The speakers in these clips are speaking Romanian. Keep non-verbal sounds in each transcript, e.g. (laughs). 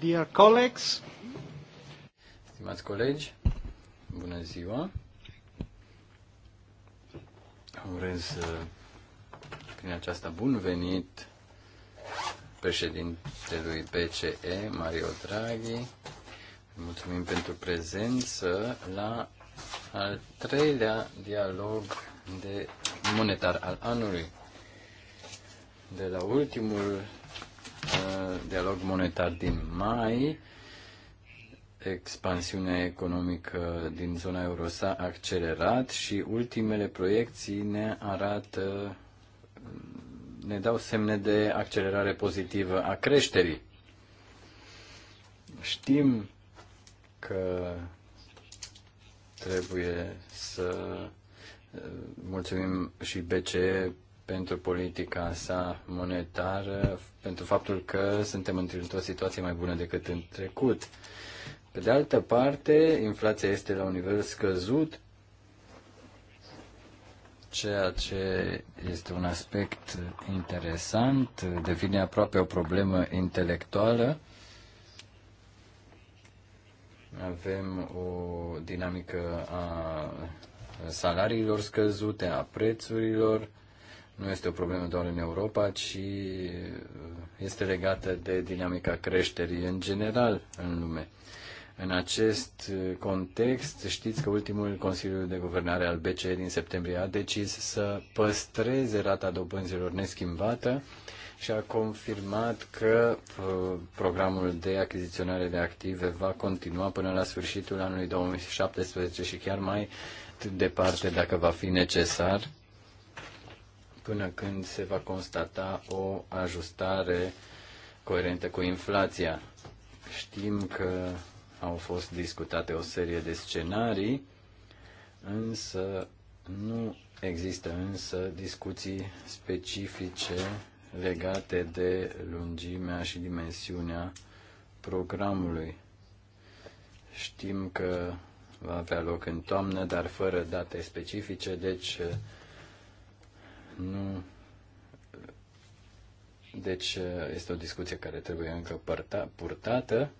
Dear colleagues. Stimați colegi, bună ziua. Urez uh, prin aceasta bun venit președintelui BCE, Mario Draghi. Mulțumim pentru prezență la al treilea dialog de monetar al anului. De la ultimul dialog monetar din mai, expansiunea economică din zona euro s-a accelerat și ultimele proiecții ne arată, ne dau semne de accelerare pozitivă a creșterii. Știm că trebuie să mulțumim și BCE pentru politica sa monetară, pentru faptul că suntem într-o situație mai bună decât în trecut. Pe de altă parte, inflația este la un nivel scăzut, ceea ce este un aspect interesant, devine aproape o problemă intelectuală. Avem o dinamică a salariilor scăzute, a prețurilor, nu este o problemă doar în Europa, ci uh, este legată de dinamica creșterii în general în lume. În acest uh, context, știți că ultimul Consiliu de Guvernare al BCE din septembrie a decis să păstreze rata dobânzilor neschimbată și a confirmat că uh, programul de achiziționare de active va continua până la sfârșitul anului 2017 și chiar mai departe dacă va fi necesar până când se va constata o ajustare coerentă cu inflația. Știm că au fost discutate o serie de scenarii, însă nu există însă discuții specifice legate de lungimea și dimensiunea programului. Știm că va avea loc în toamnă, dar fără date specifice, deci nu. Deci este o discuție care trebuie încă părta, purtată.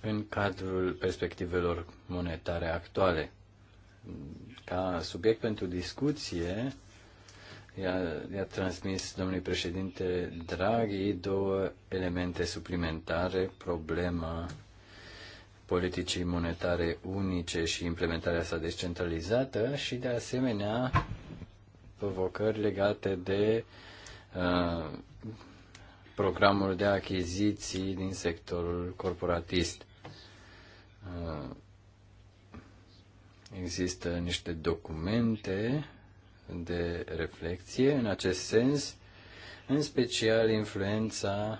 în cadrul perspectivelor monetare actuale. Ca subiect pentru discuție, i-a, transmis domnului președinte Draghi două elemente suplimentare, problema politicii monetare unice și implementarea sa descentralizată și, de asemenea, provocări legate de uh, programul de achiziții din sectorul corporatist. Uh, există niște documente de reflexie în acest sens, în special influența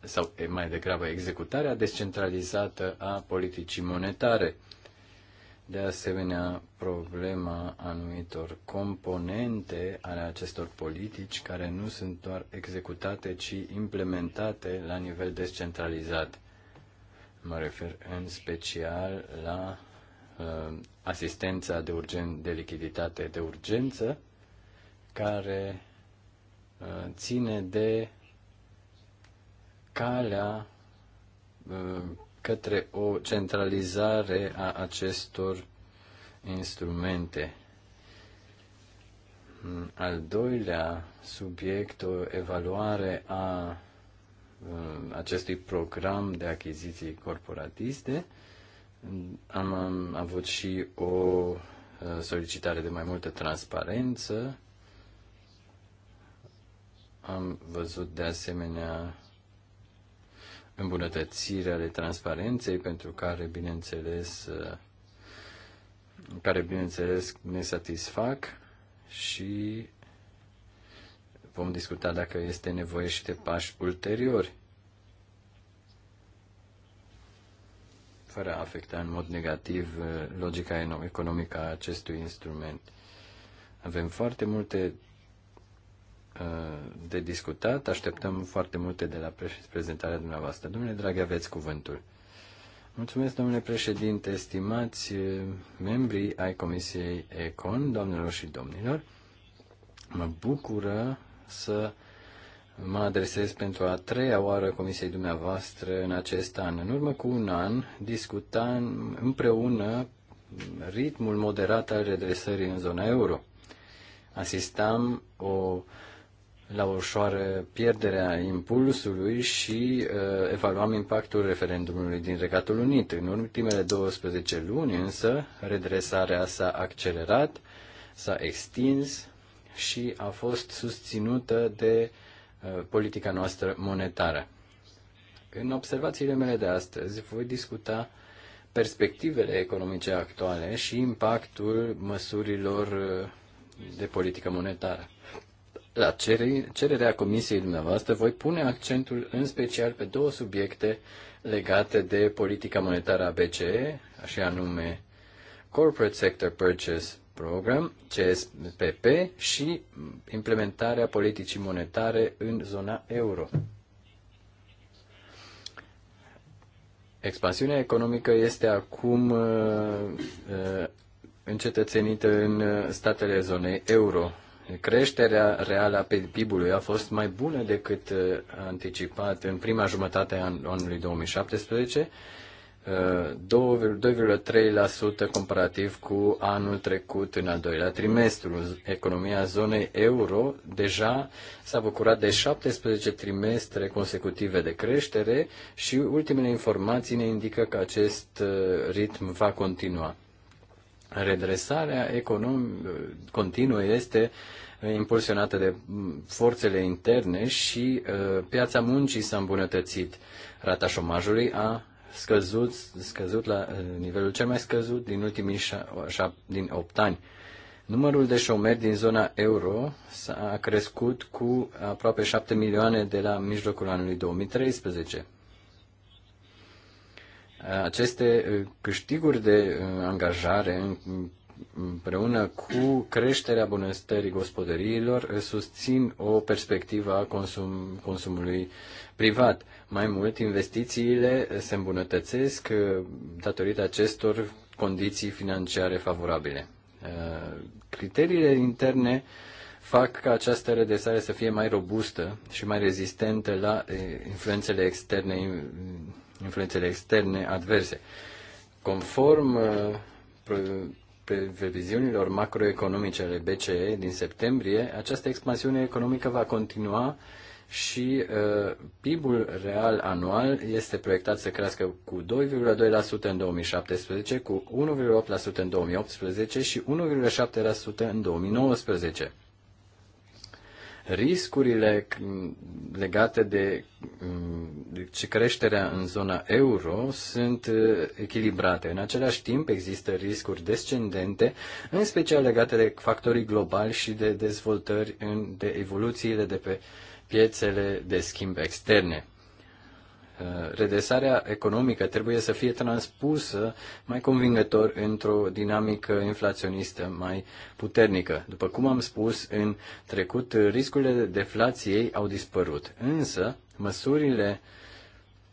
sau e mai degrabă executarea descentralizată a politicii monetare. De asemenea, problema anumitor componente ale acestor politici care nu sunt doar executate, ci implementate la nivel descentralizat. Mă refer în special la uh, asistența de, urgen, de lichiditate de urgență, care uh, ține de calea uh, către o centralizare a acestor instrumente. Mm, al doilea subiect, o evaluare a uh, acestui program de achiziții corporatiste. Mm, am, am avut și o uh, solicitare de mai multă transparență. Am văzut de asemenea îmbunătățire ale transparenței, pentru care, bineînțeles, uh, care, bineînțeles, ne satisfac și vom discuta dacă este nevoie și de pași ulteriori, fără a afecta în mod negativ uh, logica economică a acestui instrument. Avem foarte multe Uh, de discutat. Așteptăm foarte multe de la prezentarea dumneavoastră. Domnule Draghi, aveți cuvântul. Mulțumesc, domnule președinte, estimați uh, membrii ai Comisiei ECON, doamnelor și domnilor. Mă bucură să mă adresez pentru a treia oară Comisiei dumneavoastră în acest an. În urmă cu un an discutam împreună ritmul moderat al redresării în zona euro. Asistam o la o ușoară pierdere a impulsului și uh, evaluam impactul referendumului din Regatul Unit. În ultimele 12 luni însă, redresarea s-a accelerat, s-a extins și a fost susținută de uh, politica noastră monetară. În observațiile mele de astăzi voi discuta perspectivele economice actuale și impactul măsurilor uh, de politică monetară. La cererea comisiei dumneavoastră voi pune accentul în special pe două subiecte legate de politica monetară a BCE, așa anume Corporate Sector Purchase Program, CSPP, și implementarea politicii monetare în zona euro. Expansiunea economică este acum uh, uh, încetățenită în uh, statele zonei euro creșterea reală a PIB-ului a fost mai bună decât uh, anticipat în prima jumătate a anului 2017, 2,3% uh, comparativ cu anul trecut în al doilea trimestru. Economia zonei euro deja s-a bucurat de 17 trimestre consecutive de creștere și ultimele informații ne indică că acest uh, ritm va continua. Redresarea econom- continuă este uh, impulsionată de mm, forțele interne și uh, piața muncii s-a îmbunătățit. Rata șomajului a scăzut, scăzut la uh, nivelul cel mai scăzut din ultimii șap- din 8 ani. Numărul de șomeri din zona euro s-a crescut cu aproape 7 milioane de la mijlocul anului 2013 aceste uh, câștiguri de uh, angajare împreună cu creșterea bunăstării gospodăriilor uh, susțin o perspectivă a consum, consumului privat. Mai mult, investițiile se îmbunătățesc datorită acestor condiții financiare favorabile. Criteriile interne fac ca această redesare să fie mai robustă și mai rezistentă la influențele externe influențele externe adverse. Conform uh, previziunilor macroeconomice ale BCE din septembrie, această expansiune economică va continua și uh, PIB-ul real anual este proiectat să crească cu 2,2% în 2017, cu 1,8% în 2018 și 1,7% în 2019 riscurile legate de, de creșterea în zona euro sunt uh, echilibrate. În același timp există riscuri descendente, în special legate de factorii globali și de dezvoltări, de evoluțiile de pe piețele de schimb externe. Uh, redresarea economică trebuie să fie transpusă mai convingător într-o dinamică inflaționistă mai puternică. După cum am spus în trecut, riscurile deflației au dispărut, însă măsurile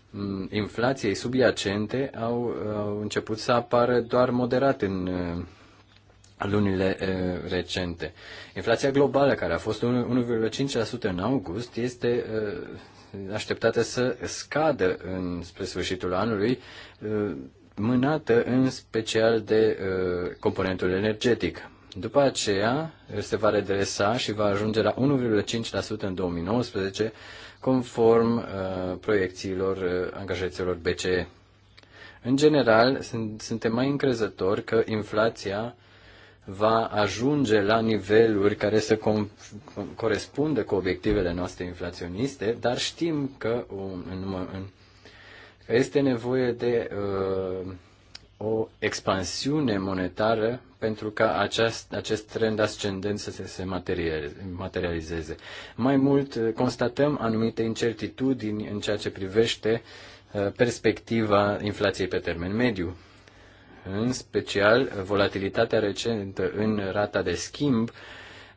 mm, inflației subiacente au, au început să apară doar moderat în uh, lunile e, uh, recente. Inflația globală, care a fost 1,5% în august, este e, așteptate să scadă în, spre sfârșitul anului, uh, mânată în special de uh, componentul energetic. După aceea uh, se va redresa și va ajunge la 1,5% în 2019, conform uh, proiecțiilor uh, angajaților BCE. În general, sunt, suntem mai încrezători că inflația va ajunge la niveluri care să corespundă cu obiectivele noastre inflaționiste, dar știm că um, este nevoie de uh, o expansiune monetară pentru ca aceast, acest trend ascendent să se, materializeze. Mai mult, uh, constatăm anumite incertitudini în ceea ce privește uh, perspectiva inflației pe termen mediu. În special, volatilitatea recentă în rata de schimb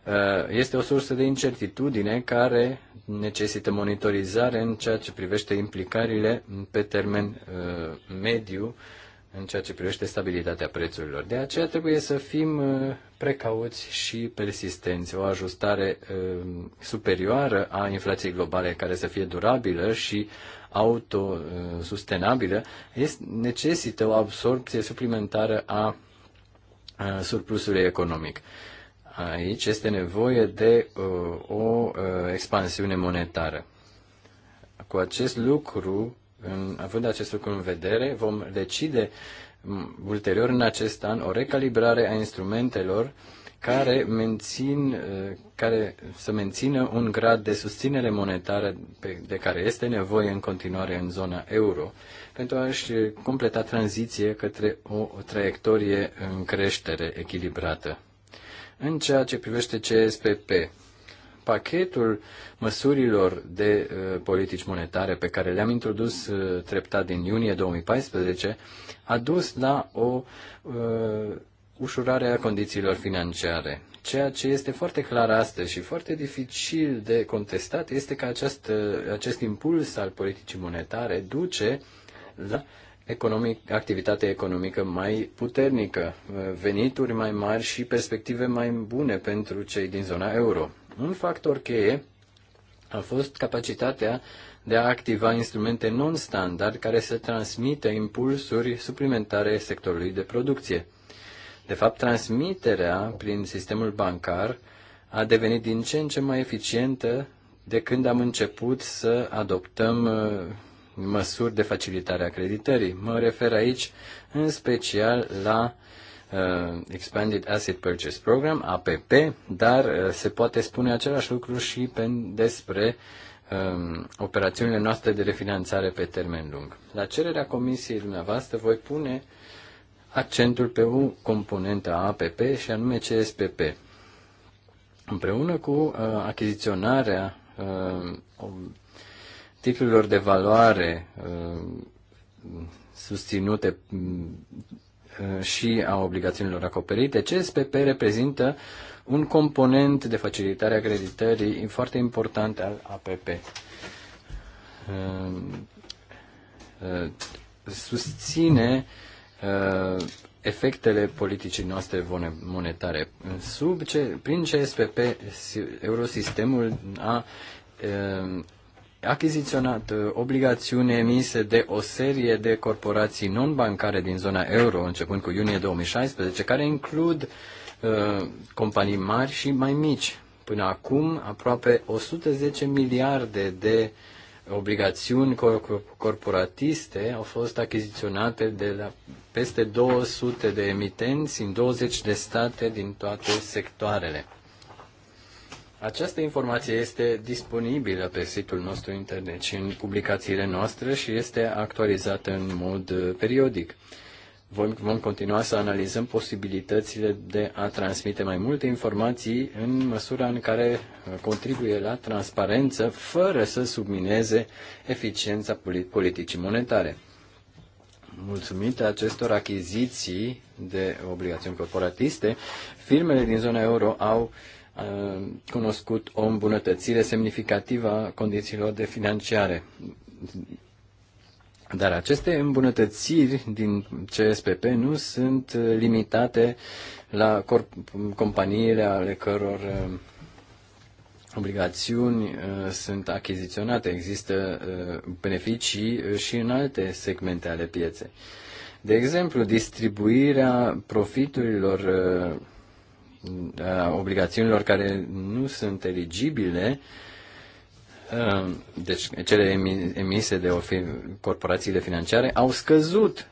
uh, este o sursă de incertitudine care necesită monitorizare în ceea ce privește implicările pe termen uh, mediu în ceea ce privește stabilitatea prețurilor. De aceea trebuie să fim uh, precauți și persistenți. O ajustare superioară a inflației globale care să fie durabilă și autosustenabilă necesită o absorpție suplimentară a surplusului economic. Aici este nevoie de uh, o uh, expansiune monetară. Cu acest lucru, în, având acest lucru în vedere, vom decide ulterior în acest an o recalibrare a instrumentelor uh, care, mențin, uh, care să mențină un grad de susținere monetară de care este nevoie în continuare în zona euro, pentru a-și completa tranziție către o traiectorie în creștere echilibrată. În ceea ce privește CSPP, pachetul măsurilor de uh, politici monetare pe care le-am introdus uh, treptat din iunie 2014 a dus la o uh, ușurarea condițiilor financiare. Ceea ce este foarte clar astăzi și foarte dificil de contestat este că acest, acest impuls al politicii monetare duce la economic, activitate economică mai puternică, venituri mai mari și perspective mai bune pentru cei din zona euro. Un factor cheie a fost capacitatea de a activa instrumente non-standard care să transmită impulsuri suplimentare sectorului de producție. De fapt, transmiterea prin sistemul bancar a devenit din ce în ce mai eficientă de când am început să adoptăm uh, măsuri de facilitare a creditării. Mă refer aici în special la uh, Expanded Asset Purchase Program, APP, dar uh, se poate spune același lucru și pe, despre uh, operațiunile noastre de refinanțare pe termen lung. La cererea comisiei dumneavoastră voi pune uh, accentul pe o componentă a APP și anume CSPP. Împreună cu uh, achiziționarea uh, titlurilor de valoare uh, susținute uh, și a obligațiunilor acoperite, CSPP reprezintă un component de facilitare a creditării foarte important al APP. Uh, uh, susține uh, Uh, efectele politicii noastre monetare. Sub ce, prin CSPP, Eurosistemul a uh, achiziționat uh, obligațiuni emise de o serie de corporații non-bancare din zona euro, începând cu iunie 2016, care includ companii mari și mai mici. Până acum, aproape 110 miliarde de uh, obligațiuni corporatiste au fost achiziționate de la peste 200 de emitenți în 20 de state din toate sectoarele. Această informație este disponibilă pe site-ul nostru internet și în publicațiile noastre și este actualizată în mod uh, periodic. Vom, vom continua să analizăm posibilitățile de a transmite mai multe informații în măsura în care uh, contribuie la transparență fără să submineze eficiența politicii monetare. Mulțumită acestor achiziții de obligațiuni corporatiste, firmele din zona euro au uh, cunoscut o îmbunătățire semnificativă a condițiilor de finanțare dar aceste îmbunătățiri din CSPP nu sunt uh, limitate la companiile ale căror uh, obligațiuni uh, sunt achiziționate. Există beneficii și în alte segmente ale pieței. De exemplu, distribuirea profiturilor obligațiunilor care nu sunt eligibile uh, Ehm, deci cele emise de corporațiile financiare au scăzut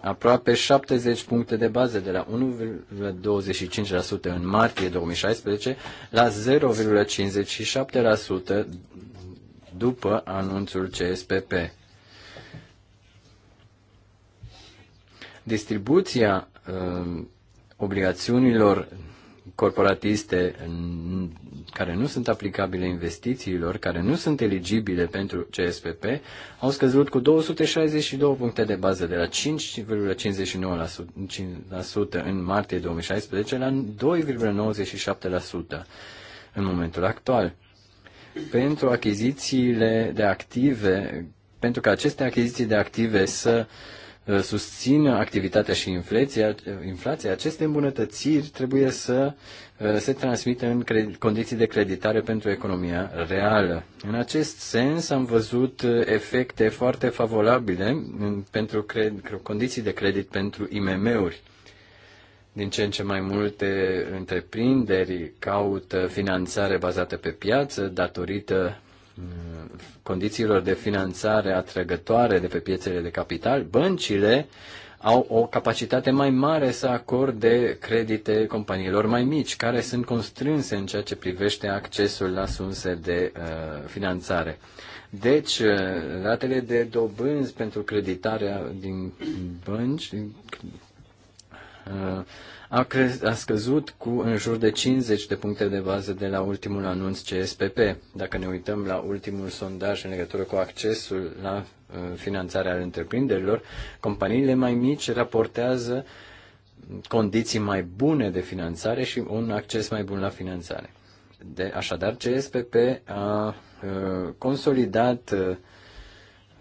aproape 70 puncte de bază de la 1,25% în martie 2016 la 0,57% după anunțul CSPP. Distribuția uh, obligațiunilor corporatiste care nu sunt aplicabile investițiilor, care nu sunt eligibile pentru CSPP, au scăzut cu 262 puncte de bază de la 5,59% în martie 2016 la 2,97% în momentul actual. Pentru achizițiile de active, pentru că aceste achiziții de active să uh, Uh, susțin activitatea și inflația, inflația aceste îmbunătățiri trebuie să uh, se transmită în condiții de creditare pentru economia reală. În acest sens am văzut uh, efecte foarte favorabile pentru condiții de credit pentru IMM-uri. Din ce în ce mai multe întreprinderi caută finanțare bazată pe piață datorită condițiilor de finanțare atrăgătoare de pe piețele de capital, băncile au o capacitate mai mare să acorde credite companiilor mai mici, care sunt constrânse în ceea ce privește accesul la sunse de uh, finanțare. Deci, uh, ratele de dobânzi pentru creditarea din bănci uh, a, cre- a scăzut cu în jur de 50 de puncte de bază de la ultimul anunț CSPP. Dacă ne uităm la ultimul sondaj în legătură cu accesul la uh, finanțarea întreprinderilor, companiile mai mici raportează condiții mai bune de finanțare și un acces mai bun la finanțare. De, așadar, CSPP a uh, consolidat uh,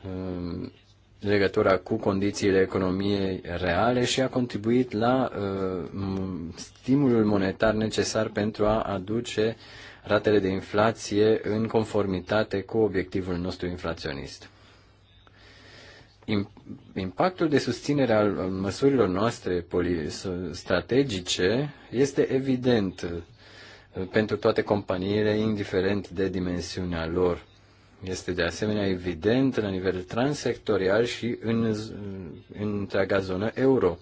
um, legătura cu condițiile economiei reale și a contribuit la uh, stimulul monetar necesar pentru a aduce ratele de inflație în conformitate cu obiectivul nostru inflaționist. Impactul de susținere al măsurilor noastre strategice este evident uh, pentru toate companiile, indiferent de dimensiunea lor este de asemenea evident la nivel transsectorial și în, în întreaga zonă euro.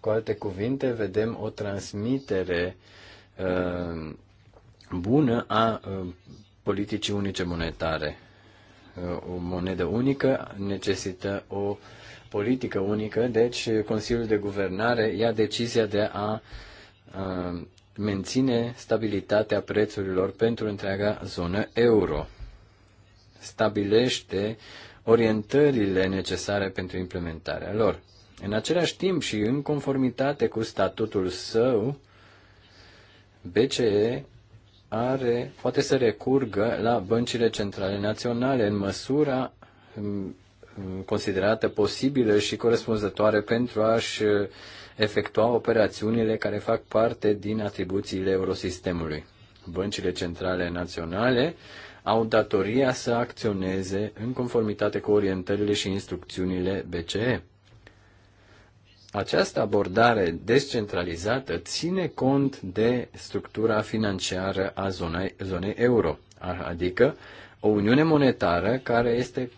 Cu alte cuvinte, vedem o transmitere uh, bună a uh, politicii unice monetare. Uh, o monedă unică necesită o politică unică, deci Consiliul de Guvernare ia decizia de a uh, menține stabilitatea prețurilor pentru întreaga zonă euro stabilește orientările necesare pentru implementarea lor. În același timp și în conformitate cu statutul său, BCE are, poate să recurgă la băncile centrale naționale în măsura considerată posibilă și corespunzătoare pentru a-și efectua operațiunile care fac parte din atribuțiile eurosistemului. Băncile centrale naționale au datoria să acționeze în conformitate cu orientările și instrucțiunile BCE. Această abordare descentralizată ține cont de structura financiară a zonei, zonei euro, adică o uniune monetară care este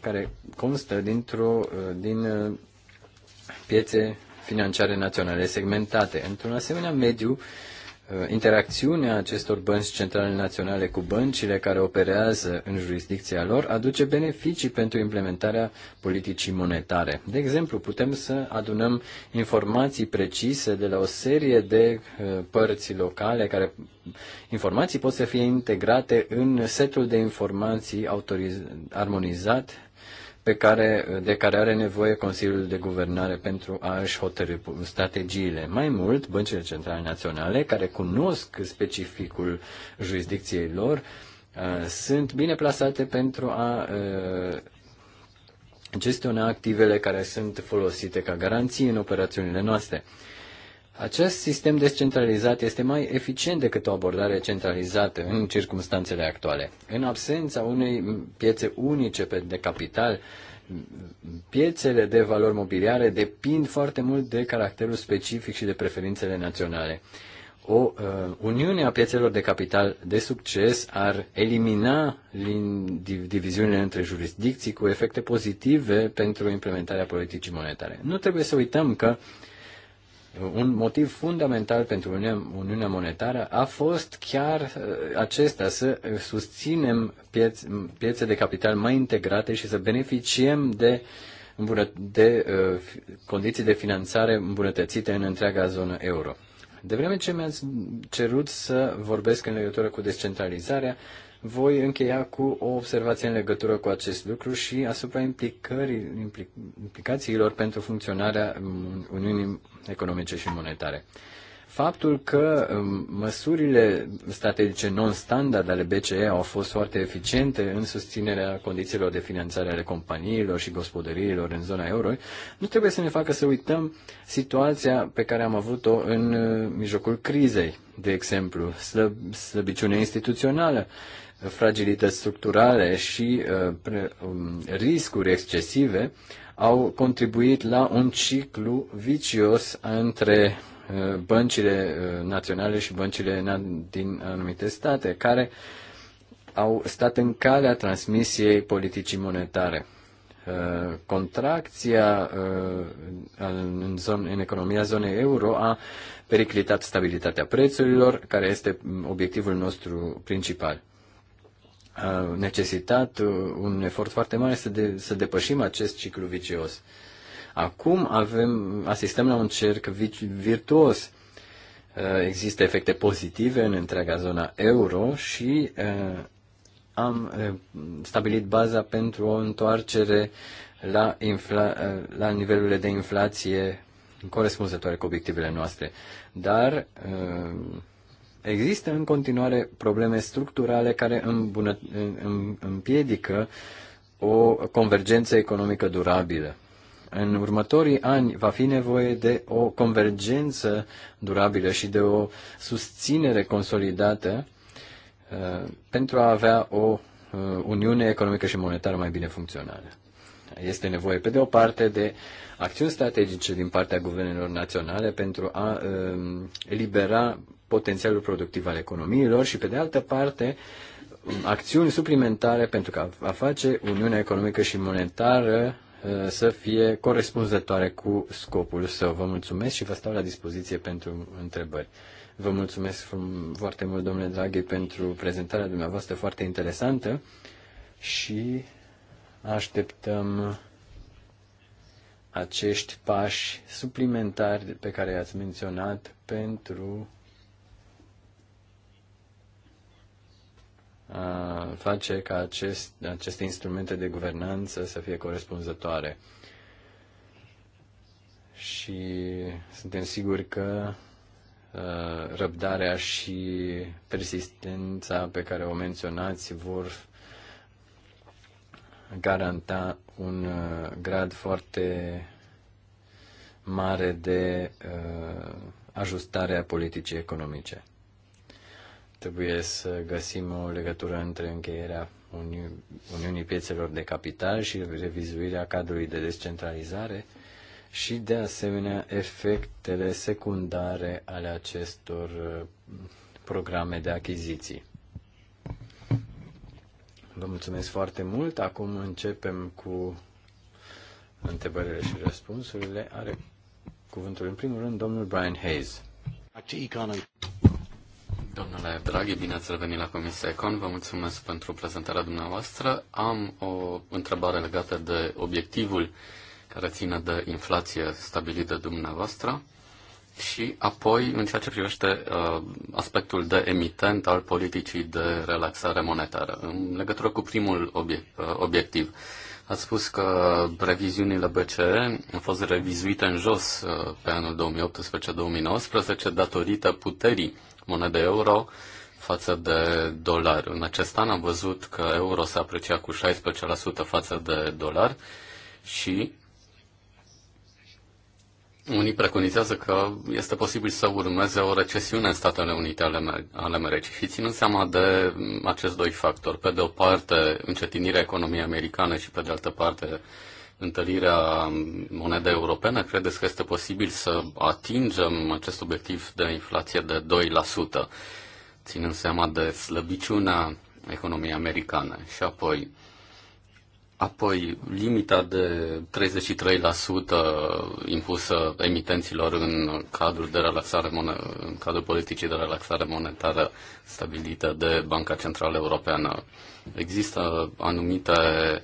care constă dintr-o din uh, piețe financiare naționale segmentate. Într-un asemenea mediu, Uh, interacțiunea acestor bănci centrale naționale cu băncile care operează în jurisdicția lor aduce beneficii pentru implementarea politicii monetare. De exemplu, putem să adunăm informații precise de la o serie de uh, părți locale care informații pot să fie integrate în setul de informații armonizat pe care, de care are nevoie Consiliul de Guvernare pentru a își hotărâ strategiile. Mai mult, băncile centrale naționale, care cunosc specificul jurisdicției lor, uh, sunt bine plasate pentru a uh, gestiona activele care sunt folosite ca garanții în operațiunile noastre. Acest sistem descentralizat este mai eficient decât o abordare centralizată în circumstanțele actuale. În absența unei piețe unice de capital, piețele de valori mobiliare depind foarte mult de caracterul specific și de preferințele naționale. O uh, uniune a piețelor de capital de succes ar elimina diviziunile între jurisdicții cu efecte pozitive pentru implementarea politicii monetare. Nu trebuie să uităm că uh, un motiv fundamental pentru Uniunea Monetară a fost chiar uh, acesta, să susținem pieț, piețe de capital mai integrate și să beneficiem de, de uh, condiții de finanțare îmbunătățite în întreaga zonă euro. De vreme ce mi-ați cerut să vorbesc în legătură cu descentralizarea, voi încheia cu o observație în legătură cu acest lucru și asupra implicării, implicațiilor pentru funcționarea Uniunii Economice și Monetare. Faptul că um, măsurile strategice non-standard ale BCE au fost foarte eficiente în susținerea condițiilor de finanțare ale companiilor și gospodăriilor în zona euro, nu trebuie să ne facă să uităm situația pe care am avut-o în uh, mijlocul crizei, de exemplu, slăb, instituțională, fragilități structurale și uh, um, riscuri excesive au contribuit la un ciclu vicios între uh, băncile uh, naționale și băncile din anumite state, care au stat în calea transmisiei politicii monetare. Contracția în, zon, în economia zonei euro a periclitat stabilitatea prețurilor, care este mm, obiectivul nostru principal necesitat uh, un efort foarte mare să, de, să depășim acest ciclu vicios. Acum avem, asistăm la un cerc virtuos. Uh, există efecte pozitive în întreaga zona euro și uh, am stabilit baza pentru o întoarcere la, infla- la nivelurile de inflație corespunzătoare cu obiectivele noastre. Dar Există în continuare probleme structurale care îmbună, împiedică o convergență economică durabilă. În următorii ani va fi nevoie de o convergență durabilă și de o susținere consolidată uh, pentru a avea o uh, uniune economică și monetară mai bine funcțională. Este nevoie, pe de o parte, de acțiuni strategice din partea guvernelor naționale pentru a uh, elibera potențialul productiv al economiilor și, pe de altă parte, acțiuni suplimentare pentru ca a face Uniunea Economică și Monetară uh, să fie corespunzătoare cu scopul său. Vă mulțumesc și vă stau la dispoziție pentru întrebări. Vă mulțumesc foarte mult, domnule Draghi, pentru prezentarea dumneavoastră foarte interesantă și așteptăm acești pași suplimentari pe care i-ați menționat pentru face ca acest, aceste instrumente de guvernanță să fie corespunzătoare. Și suntem siguri că răbdarea și persistența pe care o menționați vor garanta un grad foarte mare de ajustare a politicii economice. Trebuie să găsim o legătură între încheierea Uni- Uniunii Piețelor de Capital și revizuirea cadrului de descentralizare și, de asemenea, efectele secundare ale acestor uh, programe de achiziții. Vă mulțumesc foarte mult. Acum începem cu întrebările și răspunsurile. Are cuvântul în primul rând domnul Brian Hayes. Domnule Draghi, bine ați revenit la Comisia Econ. Vă mulțumesc pentru prezentarea dumneavoastră. Am o întrebare legată de obiectivul care ține de inflație stabilită dumneavoastră și apoi în ceea ce privește uh, aspectul de emitent al politicii de relaxare monetară. În legătură cu primul obiect, uh, obiectiv, ați spus că previziunile BCE au fost revizuite în jos uh, pe anul 2018-2019 datorită puterii monedă euro față de dolar. În acest an am văzut că euro s-a apreciat cu 16% față de dolar și unii preconizează că este posibil să urmeze o recesiune în Statele Unite ale, ale Americii și ținând seama de mm, acest doi factori, pe de o parte încetinirea economiei americane și pe de altă parte întărirea monedei europene, credeți că este posibil să atingem acest obiectiv de inflație de 2%, ținând seama de slăbiciunea economiei americane? Și apoi, apoi limita de 33% impusă emitenților în cadrul, de relaxare monetară, în cadrul politicii de relaxare monetară stabilită de Banca Centrală Europeană. Există anumite uh,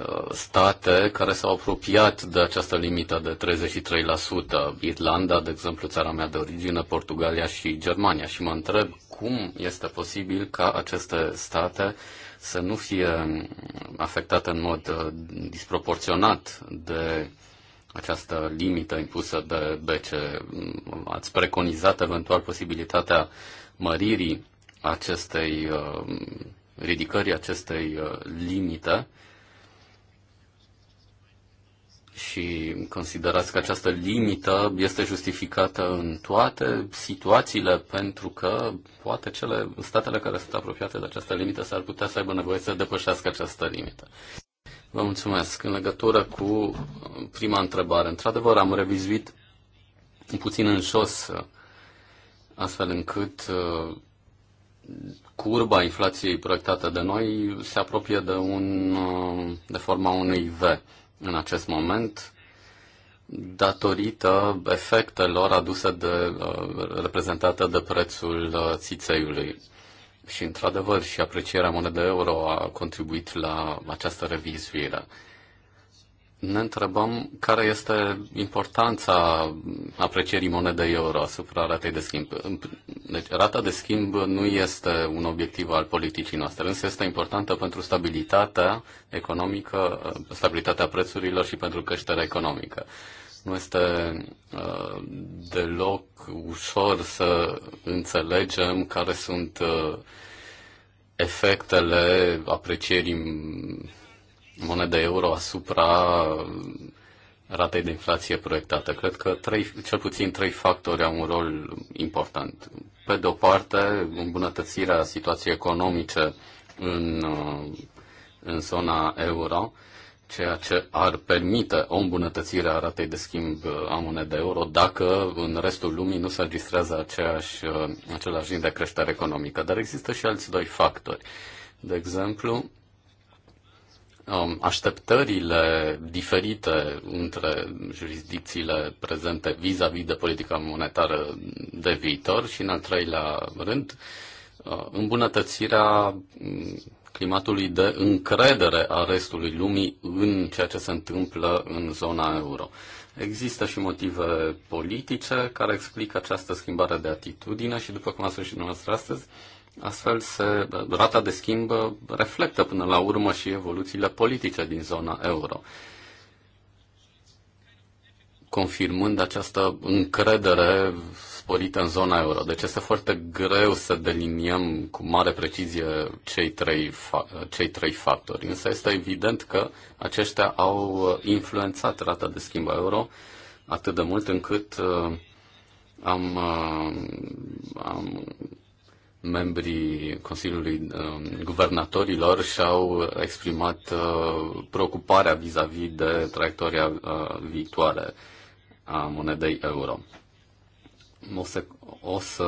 Uh, state care s-au apropiat de această limită de 33%, Irlanda, de exemplu, țara mea de origine, Portugalia și Germania. Și mă întreb cum este posibil ca aceste state să nu fie afectate în mod uh, disproporționat de această limită impusă de BC. Ați preconizat eventual posibilitatea măririi acestei uh, ridicării acestei limite și considerați că această limită este justificată în toate situațiile pentru că poate cele statele care sunt apropiate de această limită s-ar putea să aibă nevoie să depășească această limită. Vă mulțumesc. În legătură cu prima întrebare, într-adevăr am revizuit puțin în jos astfel încât curba inflației proiectată de noi se apropie de, un, de forma unui V în acest moment datorită efectelor aduse de, uh, reprezentate de prețul uh, țițeiului. Și, într-adevăr, și aprecierea monedei euro a contribuit la această revizuire ne întrebăm care este importanța aprecierii monedei euro asupra ratei de schimb. Deci, rata de schimb nu este un obiectiv al politicii noastre, însă este importantă pentru stabilitatea economică, stabilitatea prețurilor și pentru creșterea economică. Nu este uh, deloc ușor să înțelegem care sunt uh, efectele aprecierii monedă euro asupra ratei de inflație proiectată. Cred că trei, cel puțin trei factori au un rol important. Pe de o parte, îmbunătățirea situației economice în, în zona euro, ceea ce ar permite o îmbunătățire a ratei de schimb a monedei euro dacă în restul lumii nu se registrează aceeași, același de creștere economică. Dar există și alți doi factori. De exemplu, Um, așteptările diferite între jurisdicțiile prezente vis-a-vis -vis de politica monetară de viitor și, în al treilea rând, uh, îmbunătățirea um, climatului de încredere a restului lumii în ceea ce se întâmplă în zona euro. Există și motive politice care explică această schimbare de atitudine și, după cum a spus și dumneavoastră astăzi, Astfel, se, rata de schimb reflectă până la urmă și evoluțiile politice din zona euro. Confirmând această încredere sporită în zona euro. Deci este foarte greu să deliniem cu mare precizie cei trei, fa- cei trei factori. Însă este evident că aceștia au influențat rata de schimb a euro atât de mult încât uh, am, uh, am membrii Consiliului um, Guvernatorilor și-au exprimat uh, preocuparea vis-a-vis -vis de traiectoria uh, viitoare a monedei euro. O să, o să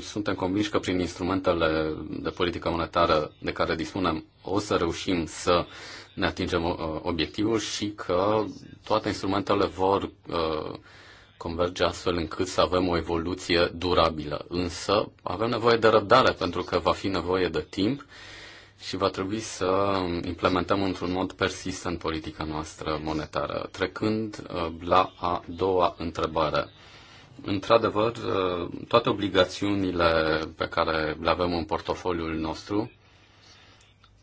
suntem convinși că prin instrumentele de politică monetară de care dispunem o să reușim să ne atingem uh, obiectivul și că toate instrumentele vor uh, converge astfel încât să avem o evoluție durabilă. Însă avem nevoie de răbdare pentru că va fi nevoie de timp și va trebui să implementăm într-un mod persistent politica noastră monetară. Trecând uh, la a doua întrebare. Într-adevăr, uh, toate obligațiunile pe care le avem în portofoliul nostru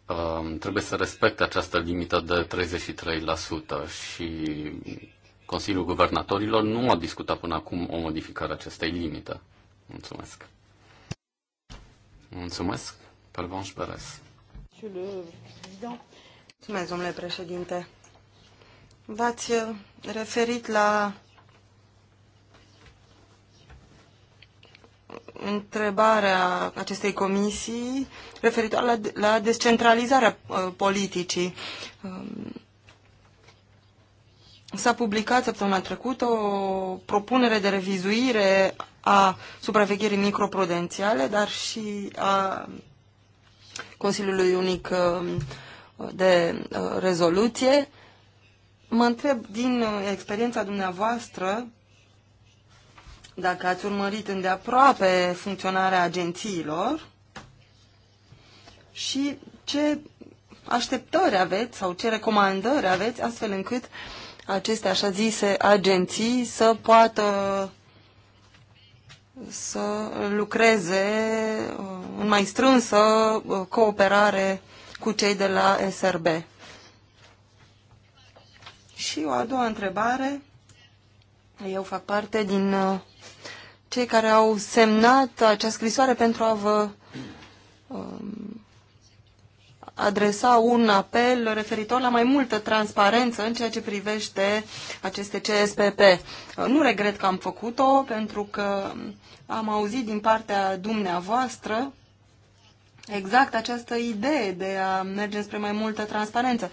uh, trebuie să respecte această limită de 33% și Consiliul Guvernatorilor nu a discutat până acum o modificare a acestei limite. Mulțumesc. Mulțumesc. Pervanș Beres. Mulțumesc, domnule președinte. V-ați referit la întrebarea acestei comisii referitoare la, la descentralizarea uh, politicii. Uh, S-a publicat săptămâna trecută o propunere de revizuire a supravegherii microprudențiale, dar și a Consiliului Unic uh, de uh, Rezoluție. Mă întreb din uh, experiența dumneavoastră dacă ați urmărit îndeaproape funcționarea agențiilor și ce așteptări aveți sau ce recomandări aveți astfel încât uh, aceste așa zise agenții să poată să lucreze uh, în mai strânsă uh, cooperare cu cei de la SRB. Și o a doua întrebare. Eu fac parte din uh, cei care au semnat acea scrisoare pentru a vă um, adresa un apel referitor la mai multă transparență în ceea ce privește aceste CSPP. Nu regret că am făcut-o, pentru că am auzit din partea dumneavoastră exact această idee de a merge spre mai multă transparență.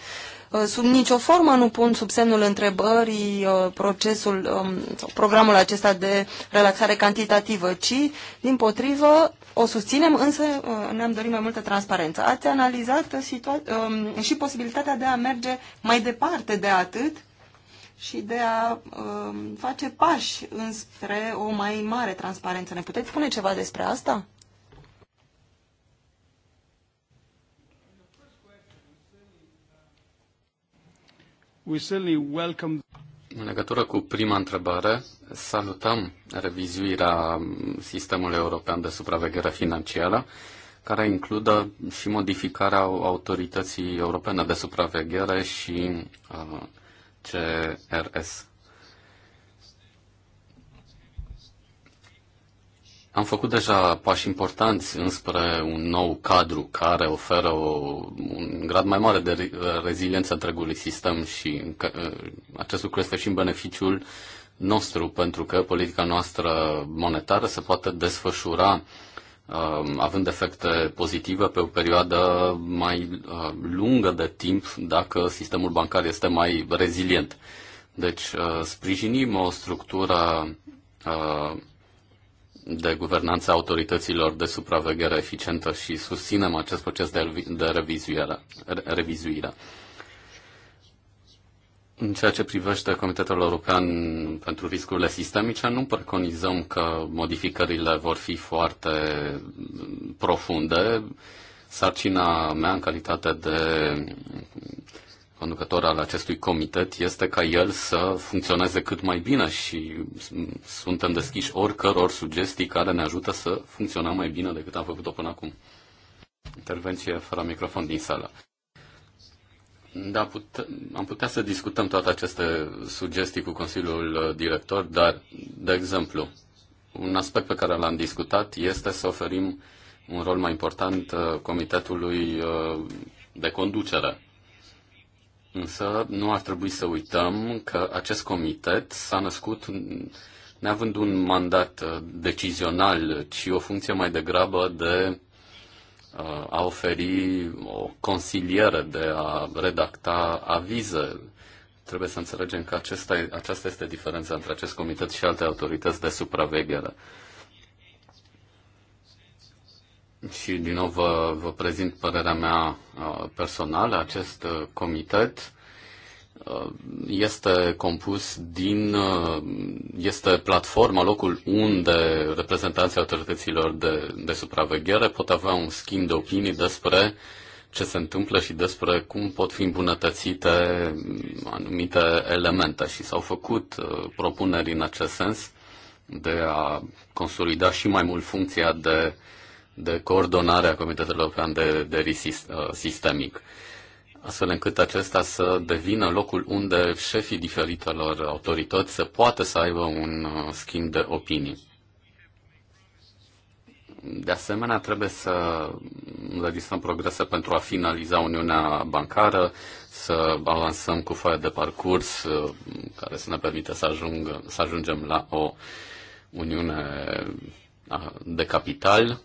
Uh, sub nicio formă nu pun sub semnul întrebării uh, procesul, um, programul acesta de relaxare cantitativă, ci, din potrivă, o susținem, însă uh, ne-am dorit mai multă transparență. Ați analizat um, și posibilitatea de a merge mai departe de atât și de a um, face pași înspre o mai mare transparență. Ne puteți spune ceva despre asta? În legătură cu prima întrebare, salutăm revizuirea sistemului european de supraveghere financiară, care includă și modificarea autorității europene de supraveghere și uh, CRS. Am făcut deja pași importanți înspre un nou cadru care oferă o, un grad mai mare de reziliență întregului sistem și ă, acest lucru este și în beneficiul nostru, pentru că politica noastră monetară se poate desfășura ă, având efecte pozitive pe o perioadă mai ă, lungă de timp dacă sistemul bancar este mai rezilient. Deci sprijinim o structură de guvernanță a autorităților de supraveghere eficientă și susținem acest proces de, de revizuire. revizuire. În ceea ce privește Comitetul European pentru Riscurile Sistemice, nu preconizăm că modificările vor fi foarte profunde. Sarcina mea în calitate de conducător al acestui comitet este ca el să funcționeze cât mai bine și suntem deschiși oricăror sugestii care ne ajută să funcționăm mai bine decât am făcut-o până acum. Intervenție fără microfon din sală. Da, put- am putea să discutăm toate aceste sugestii cu Consiliul Director, dar, de exemplu, un aspect pe care l-am discutat este să oferim un rol mai important uh, comitetului uh, de conducere Însă nu ar trebui să uităm că acest comitet s-a născut neavând un mandat uh, decizional, ci o funcție mai degrabă de uh, a oferi o consiliere de a redacta avize. Trebuie să înțelegem că aceasta este diferența între acest comitet și alte autorități de supraveghere și din nou vă, vă prezint părerea mea uh, personală. Acest uh, comitet uh, este compus din, este platforma, locul unde reprezentanții autorităților de, de supraveghere pot avea un schimb de opinii despre ce se întâmplă și despre cum pot fi îmbunătățite mm, anumite elemente și s-au făcut propuneri în acest sens de a consolida și mai mult funcția de uh, de coordonare a Comitetului European de, de Risc uh, Sistemic, astfel încât acesta să devină locul unde șefii diferitelor autorități să poată să aibă un uh, schimb de opinii. De asemenea, trebuie să înregistrăm progrese pentru a finaliza Uniunea Bancară, să avansăm cu foaia de parcurs uh, care să ne permită să, ajung, să ajungem la o Uniune de capital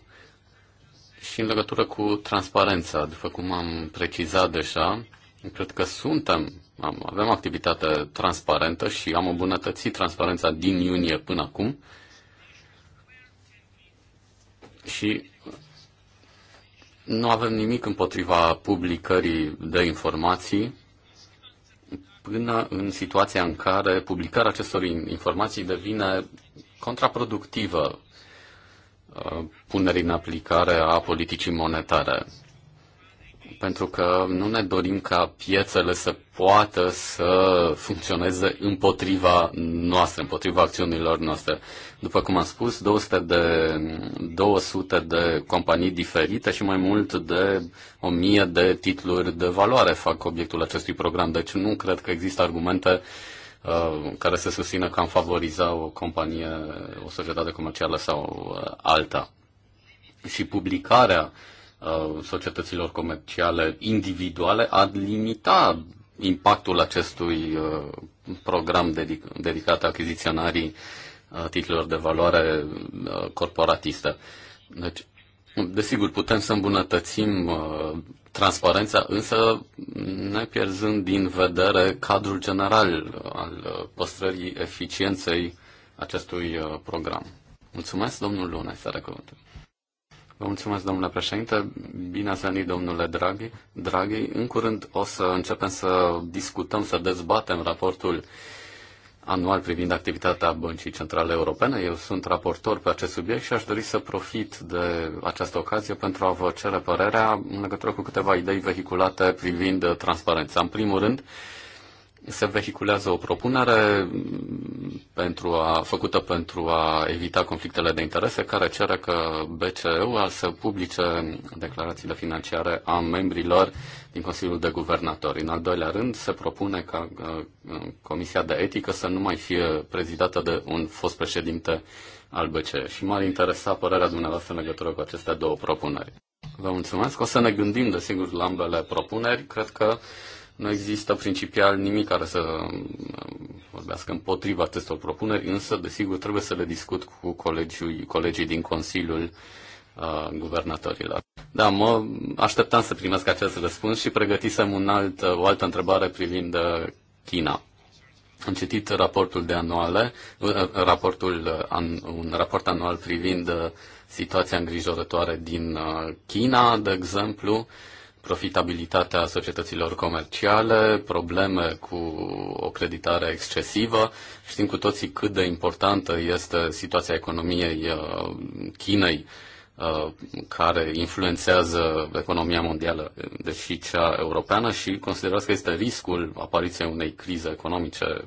și în legătură cu transparența, după cum am precizat deja, cred că suntem, am, avem activitate transparentă și am îmbunătățit transparența din iunie până acum. Și nu avem nimic împotriva publicării de informații până în situația în care publicarea acestor informații devine contraproductivă Uh, punerii în aplicare a politicii monetare. Pentru că nu ne dorim ca piețele să poată să funcționeze împotriva noastră, împotriva acțiunilor noastre. După cum am spus, 200 de, 200 de companii diferite și mai mult de 1000 de titluri de valoare fac obiectul acestui program. Deci nu cred că există argumente uh, Uh, care se susțină că am favoriza o companie, o societate comercială sau uh, alta. Și publicarea uh, societăților comerciale individuale ar limita impactul acestui program dedic- dedicat achiziționarii titlurilor de valoare corporatiste. Deci, desigur, putem să îmbunătățim transparența, însă ne pierzând din vedere cadrul general al păstrării eficienței acestui uh, program. Mulțumesc, domnul Luna, să recuvântul. Vă mulțumesc, domnule președinte. Bine ați venit, domnule Draghi. Draghi, în curând o să începem să discutăm, să dezbatem raportul anual privind activitatea Băncii Centrale Europene. Eu sunt raportor pe acest subiect și aș dori să profit de această ocazie pentru a vă cere părerea în legătură cu câteva idei vehiculate privind transparența. În primul rând, se vehiculează o propunere pentru a, făcută pentru a evita conflictele de interese care cere că BCE-ul să publice declarațiile financiare a membrilor din Consiliul de Guvernatori. În al doilea rând, se propune ca uh, Comisia de Etică să nu mai fie prezidată de un fost președinte al BCE. Și m-ar interesa părerea dumneavoastră în legătură cu aceste două propuneri. Vă mulțumesc. O să ne gândim, desigur, la ambele propuneri. Cred că nu există principial nimic care să um, vorbească împotriva acestor propuneri, însă, desigur, trebuie să le discut cu colegii, colegii din Consiliul uh, Guvernatorilor. Da, mă așteptam să primesc acest răspuns și pregătisem un alt, o altă întrebare privind uh, China. Am citit raportul de anuale, uh, raportul, uh, un raport anual privind situația îngrijorătoare din China, de exemplu, profitabilitatea societăților comerciale, probleme cu o creditare excesivă. Știm cu toții cât de importantă este situația economiei uh, Chinei, uh, care influențează economia mondială, deși cea europeană, și considerați că este riscul apariției unei crize economice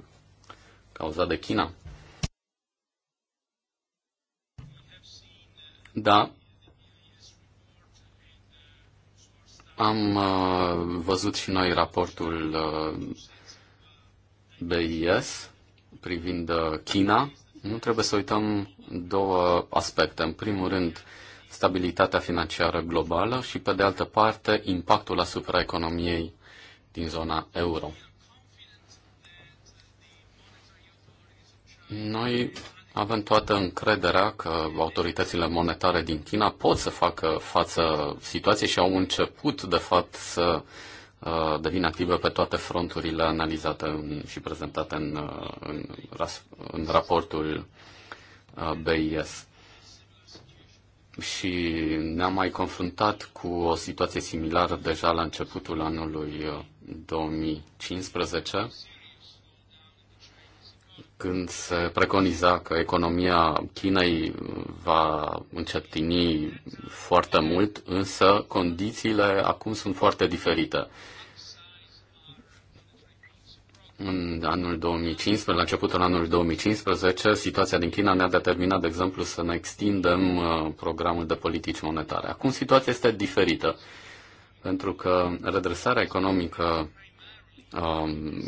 cauzat de China? Da, Am uh, văzut și noi raportul uh, BIS privind uh, China. Nu trebuie să uităm două aspecte. În primul rând, stabilitatea financiară globală și, pe de altă parte, impactul asupra economiei din zona euro. Noi avem toată încrederea că autoritățile monetare din China pot să facă față situației și au început, de fapt, să uh, devină active pe toate fronturile analizate și prezentate în, uh, în, în raportul uh, BIS. Și ne-am mai confruntat cu o situație similară deja la începutul anului 2015 când se preconiza că economia Chinei va încetini foarte mult, însă condițiile acum sunt foarte diferite. În anul 2015, la începutul anului 2015, situația din China ne-a determinat, de exemplu, să ne extindem uh, programul de politici monetare. Acum situația este diferită, pentru că redresarea economică Um,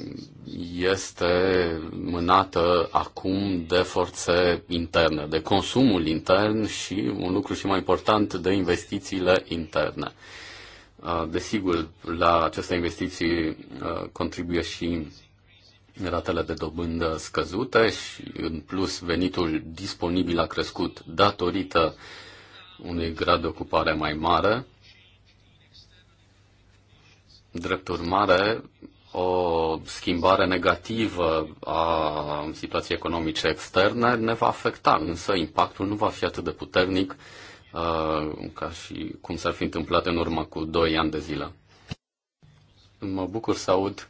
este mânată acum de forțe interne, de consumul intern și, un lucru și mai important, de investițiile interne. Uh, desigur, la aceste investiții uh, contribuie și ratele de dobândă scăzute și, în plus, venitul disponibil a crescut datorită unui grad de ocupare mai mare. Drept urmare, o schimbare negativă a situației economice externe ne va afecta, însă impactul nu va fi atât de puternic uh, ca și cum s-ar fi întâmplat în urmă cu 2 ani de zile. Mă bucur să aud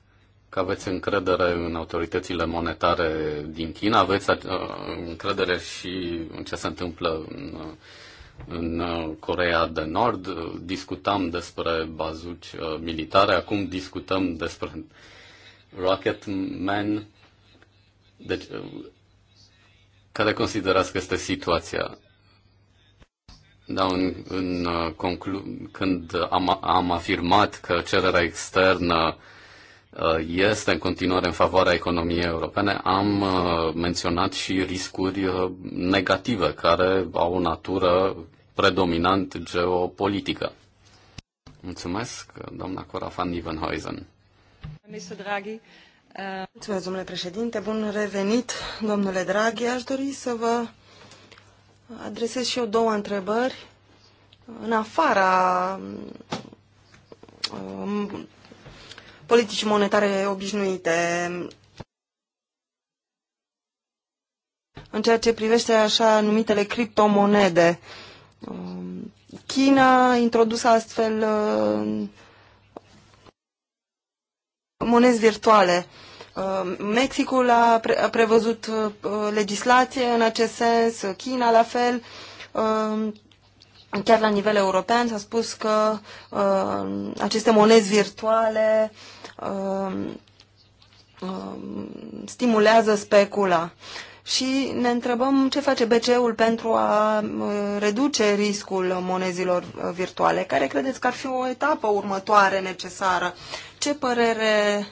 că aveți încredere în autoritățile monetare din China, aveți uh, încredere și în ce se întâmplă în uh, în uh, Corea de Nord, discutam despre bazuci uh, militare, acum discutăm despre Rocket Man. Deci, uh, care considerați că este situația? Da, în, în conclu- când am, am afirmat că cererea externă uh, Uh, este în continuare în favoarea economiei europene, am uh, menționat și riscuri uh, negative care au o natură predominant geopolitică. Mulțumesc, doamna Cora van Nivenhuizen. Mulțumesc, domnule președinte. Bun revenit, domnule Draghi. Aș dori să vă adresez și eu două întrebări. În afara um, politici monetare obișnuite. În ceea ce privește așa numitele criptomonede, um, China a introdus astfel uh, monezi virtuale. Uh, Mexicul a, pre a prevăzut uh, legislație în acest sens, China la fel. Um, chiar la nivel european s-a spus că aceste monezi virtuale Um, um, stimulează specula. Și ne întrebăm ce face BCE-ul pentru a uh, reduce riscul monezilor uh, virtuale. Care credeți că ar fi o etapă următoare necesară? Ce părere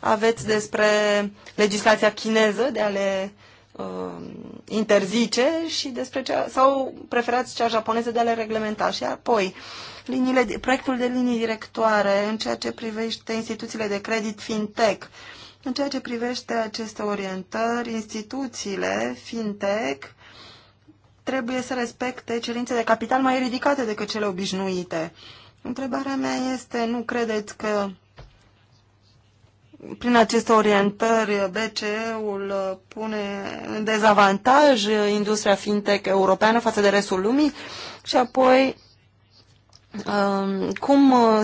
aveți despre legislația chineză de a le uh, interzice și despre cea, sau preferați cea japoneză de a le reglementa? Și apoi, uh, liniile, proiectul de linii directoare în ceea ce privește instituțiile de credit fintech. În ceea ce privește aceste orientări, instituțiile fintech trebuie să respecte cerințe de capital mai ridicate decât cele obișnuite. Întrebarea mea este, nu credeți că prin aceste orientări BCE-ul pune în dezavantaj industria fintech europeană față de restul lumii? Și apoi, Um, cum uh,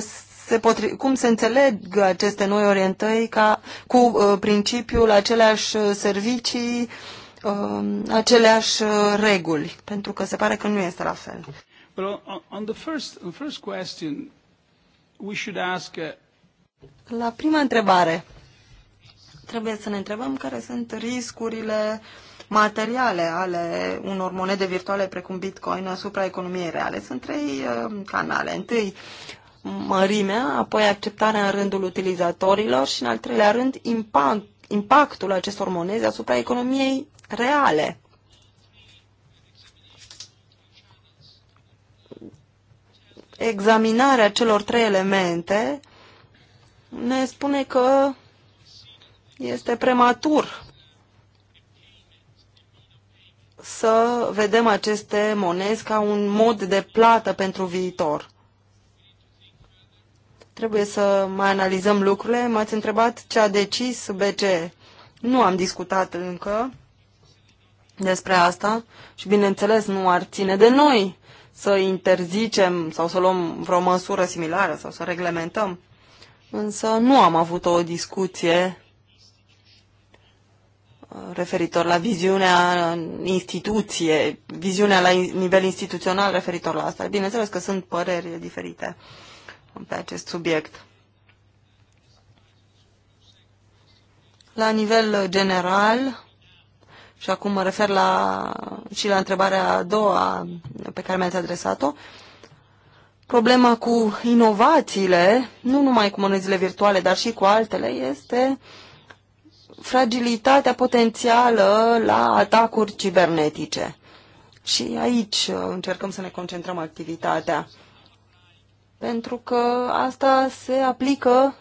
se, potri- cum se înțeleg aceste noi orientări ca, cu uh, principiul aceleași uh, servicii, um, uh, aceleași reguli? Pentru că se pare că nu este la fel. Well, on the first, on first question, we should ask, uh... La prima întrebare, trebuie să ne întrebăm care sunt riscurile materiale ale unor monede virtuale precum Bitcoin asupra economiei reale. Sunt trei uh, canale. Întâi, mărimea, apoi acceptarea în rândul utilizatorilor și, în al treilea rând, impact, impactul acestor monede asupra economiei reale. Examinarea celor trei elemente ne spune că este prematur să vedem aceste monezi ca un mod de plată pentru viitor. Trebuie să mai analizăm lucrurile. M-ați întrebat ce a decis BCE. Nu am discutat încă despre asta și, bineînțeles, nu ar ține de noi să interzicem sau să luăm vreo măsură similară sau să reglementăm. Însă nu am avut o discuție referitor la viziunea instituție, viziunea la nivel instituțional referitor la asta. Bineînțeles că sunt păreri diferite pe acest subiect. La nivel general, și acum mă refer la, și la întrebarea a doua pe care mi-ați adresat-o, problema cu inovațiile, nu numai cu monezile virtuale, dar și cu altele, este uh, fragilitatea potențială la atacuri cibernetice. Și aici uh, încercăm să ne concentrăm activitatea. Pentru că asta se aplică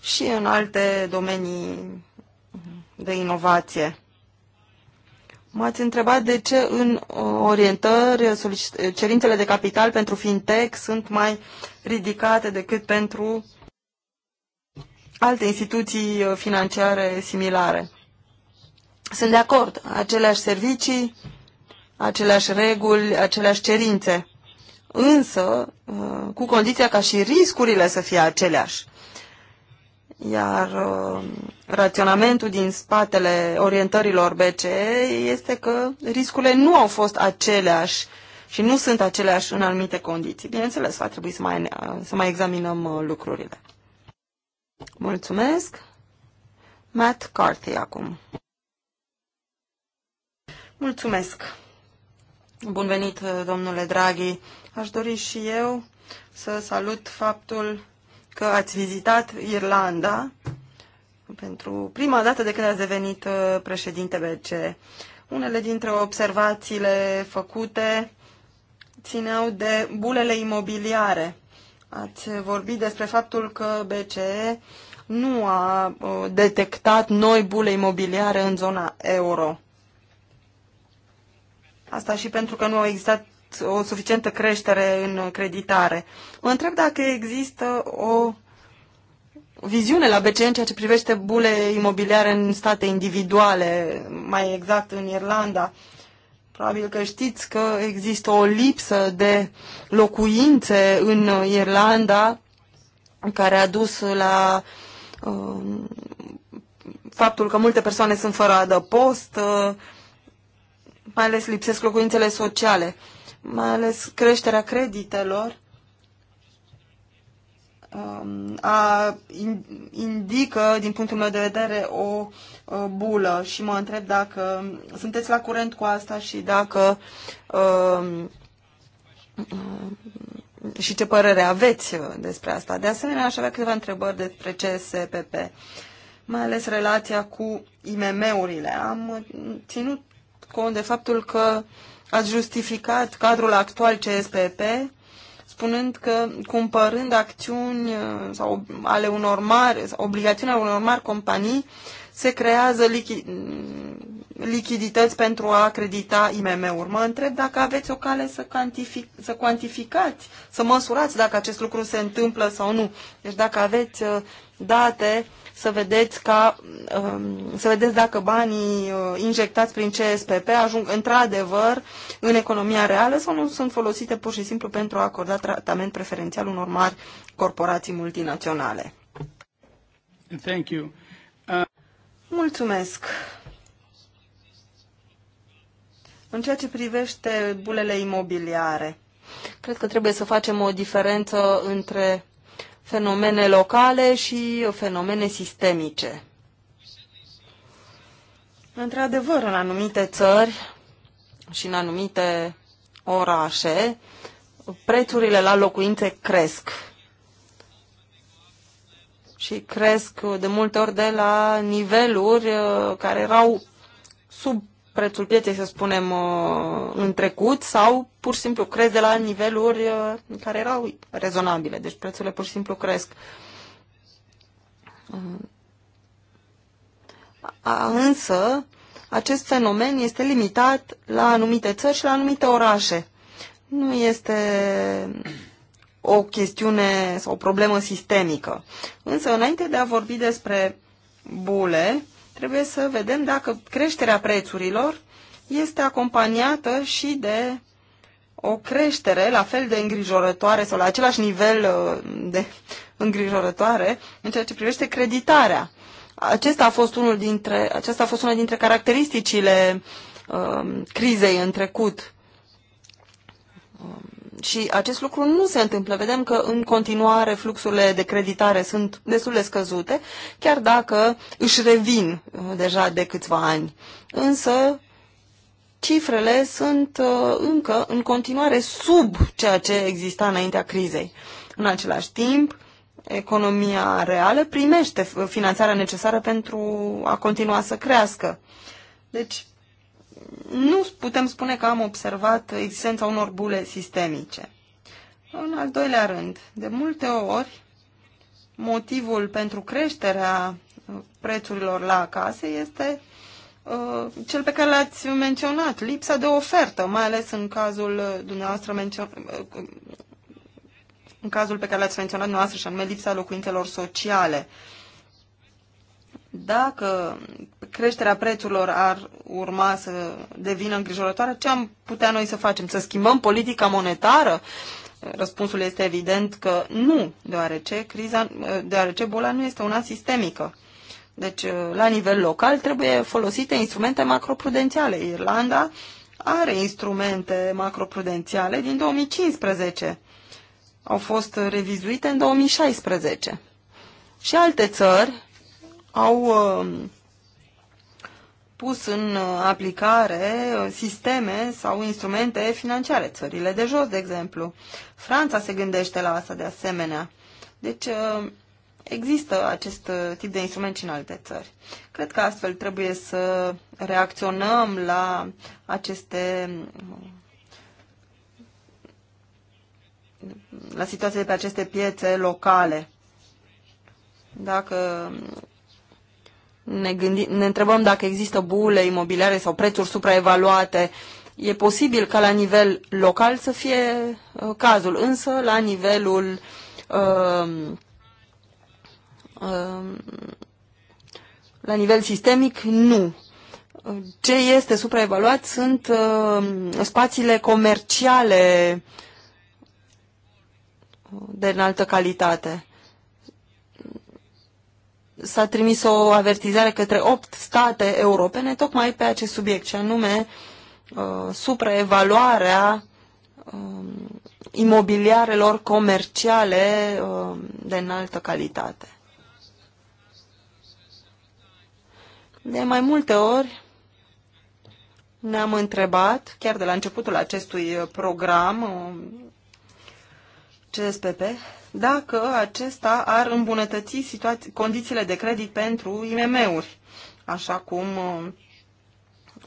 și în alte domenii de inovație. M-ați întrebat de ce în uh, orientări cerințele de capital pentru fintech sunt mai ridicate decât pentru alte instituții uh, financiare similare. Sunt de acord, aceleași servicii, aceleași reguli, aceleași cerințe, însă uh, cu condiția ca și riscurile să fie aceleași. Iar uh, raționamentul din spatele orientărilor BCE este că riscurile nu au fost aceleași și nu sunt aceleași în anumite condiții. Bineînțeles, va trebui să mai, să mai examinăm lucrurile. Mulțumesc. Matt Carthy acum. Mulțumesc. Bun venit, domnule Draghi. Aș dori și eu să salut faptul că ați vizitat Irlanda pentru prima dată de când ați devenit uh, președinte BC. Unele dintre observațiile făcute țineau de bulele imobiliare. Ați vorbit despre faptul că BCE nu a uh, detectat noi bule imobiliare în zona euro. Asta și pentru că nu a existat o suficientă creștere în creditare. Mă întreb dacă există o viziune la BCE în ceea ce privește bule imobiliare în state individuale, mai exact în Irlanda, Probabil că știți că există o lipsă de locuințe în uh, Irlanda care a dus la uh, faptul că multe persoane sunt fără adăpost, uh, mai ales lipsesc locuințele sociale, mai ales creșterea creditelor Um, a, indică, din punctul meu de vedere, o uh, bulă și mă întreb dacă sunteți la curent cu asta și dacă um, uh, și ce părere aveți despre asta. De asemenea, aș avea câteva întrebări despre CSPP, mai ales relația cu IMM-urile. Am ținut cont de faptul că ați justificat cadrul actual CSPP spunând că cumpărând acțiuni uh, sau ale unor mari, obligațiuni ale unor mari companii, se creează lichi, mm, lichidități pentru a acredita IMM-uri. Mă întreb dacă aveți o cale să, cantific, să cuantificați, să măsurați dacă acest lucru se întâmplă sau nu. Deci dacă aveți uh, date să vedeți, ca, um, să vedeți dacă banii uh, injectați prin CSPP ajung într-adevăr în economia reală sau nu sunt folosite pur și simplu pentru a acorda tratament preferențial unor mari corporații multinaționale. Thank you. Uh... Mulțumesc. În ceea ce privește bulele imobiliare, cred că trebuie să facem o diferență între fenomene locale și fenomene sistemice. Într-adevăr, în anumite țări și în anumite orașe, prețurile la locuințe cresc. Și cresc de multe ori de la niveluri uh, care erau sub prețul pieței, să spunem, uh, în trecut sau pur și simplu cresc de la niveluri uh, care erau rezonabile. Deci prețurile pur și simplu cresc. Uh, însă, acest fenomen este limitat la anumite țări și la anumite orașe. Nu este o chestiune sau o problemă sistemică. Însă, înainte de a vorbi despre bule, Trebuie să vedem dacă creșterea prețurilor este acompaniată și de o creștere la fel de îngrijorătoare sau la același nivel uh, de (laughs) îngrijorătoare în ceea ce privește creditarea. Acesta a fost, unul dintre, acesta a fost una dintre caracteristicile uh, crizei în trecut. Um, și acest lucru nu se întâmplă. Vedem că în continuare fluxurile de creditare sunt destul de scăzute, chiar dacă își revin uh, deja de câțiva ani. Însă cifrele sunt uh, încă în continuare sub ceea ce exista înaintea crizei. În același timp, economia reală primește finanțarea necesară pentru a continua să crească. Deci, nu putem spune că am observat existența unor bule sistemice. În al doilea rând, de multe ori, motivul pentru creșterea uh, prețurilor la case este uh, cel pe care l-ați menționat, lipsa de ofertă, mai ales în cazul uh, dumneavoastră în cazul pe care l-ați menționat dumneavoastră și anume lipsa locuințelor sociale. Dacă creșterea prețurilor ar urma să devină îngrijorătoare, ce am putea noi să facem? Să schimbăm politica monetară? Răspunsul este evident că nu, deoarece, criza, deoarece boala nu este una sistemică. Deci, la nivel local, trebuie folosite instrumente macroprudențiale. Irlanda are instrumente macroprudențiale din 2015. Au fost revizuite în 2016. Și alte țări au uh, pus în uh, aplicare uh, sisteme sau instrumente financiare, țările de jos, de exemplu. Franța se gândește la asta de asemenea. Deci uh, există acest tip de instrument și în alte țări. Cred că astfel trebuie să reacționăm la aceste la situația de pe aceste piețe locale. Dacă ne, gândi, ne întrebăm dacă există bule imobiliare sau prețuri supraevaluate. E posibil ca la nivel local să fie uh, cazul, însă la nivelul uh, uh la nivel sistemic, nu. Ce este supraevaluat sunt uh, spațiile comerciale de înaltă calitate s-a trimis o avertizare către opt state europene tocmai pe acest subiect, și anume uh, supraevaluarea uh, imobiliarelor comerciale uh, de înaltă calitate. De mai multe ori ne-am întrebat, chiar de la începutul acestui uh, program um, CSPP, dacă acesta ar îmbunătăți condițiile de credit pentru IMM-uri, așa cum uh,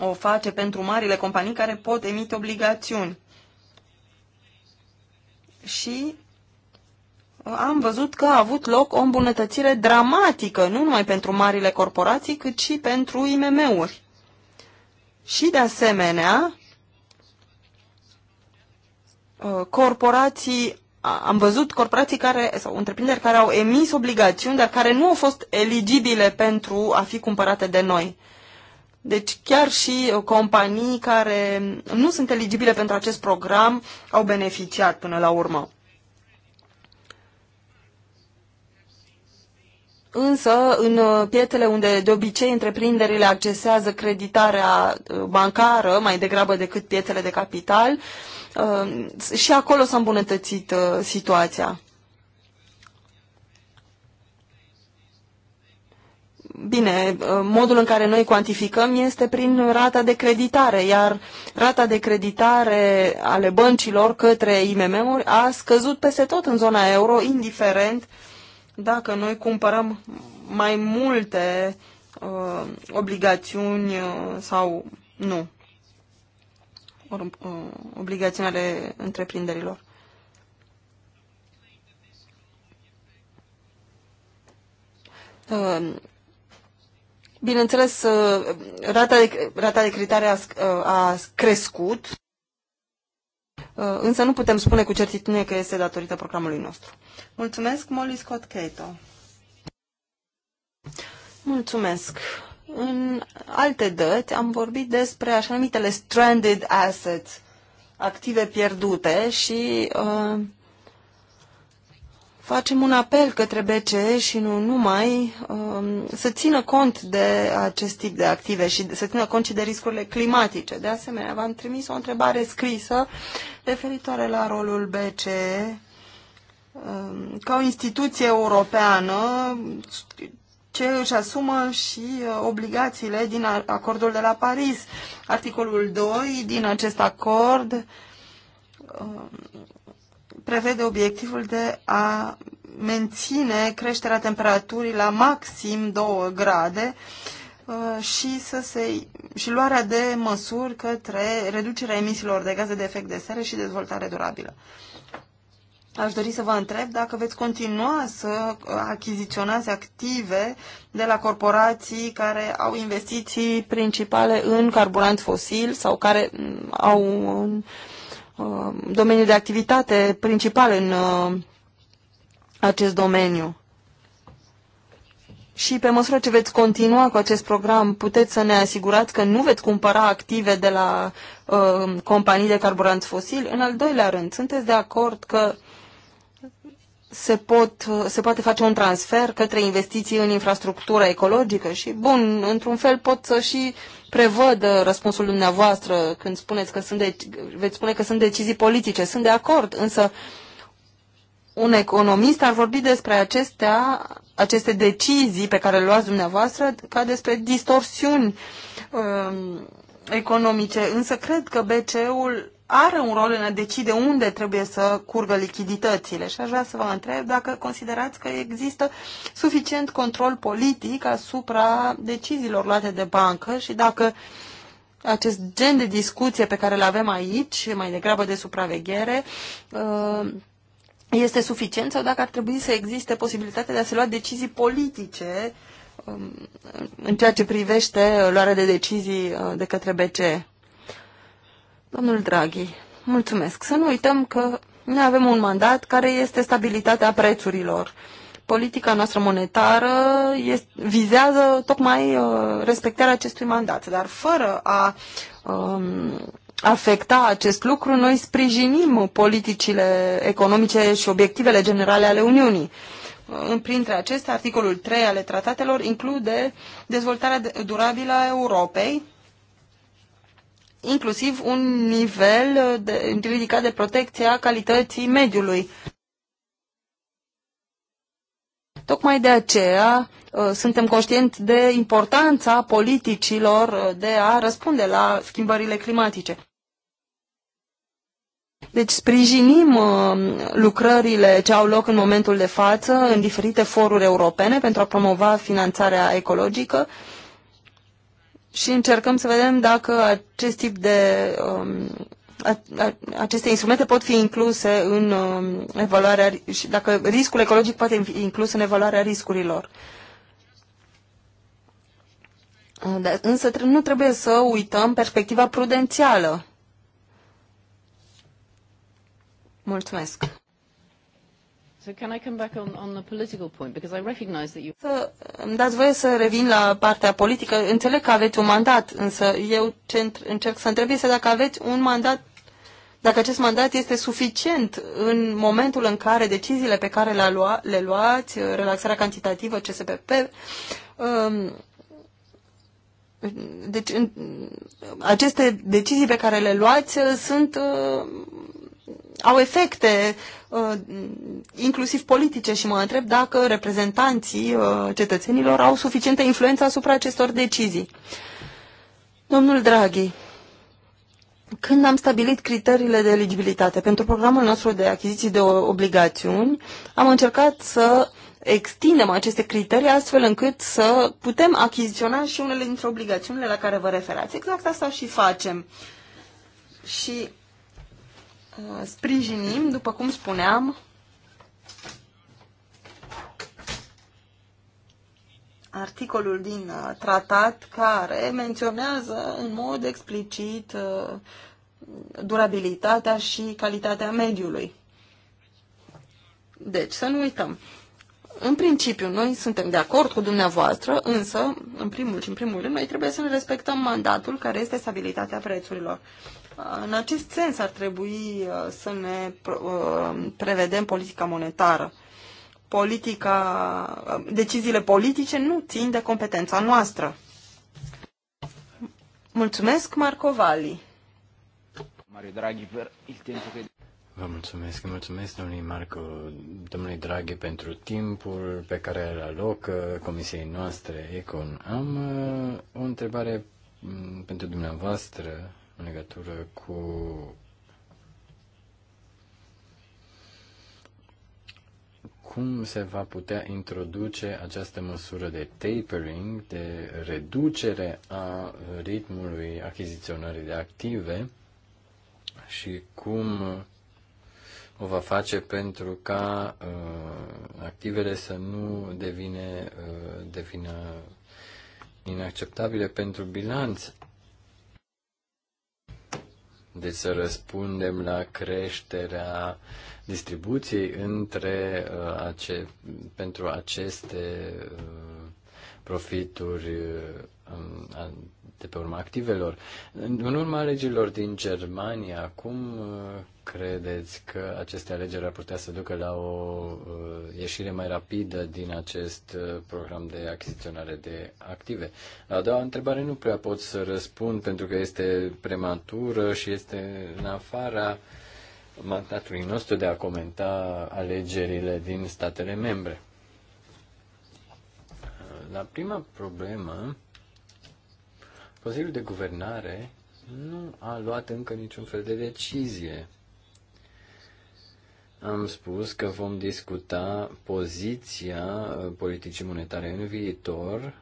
o face pentru marile companii care pot emite obligațiuni. Și uh, am văzut că a avut loc o îmbunătățire dramatică, nu numai pentru marile corporații, cât și pentru IMM-uri. Și, de asemenea, uh, corporații am văzut corporații care, sau întreprinderi care au emis obligațiuni, dar care nu au fost eligibile pentru a fi cumpărate de noi. Deci chiar și uh, companii care nu sunt eligibile pentru acest program au beneficiat până la urmă. Însă, în uh, pietele unde de obicei întreprinderile accesează creditarea uh, bancară mai degrabă decât pietele de capital, uh, și acolo s-a îmbunătățit situația. Bine, modul în care noi cuantificăm este prin rata de creditare, iar rata de creditare ale băncilor către IMM-uri a scăzut peste tot în zona euro, indiferent uh, dacă noi cumpărăm mai multe uh, obligațiuni uh, sau nu, or, uh, obligațiuni ale întreprinderilor. Uh, bineînțeles, uh, rata de, rata de creditare a, uh, a crescut Uh, însă nu putem spune cu certitudine că este datorită programului nostru. Mulțumesc, Molly Scott Cato. Mulțumesc. În alte dăți am vorbit despre așa numitele stranded assets, active pierdute și uh, facem un apel către BCE și nu numai um, să țină cont de acest tip de active și să țină cont și de riscurile climatice. De asemenea, v-am trimis o întrebare scrisă referitoare la rolul BCE um, ca o instituție europeană ce își asumă și uh, obligațiile din acordul de la Paris. Articolul 2 din acest acord um, prevede obiectivul de a menține creșterea temperaturii la maxim 2 grade uh, și, să se, și luarea de măsuri către reducerea emisiilor de gaze de efect de seră și dezvoltare durabilă. Aș dori să vă întreb dacă veți continua să achiziționați active de la corporații care au investiții principale în carburant fosil sau care mm, au Uh, domeniu de activitate principal în uh, acest domeniu. Și pe măsură ce veți continua cu acest program, puteți să ne asigurați că nu veți cumpăra active de la uh, companii de carburanți fosili. În al doilea rând, sunteți de acord că uh, se, pot, se poate face un transfer către investiții în infrastructura ecologică și, bun, într-un fel pot să și prevăd răspunsul dumneavoastră când spuneți că sunt de, veți spune că sunt decizii politice. Sunt de acord, însă un economist ar vorbi despre acestea, aceste decizii pe care le luați dumneavoastră ca despre distorsiuni um, economice. Însă cred că BCE-ul are un rol în a decide unde trebuie să curgă lichiditățile și aș vrea să vă întreb dacă considerați că există suficient control politic asupra deciziilor luate de bancă și dacă acest gen de discuție pe care îl avem aici, mai degrabă de supraveghere, uh, este suficient sau dacă ar trebui să existe posibilitatea de a se lua decizii politice um, în ceea ce privește luarea de decizii uh, de către BCE. Domnul Draghi, mulțumesc. Să nu uităm că noi avem un mandat care este stabilitatea prețurilor. Politica noastră monetară este, vizează tocmai uh, respectarea acestui mandat, dar fără a um, afecta acest lucru, noi sprijinim politicile economice și obiectivele generale ale Uniunii. În uh, Printre acestea, articolul 3 ale tratatelor include dezvoltarea durabilă a Europei, inclusiv un nivel uh, de, ridicat de protecție a calității mediului. Tocmai de aceea uh, suntem conștienți de importanța politicilor uh, de a răspunde la schimbările climatice. Deci sprijinim lucrările ce au loc în momentul de față în diferite foruri europene pentru a promova finanțarea ecologică și încercăm să vedem dacă acest tip de um, aceste instrumente pot fi incluse în um, evaluarea și dacă riscul ecologic poate fi inclus în evaluarea riscurilor. Da, însă nu trebuie să uităm perspectiva prudențială. Mulțumesc can I come back on, on the political point? Because I recognize that you... Să îmi dați voie să revin la partea politică. Înțeleg că aveți un mandat, însă eu ce încerc să întreb este dacă aveți un mandat, dacă acest mandat este suficient în momentul în care deciziile pe care le, lua, le luați, relaxarea cantitativă, CSPP, um, deci, în, aceste decizii pe care le luați sunt uh, au efecte uh, inclusiv politice și mă întreb dacă reprezentanții uh, cetățenilor au suficientă influență asupra acestor decizii. Domnul Draghi, când am stabilit criteriile de eligibilitate pentru programul nostru de achiziții de obligațiuni, am încercat să extindem aceste criterii astfel încât să putem achiziționa și unele dintre obligațiunile la care vă referați. Exact asta și facem. Și Uh, sprijinim, după cum spuneam, articolul din uh, tratat care menționează în mod explicit uh, durabilitatea și calitatea mediului. Deci, să nu uităm. În principiu, noi suntem de acord cu dumneavoastră, însă, în primul și în primul rând, noi trebuie să ne respectăm mandatul care este stabilitatea prețurilor. În acest sens ar trebui uh, să ne uh, prevedem politica monetară. Politica, uh, deciziile politice nu țin de competența noastră. Mulțumesc, Marco Valli. Mario Draghi, per il tempo che... Vă mulțumesc, mulțumesc domnului Marco, domnului Draghi pentru timpul pe care îl alocă comisiei noastre Econ. Am o întrebare mm, pentru dumneavoastră în legătură cu cum se va putea introduce această măsură de tapering, de reducere a ritmului achiziționării de active și cum o va face pentru ca uh, activele să nu devine, uh, devină inacceptabile pentru bilanț. Deci să răspundem la creșterea distribuției între uh, ace- pentru aceste uh, profituri uh, de pe urma activelor. În, în urma legilor din Germania, acum uh, credeți că aceste alegeri ar putea să ducă la o uh, ieșire mai rapidă din acest uh, program de achiziționare de active? La a doua întrebare nu prea pot să răspund pentru că este prematură și este în afara mandatului nostru de a comenta alegerile din statele membre. La prima problemă, Consiliul de Guvernare nu a luat încă niciun fel de decizie am spus că vom discuta poziția uh, politicii monetare în viitor.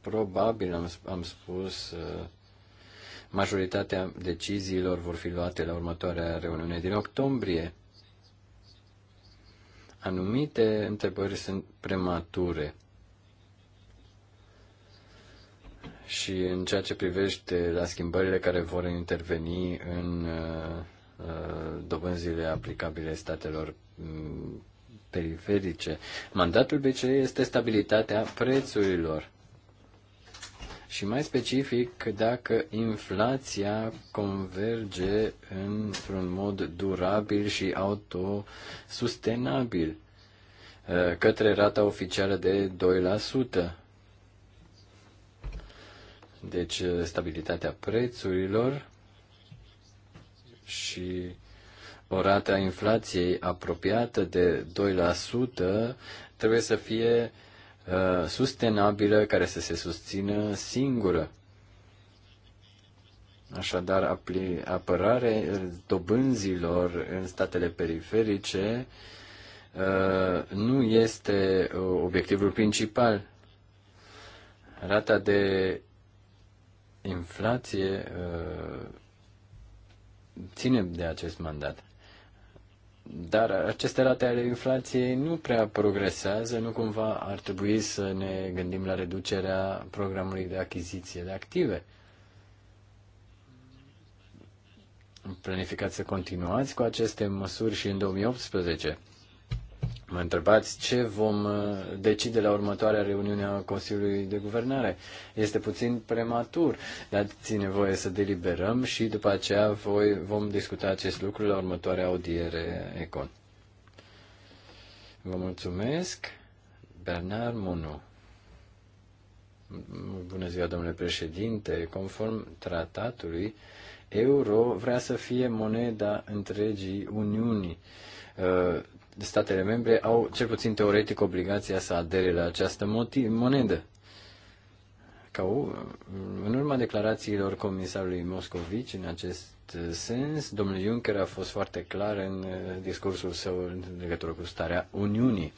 Probabil am, am spus uh, majoritatea deciziilor vor fi luate la următoarea reuniune din octombrie. Anumite întrebări sunt premature. Și în ceea ce privește la schimbările care vor interveni în uh, Uh, dobânzile aplicabile statelor mm, periferice. Mandatul BCE este stabilitatea prețurilor și mai specific dacă inflația converge într-un mod durabil și autosustenabil uh, către rata oficială de 2%. Deci uh, stabilitatea prețurilor și o rată a inflației apropiată de 2% trebuie să fie uh, sustenabilă, care să se susțină singură. Așadar, apărare dobânzilor în statele periferice uh, nu este uh, obiectivul principal. Rata de inflație uh, ține de acest mandat. Dar aceste rate ale inflației nu prea progresează, nu cumva ar trebui să ne gândim la reducerea programului de achiziție de active. Planificați să continuați cu aceste măsuri și în 2018. Mă întrebați ce vom uh, decide la următoarea reuniune a Consiliului de Guvernare. Este puțin prematur, dar ține voie să deliberăm și după aceea voi, vom discuta acest lucru la următoarea audiere Econ. Vă mulțumesc. Bernard Monu. Bună ziua, domnule președinte. Conform tratatului, euro vrea să fie moneda întregii Uniunii uh, statele membre au, cel puțin teoretic, obligația să adere la această monedă. Ca o, în urma declarațiilor comisarului Moscovici în acest uh, sens, domnul Juncker a fost foarte clar în uh, discursul său în legătură cu starea Uniunii.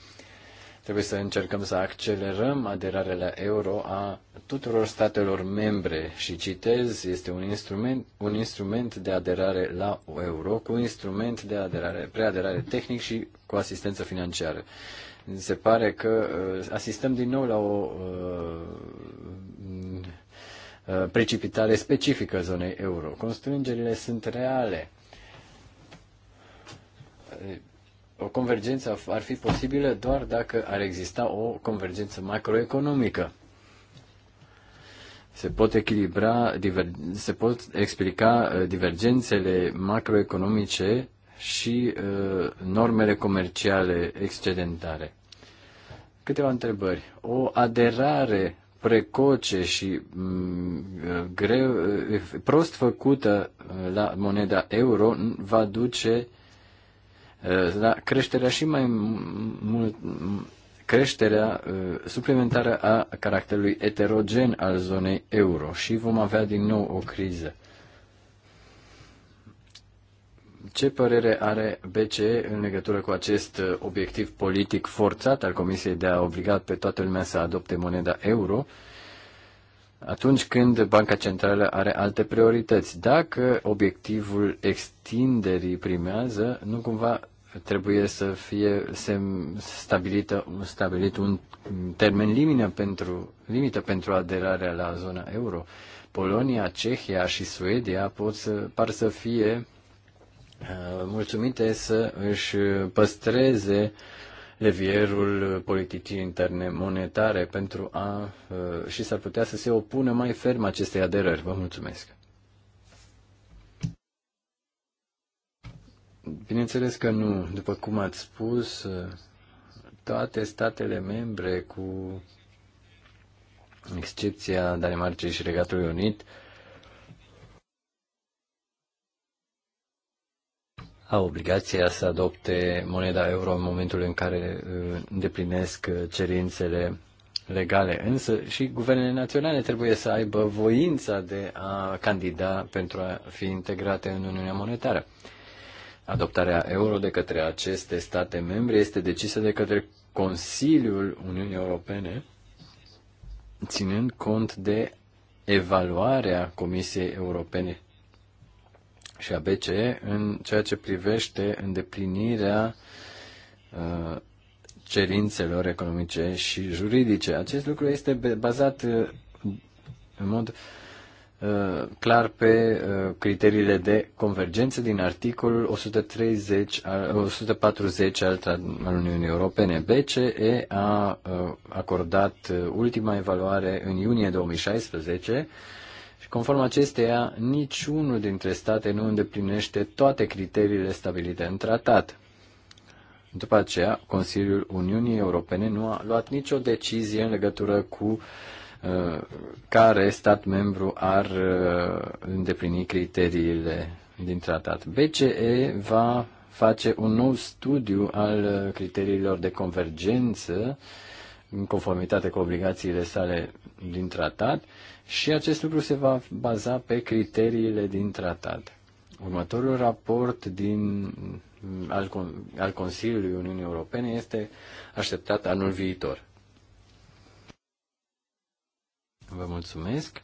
Trebuie să încercăm să accelerăm aderarea la euro a tuturor statelor membre și citez, este un instrument, un instrument de aderare la euro cu instrument de aderare, preaderare tehnic și cu asistență financiară. Se pare că uh, asistăm din nou la o uh, uh, precipitare specifică zonei euro. Constrângerile sunt reale o convergență ar fi posibilă doar dacă ar exista o convergență macroeconomică. Se pot echilibra, diver, se pot explica uh, divergențele macroeconomice și uh, normele comerciale excedentare. Câteva întrebări. O aderare precoce și mm, uh, greu, uh, prost făcută la moneda euro va duce la eh, da, creșterea și mai mult creșterea eh, suplimentară a caracterului eterogen al zonei euro și vom avea din nou o criză. Ce părere are BCE în legătură cu acest eh, obiectiv politic forțat al Comisiei de a obliga pe toată lumea să adopte moneda euro atunci când Banca Centrală are alte priorități? Dacă obiectivul extinderii primează, nu cumva trebuie să fie stabilită, stabilit un termen limită pentru, limită pentru aderarea la zona euro. Polonia, Cehia și Suedia pot să, par să fie uh, mulțumite să își păstreze levierul politicii interne monetare pentru a uh, și s-ar putea să se opună mai ferm acestei aderări. Vă mulțumesc. Bineînțeles că nu. După cum ați spus, toate statele membre, cu excepția Danemarcei și Regatului Unit, au obligația să adopte moneda euro în momentul în care uh, îndeplinesc uh, cerințele legale. Însă și guvernele naționale trebuie să aibă voința de a candida pentru a fi integrate în Uniunea Monetară. Adoptarea euro de către aceste state membre este decisă de către Consiliul Uniunii Europene, ținând cont de evaluarea Comisiei Europene și a BCE în ceea ce privește îndeplinirea uh, cerințelor economice și juridice. Acest lucru este bazat uh, în mod Uh, clar pe uh, criteriile de convergență din articolul 130 140 al, uh, al Uniunii Europene. BCE a acordat ultima evaluare în iunie 2016 și conform acesteia niciunul dintre state nu îndeplinește toate criteriile stabilite în tratat. După aceea, Consiliul Uniunii Europene nu a luat nicio decizie în legătură cu uh, Uh, care stat membru ar uh, îndeplini criteriile din tratat. BCE va face un nou studiu al uh, criteriilor de convergență în conformitate cu obligațiile sale din tratat și acest lucru se va baza pe criteriile din tratat. Următorul raport din, al, al Consiliului Uniunii Europene este așteptat anul viitor. Vă mulțumesc.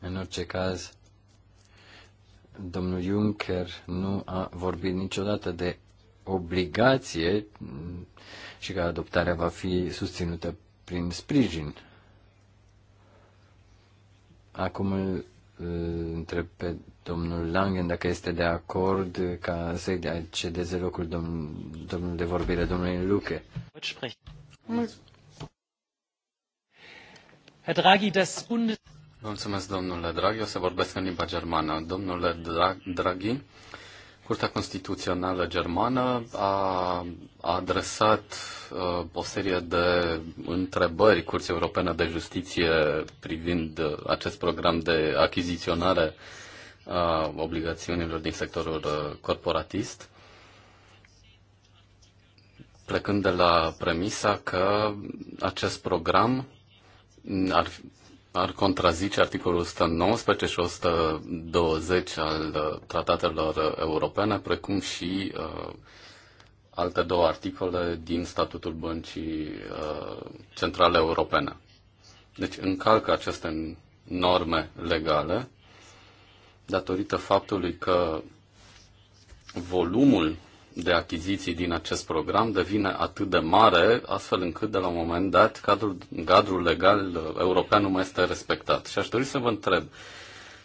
În orice caz, domnul Juncker nu a vorbit niciodată de obligație și că adoptarea va fi susținută prin sprijin. Acum îl întreb pe domnul Langen dacă este de acord ca să-i cedeze locul domn, domnul de vorbire domnului Luche. Mul- Herr Draghi, das Bundes... Mulțumesc, domnule Draghi. O să vorbesc în limba germană. Domnule Draghi, Curtea Constituțională Germană a, adresat uh, o serie de întrebări Curții Europene de Justiție privind uh, acest program de achiziționare a obligațiunilor din sectorul uh, corporatist, plecând de la premisa că acest program ar, ar contrazice articolul 119 și 120 al uh, tratatelor uh, europene, precum și uh, alte două articole din statutul Băncii uh, Centrale Europene. Deci încalcă aceste norme legale datorită faptului că volumul de achiziții din acest program devine atât de mare, astfel încât de la un moment dat cadrul, cadrul legal european nu mai este respectat. Și aș dori să vă întreb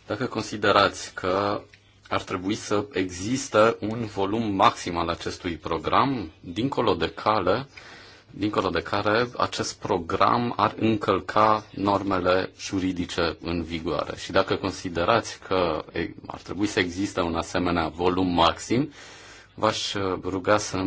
dacă considerați că ar trebui să există un volum maxim al acestui program, dincolo de cale, dincolo de care acest program ar încălca normele juridice în vigoare. Și dacă considerați că ar trebui să existe un asemenea volum maxim, v-aș ruga să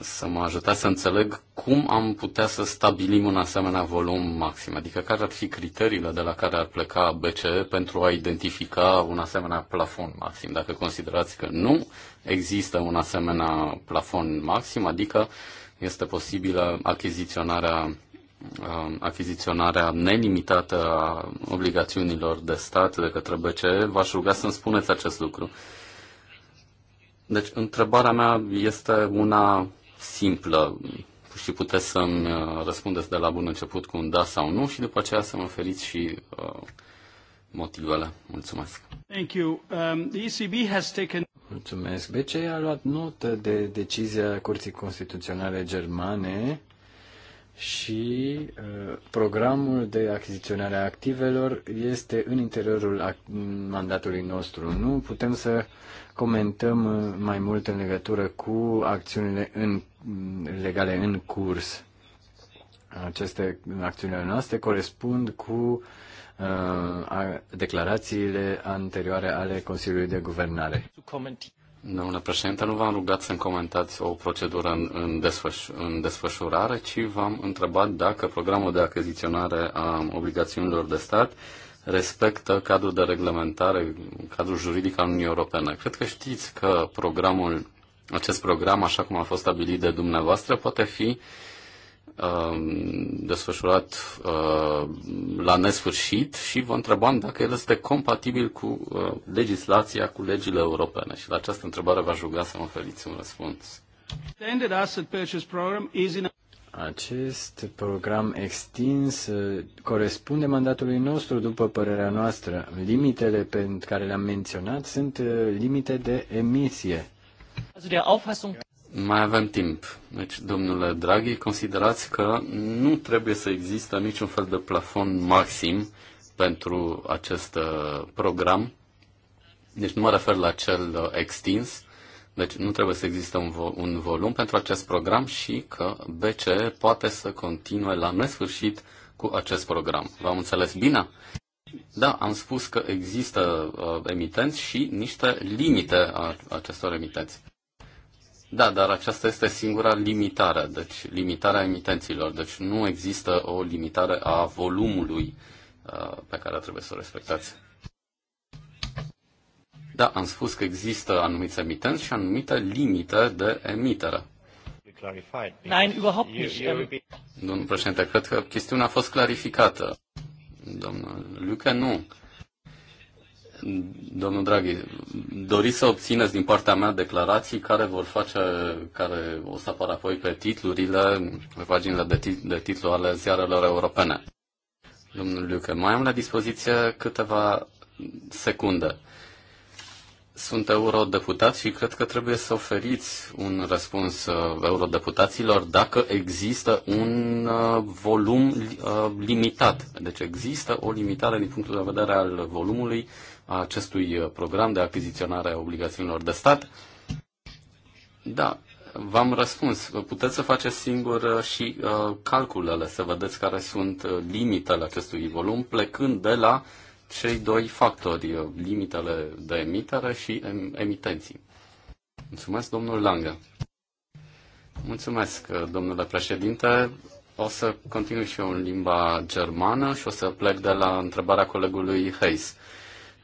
să mă ajutați să înțeleg cum am putea să stabilim un asemenea volum maxim, adică care ar fi criteriile de la care ar pleca BCE pentru a identifica un asemenea plafon maxim. Dacă considerați că nu există un asemenea plafon maxim, adică este posibilă achiziționarea um, achiziționarea nelimitată a obligațiunilor de stat de către BCE, v-aș ruga să-mi spuneți acest lucru. Deci, întrebarea mea este una simplă și puteți să-mi uh, răspundeți de la bun început cu un da sau nu și după aceea să mă oferiți și uh, motivele. Mulțumesc. Thank you. Um, the ECB has taken... Mulțumesc. BCE a luat notă de decizia Curții Constituționale Germane și uh, programul de achiziționare a activelor este în interiorul mandatului nostru. Nu putem să comentăm uh, mai mult în legătură cu acțiunile în, mm, legale în curs. Aceste acțiuni ale noastre corespund cu uh, declarațiile anterioare ale Consiliului de Guvernare. Domnule președinte, nu v-am rugat să-mi comentați o procedură în, în, desfăș, în desfășurare, ci v-am întrebat dacă programul de achiziționare a obligațiunilor de stat uh, respectă cadrul de reglementare, cadrul juridic al Uniunii Europene. Cred că știți că programul, acest program, așa cum a fost stabilit de dumneavoastră, poate fi um, desfășurat uh, la nesfârșit și vă întrebam dacă el este compatibil cu uh, legislația, cu legile europene. Și la această întrebare v-aș ruga să mă oferiți un răspuns. Acest program extins uh, corespunde mandatului nostru, după părerea noastră. Limitele pe care le-am menționat sunt uh, limite de emisie. Mai avem timp. Deci, domnule Draghi, considerați că nu trebuie să există niciun fel de plafon maxim pentru acest uh, program. Deci nu mă refer la cel extins, deci nu trebuie să existe un, vo- un volum pentru acest program și că BCE poate să continue la nesfârșit cu acest program. V-am înțeles bine? Da, am spus că există uh, emitenți și niște limite a acestor emitenți. Da, dar aceasta este singura limitare, deci limitarea emitenților. Deci nu există o limitare a volumului uh, pe care trebuie să o respectați. Da, am spus că există anumite emitenți și anumite limite de emitere. Nein, überhaupt nicht. Ähm, Domnul președinte, cred că chestiunea a fost clarificată. Domnul Luca, nu. Domnul Draghi, doriți să obțineți din partea mea declarații care vor face, care o să apară apoi pe titlurile, pe paginile de, tit- de titlu ale ziarelor europene. Domnul Luca, mai am la dispoziție câteva secunde. Sunt eurodeputați și cred că trebuie să oferiți un răspuns uh, eurodeputaților dacă există un uh, volum uh, limitat. Deci există o limitare din punctul de vedere al volumului a acestui program de achiziționare a obligațiunilor de stat. Da, v-am răspuns. Puteți să faceți singur și calculele, să vedeți care sunt limitele acestui volum, plecând de la uh, cei doi factori, limitele de emitere și emitenții. Mulțumesc, domnul Lange. Mulțumesc, domnule președinte. O să continui și eu în limba germană și o să plec de la întrebarea colegului Hayes,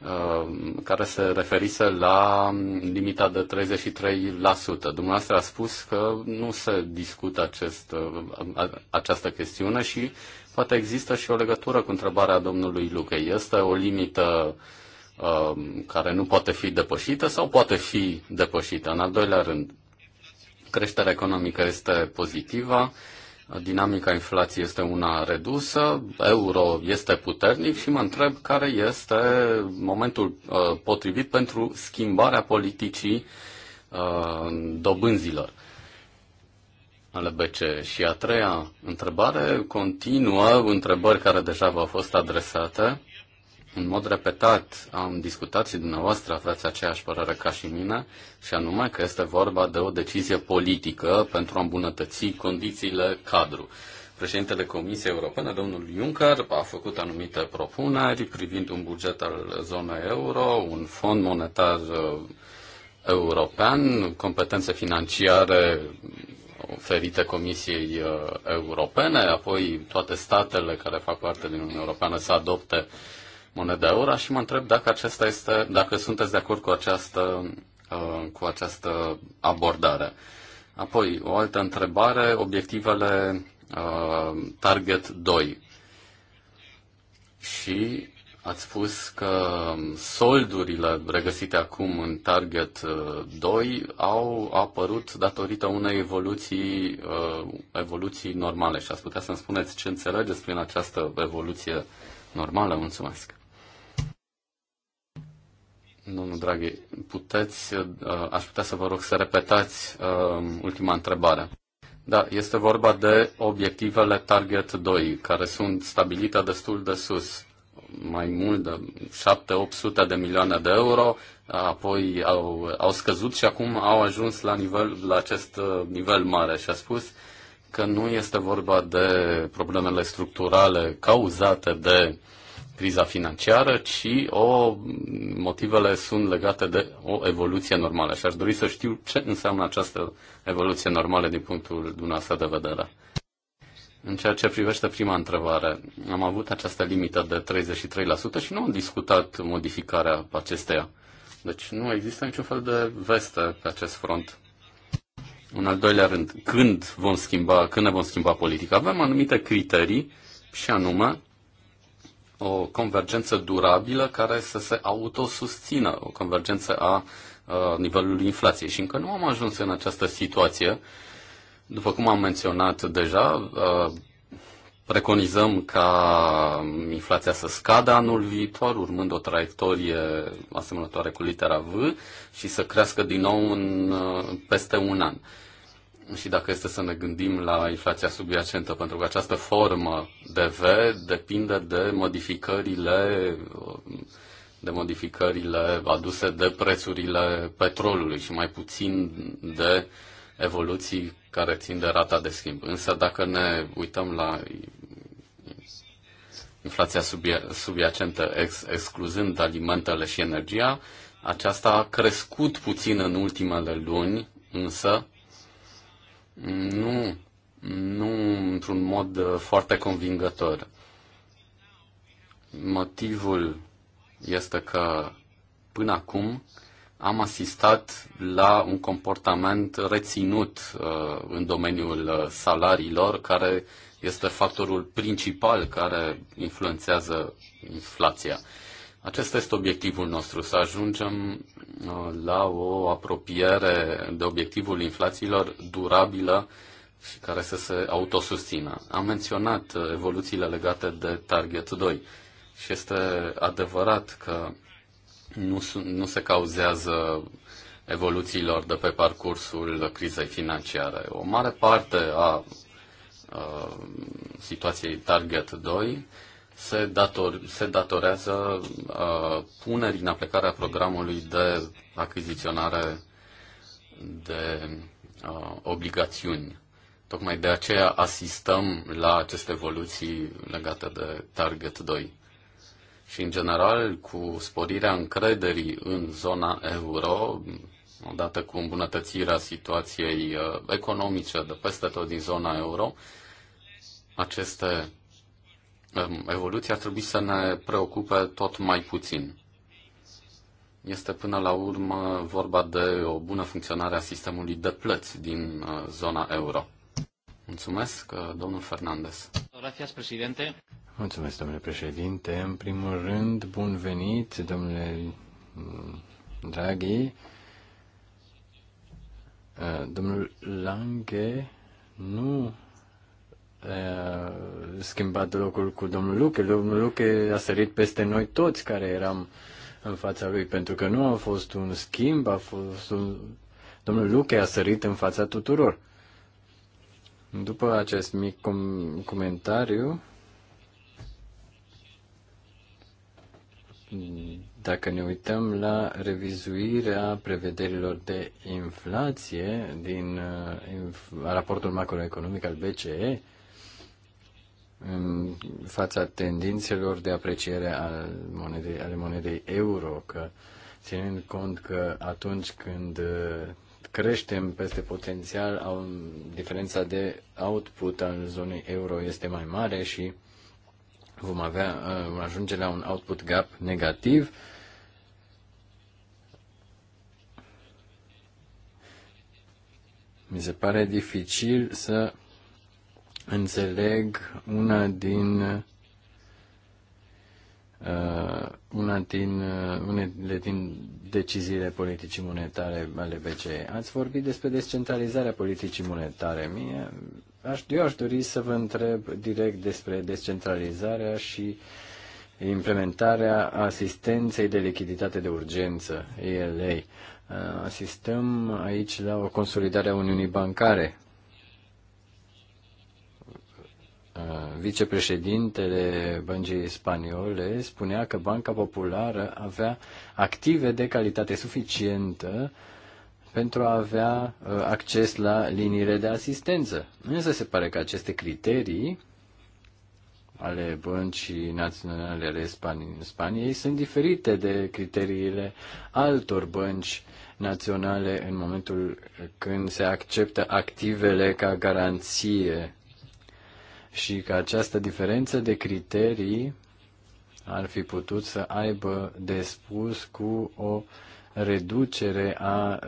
uh, care se referise la limita de 33%. Dumneavoastră a spus că nu se discută acest, uh, această chestiune și Poate există și o legătură cu întrebarea domnului Lucă. Este o limită uh, care nu poate fi depășită sau poate fi depășită? În al doilea rând, creșterea economică este pozitivă, dinamica inflației este una redusă, euro este puternic și mă întreb care este momentul uh, potrivit pentru schimbarea politicii uh, dobânzilor ale Și a treia întrebare continuă întrebări care deja v-au fost adresate. În mod repetat am discutat și dumneavoastră aveți aceeași părere ca și mine, și anume că este vorba de o decizie politică pentru a îmbunătăți condițiile cadru. Președintele Comisiei Europene, domnul Juncker, a făcut anumite propuneri privind un buget al zonei euro, un fond monetar uh, european, competențe financiare oferite Comisiei uh, Europene, apoi toate statele care fac parte din Uniunea Europeană să adopte moneda euro și mă întreb dacă acesta este, dacă sunteți de acord cu această, uh, cu această abordare. Apoi, o altă întrebare, obiectivele uh, target 2 și Ați spus că soldurile regăsite acum în Target 2 uh, au apărut datorită unei evoluții, uh, evoluții normale și ați putea să-mi spuneți ce înțelegeți prin această evoluție normală? Mulțumesc! Domnul Draghi, puteți, uh, aș putea să vă rog să repetați ultima întrebare. Da, este vorba de obiectivele Target 2, care sunt stabilite destul de sus mai mult de 7-800 de milioane de euro, apoi au, au scăzut și acum au ajuns la, nivel, la acest uh, nivel mare și a spus că nu este vorba de problemele structurale cauzate de criza financiară, ci o, motivele sunt legate de o evoluție normală. Și aș dori să știu ce înseamnă această evoluție normală din punctul dumneavoastră de vedere. În ceea ce privește prima întrebare, am avut această limită de 33% și nu am discutat modificarea acesteia. Deci nu există niciun fel de veste pe acest front. În al doilea rând, când, vom schimba, când ne vom schimba politica? Avem anumite criterii și anume o convergență durabilă care să se autosusțină, o convergență a, a nivelului inflației. Și încă nu am ajuns în această situație după cum am menționat deja, uh, preconizăm ca inflația să scadă anul viitor, urmând o traiectorie asemănătoare cu litera V și să crească din nou în, uh, peste un an. Și dacă este să ne gândim la inflația subiacentă, pentru că această formă de V depinde de modificările de modificările aduse de prețurile petrolului și mai puțin de evoluții care țin de rata de schimb. Însă dacă ne uităm la inflația subiacentă, ex, excluzând alimentele și energia, aceasta a crescut puțin în ultimele luni, însă nu, nu într-un mod foarte convingător. Motivul este că până acum am asistat la un comportament reținut uh, în domeniul uh, salariilor, care este factorul principal care influențează inflația. Acesta este obiectivul nostru, să ajungem uh, la o apropiere de obiectivul inflațiilor durabilă și care să se autosustină. Am menționat evoluțiile legate de Target 2 și este adevărat că nu, nu se cauzează evoluțiilor de pe parcursul crizei financiare. O mare parte a, a situației Target 2 se, dator, se datorează a, punerii în aplicare a programului de achiziționare de a, obligațiuni. Tocmai de aceea asistăm la aceste evoluții legate de Target 2 și, în general, cu sporirea încrederii în zona euro, odată cu îmbunătățirea situației uh, economice de peste tot din zona euro, aceste um, evoluții ar trebui să ne preocupe tot mai puțin. Este până la urmă vorba de o bună funcționare a sistemului de plăți din uh, zona euro. Mulțumesc, uh, domnul Fernandez. Mulțumesc, domnule președinte. În primul rând, bun venit, domnule Draghi. Uh, domnul Lange nu uh, schimbat locul cu domnul Luche. Domnul Luche a sărit peste noi toți care eram în fața lui, pentru că nu a fost un schimb, a fost un... Domnul Luche a sărit în fața tuturor. După acest mic com- comentariu, Dacă ne uităm la revizuirea prevederilor de inflație din uh, raportul macroeconomic al BCE, în fața tendințelor de apreciere al monedei, ale monedei euro, că ținând cont că atunci când uh, creștem peste potențial, diferența de output al zonei euro este mai mare și vom, avea, vom uh, ajunge la un output gap negativ. Mi se pare dificil să înțeleg una din uh, una din, uh, unele din deciziile politicii monetare ale BCE. Ați vorbit despre descentralizarea politicii monetare. Mie Aș, eu aș dori să vă întreb direct despre descentralizarea și implementarea asistenței de lichiditate de urgență, ELA. Asistăm aici la o consolidare a Uniunii Bancare. Vicepreședintele Băncii Spaniole spunea că Banca Populară avea active de calitate suficientă uh, pentru a avea uh, acces la liniile de asistență. Însă se pare că aceste criterii ale băncii naționale ale Spaniei sunt diferite de criteriile altor bănci naționale în momentul când se acceptă activele ca garanție și că această diferență de criterii ar fi putut să aibă de spus cu o reducere a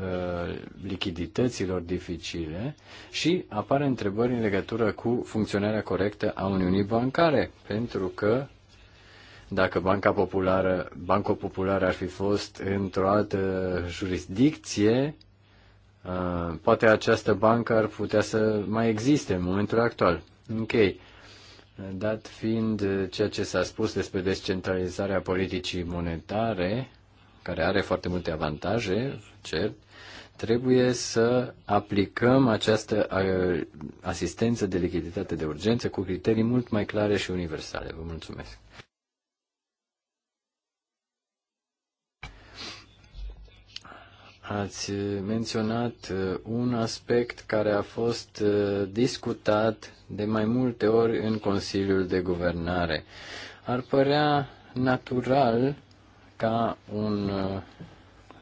lichidităților dificile și apare întrebări în legătură cu funcționarea corectă a Uniunii Bancare, pentru că dacă Banca Populară, Banco Popular ar fi fost într-o altă jurisdicție, poate această bancă ar putea să mai existe în momentul actual. Ok. Okay. Dat fiind ceea ce s-a spus despre descentralizarea politicii monetare, care are foarte multe avantaje, cert, trebuie să aplicăm această asistență de lichiditate de urgență cu criterii mult mai clare și universale. Vă mulțumesc. Ați menționat uh, un aspect care a fost uh, discutat de mai multe ori în Consiliul de Guvernare. Ar părea natural ca un,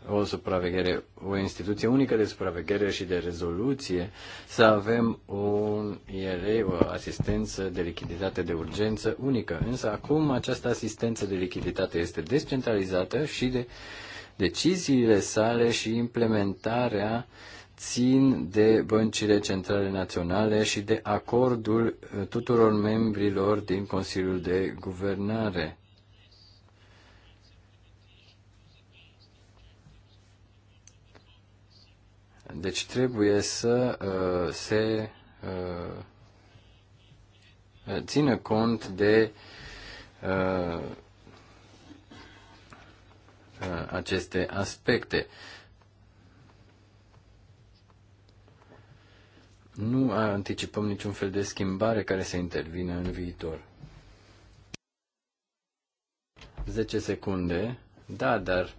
uh, o supraveghere, o instituție unică de supraveghere și de rezoluție, să avem un IRE, o asistență de lichiditate de urgență unică. Însă acum această asistență de lichiditate este descentralizată și de deciziile sale și implementarea țin de băncile centrale naționale și de acordul uh, tuturor membrilor din Consiliul de Guvernare. Deci trebuie să uh, se uh, țină cont de uh, uh, aceste aspecte. Nu anticipăm niciun fel de schimbare care să intervină în viitor. 10 secunde. Da, dar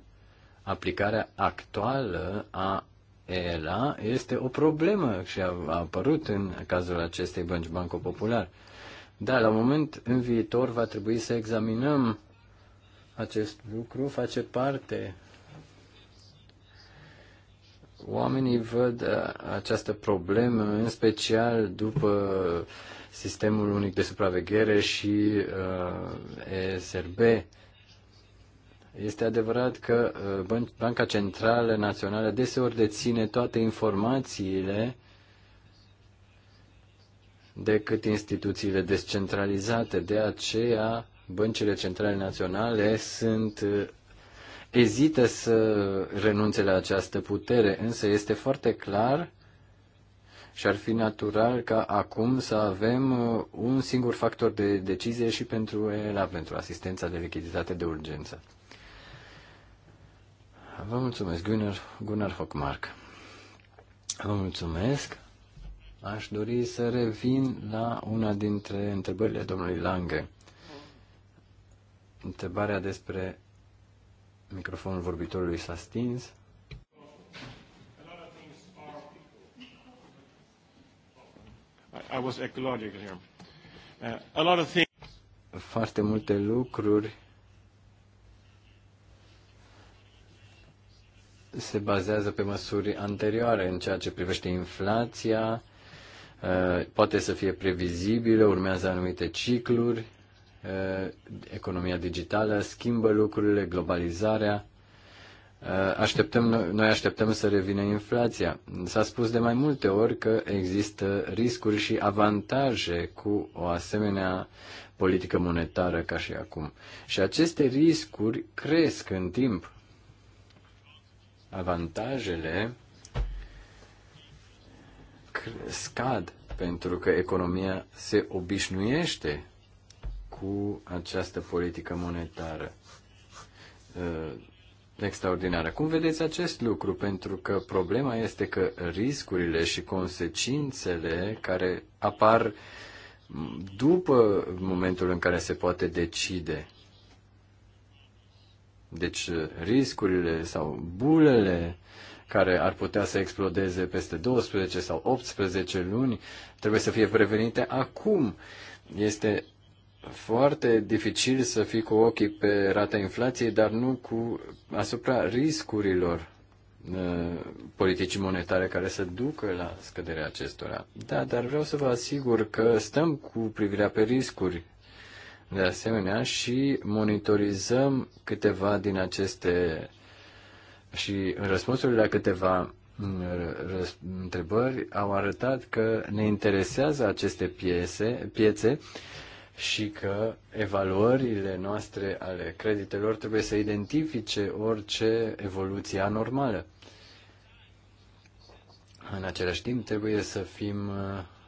aplicarea actuală a ELA este o problemă și a, a apărut în cazul acestei bănci Banco Popular. Da, la moment în viitor va trebui să examinăm acest lucru, face parte. Oamenii văd această problemă, în special după sistemul unic de supraveghere și uh, ESRB este adevărat că uh, Banca Centrală Națională deseori deține toate informațiile decât instituțiile descentralizate. De aceea, băncile centrale naționale sunt uh, ezită să renunțe la această putere, însă este foarte clar și ar fi natural ca acum să avem uh, un singur factor de decizie și pentru ELA, pentru asistența de lichiditate de urgență. Vă mulțumesc, Gunnar, Gunnar Hockmark. Vă mulțumesc. Aș dori să revin la una dintre întrebările domnului Lange. Întrebarea despre microfonul vorbitorului s-a stins. I was ecological here. Uh, a lot of things... Foarte multe lucruri se bazează pe măsuri anterioare în ceea ce privește inflația, uh, poate să fie previzibilă, urmează anumite cicluri, uh, economia digitală schimbă lucrurile, globalizarea. Uh, așteptăm, noi așteptăm să revină inflația. S-a spus de mai multe ori că există riscuri și avantaje cu o asemenea politică monetară ca și acum. Și aceste riscuri cresc în timp avantajele scad pentru că economia se obișnuiește cu această politică monetară uh, extraordinară. Cum vedeți acest lucru? Pentru că problema este că riscurile și consecințele care apar după momentul în care se poate decide deci riscurile sau bulele care ar putea să explodeze peste 12 sau 18 luni trebuie să fie prevenite acum. Este foarte dificil să fii cu ochii pe rata inflației, dar nu cu asupra riscurilor uh, politicii monetare care să ducă la scăderea acestora. Da, dar vreau să vă asigur că stăm cu privirea pe riscuri de asemenea și monitorizăm câteva din aceste și răspunsurile la câteva mm, întrebări au arătat că ne interesează aceste piese, piețe și că evaluările noastre ale creditelor trebuie să identifice orice evoluție anormală. În același timp, trebuie să fim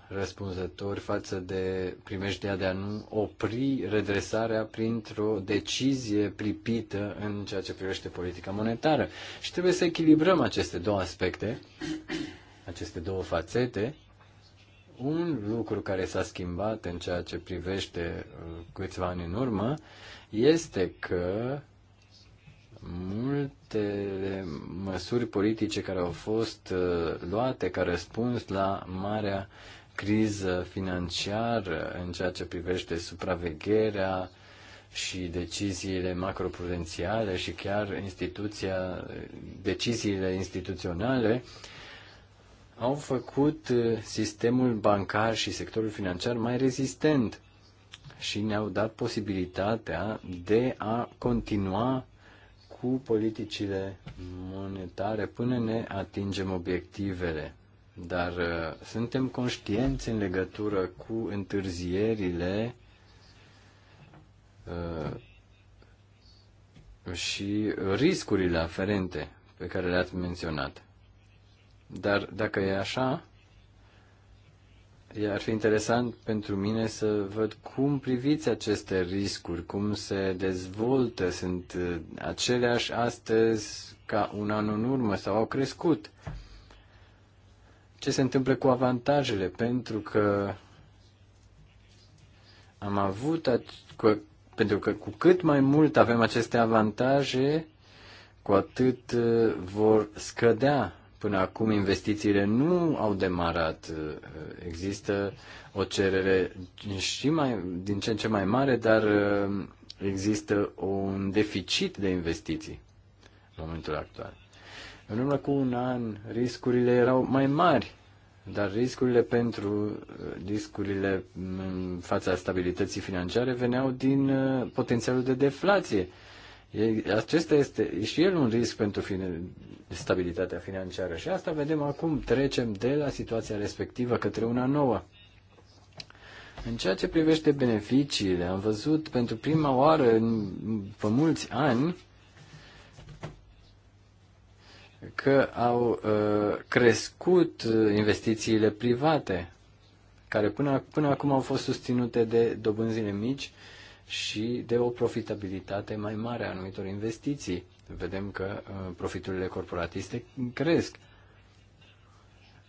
răspunzători față de primejdea de a nu opri redresarea printr-o decizie pripită în ceea ce privește politica monetară. Și trebuie să echilibrăm aceste două aspecte, aceste două fațete. Un lucru care s-a schimbat în ceea ce privește uh, câțiva ani în urmă este că multe măsuri politice care au fost uh, luate ca răspuns la marea criză financiară în ceea ce privește supravegherea și deciziile macroprudențiale și chiar instituția, deciziile instituționale au făcut uh, sistemul bancar și sectorul financiar mai rezistent și ne-au dat posibilitatea de a continua cu politicile monetare până ne atingem obiectivele dar uh, suntem conștienți în legătură cu întârzierile uh, și riscurile aferente pe care le-ați menționat. Dar dacă e așa, ar fi interesant pentru mine să văd cum priviți aceste riscuri, cum se dezvoltă, sunt uh, aceleași astăzi ca un an în urmă sau au crescut ce se întâmplă cu avantajele, pentru că am avut, cu, pentru că cu cât mai mult avem aceste avantaje, cu atât uh, vor scădea. Până acum investițiile nu au demarat. Uh, există o cerere și mai, din ce în ce mai mare, dar uh, există un deficit de investiții în momentul actual. În urmă cu un an, riscurile erau mai mari, dar riscurile pentru riscurile în fața stabilității financiare veneau din uh, potențialul de deflație. Acesta este și el un risc pentru stabilitatea financiară și asta vedem acum. Trecem de la situația respectivă către una nouă. În ceea ce privește beneficiile, am văzut pentru prima oară în, pe mulți ani că au uh, crescut uh, investițiile private, care până, până acum au fost susținute de dobânzile mici și de o profitabilitate mai mare a anumitor investiții. Vedem că uh, profiturile corporatiste cresc.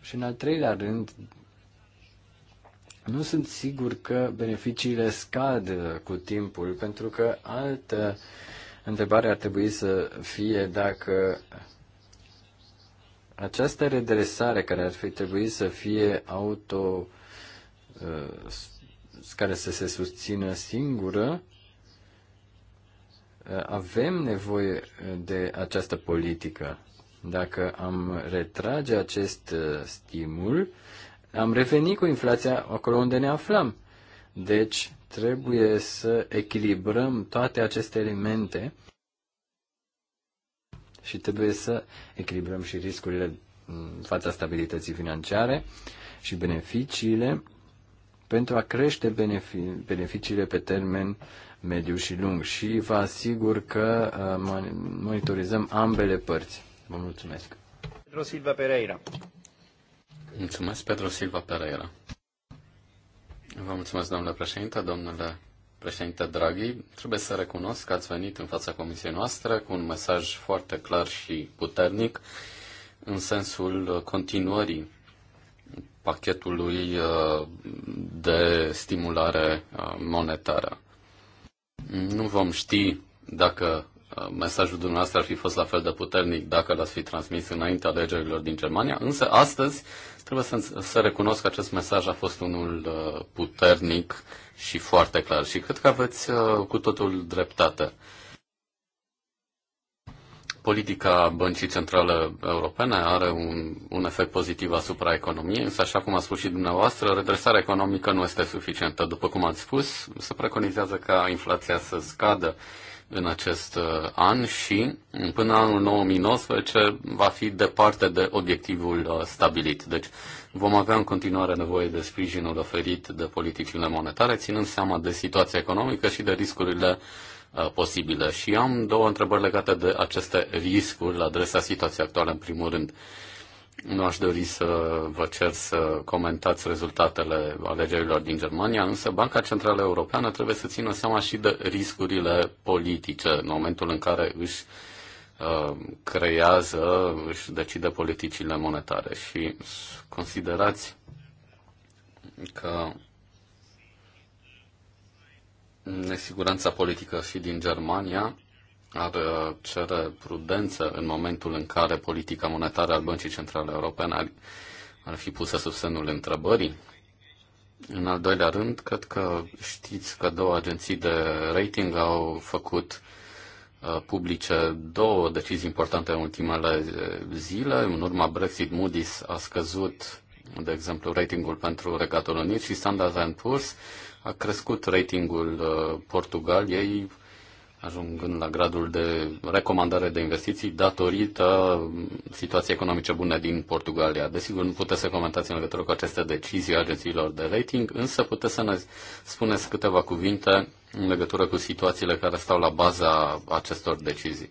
Și în al treilea rând, nu sunt sigur că beneficiile scad cu timpul, pentru că altă întrebare ar trebui să fie dacă această redresare care ar fi trebuit să fie auto uh, care să se susțină singură, uh, avem nevoie de această politică. Dacă am retrage acest uh, stimul, am revenit cu inflația acolo unde ne aflam. Deci, trebuie să echilibrăm toate aceste elemente și trebuie să echilibrăm și riscurile în fața stabilității financiare și beneficiile pentru a crește beneficiile pe termen mediu și lung și vă asigur că uh, monitorizăm ambele părți. Vă mulțumesc. Pedro Silva Pereira. Mulțumesc, Pedro Silva Pereira. Vă mulțumesc, domnule președinte, domnule președinte Draghi, trebuie să recunosc că ați venit în fața comisiei noastre cu un mesaj foarte clar și puternic în sensul continuării pachetului uh, de stimulare uh, monetară. Nu vom ști dacă uh, mesajul dumneavoastră ar fi fost la fel de puternic dacă l-ați fi transmis înainte alegerilor din Germania, însă astăzi Trebuie să, să recunosc că acest mesaj a fost unul uh, puternic și foarte clar și cred că aveți uh, cu totul dreptate. Politica Băncii Centrale Europene are un, un efect pozitiv asupra economiei, însă, așa cum a spus și dumneavoastră, redresarea economică nu este suficientă. După cum ați spus, se preconizează ca inflația să scadă în acest uh, an și până anul 2019 va fi departe de obiectivul uh, stabilit. Deci vom avea în continuare nevoie de sprijinul oferit de politicile monetare, ținând seama de situația economică și de riscurile uh, posibile. Și am două întrebări legate de aceste riscuri la adresa situației actuale, în primul rând. Nu aș dori să vă cer să comentați rezultatele alegerilor din Germania, însă Banca Centrală Europeană trebuie să țină seama și de riscurile politice în momentul în care își uh, creează, își decide politicile monetare și considerați că nesiguranța politică și din Germania ar cere prudență în momentul în care politica monetară a Băncii Centrale Europene ar, ar fi pusă sub semnul întrebării? În al doilea rând, cred că știți că două agenții de rating au făcut uh, publice două decizii importante în ultimele uh, zile. În urma Brexit, Moody's a scăzut, de exemplu, ratingul pentru Regatul Unit și Standard Poor's a crescut ratingul uh, Portugaliei ajungând la gradul de recomandare de investiții datorită situației economice bune din Portugalia. Desigur, nu puteți să comentați în legătură cu aceste decizii agențiilor de rating, însă puteți să ne spuneți câteva cuvinte în legătură cu situațiile care stau la baza acestor decizii.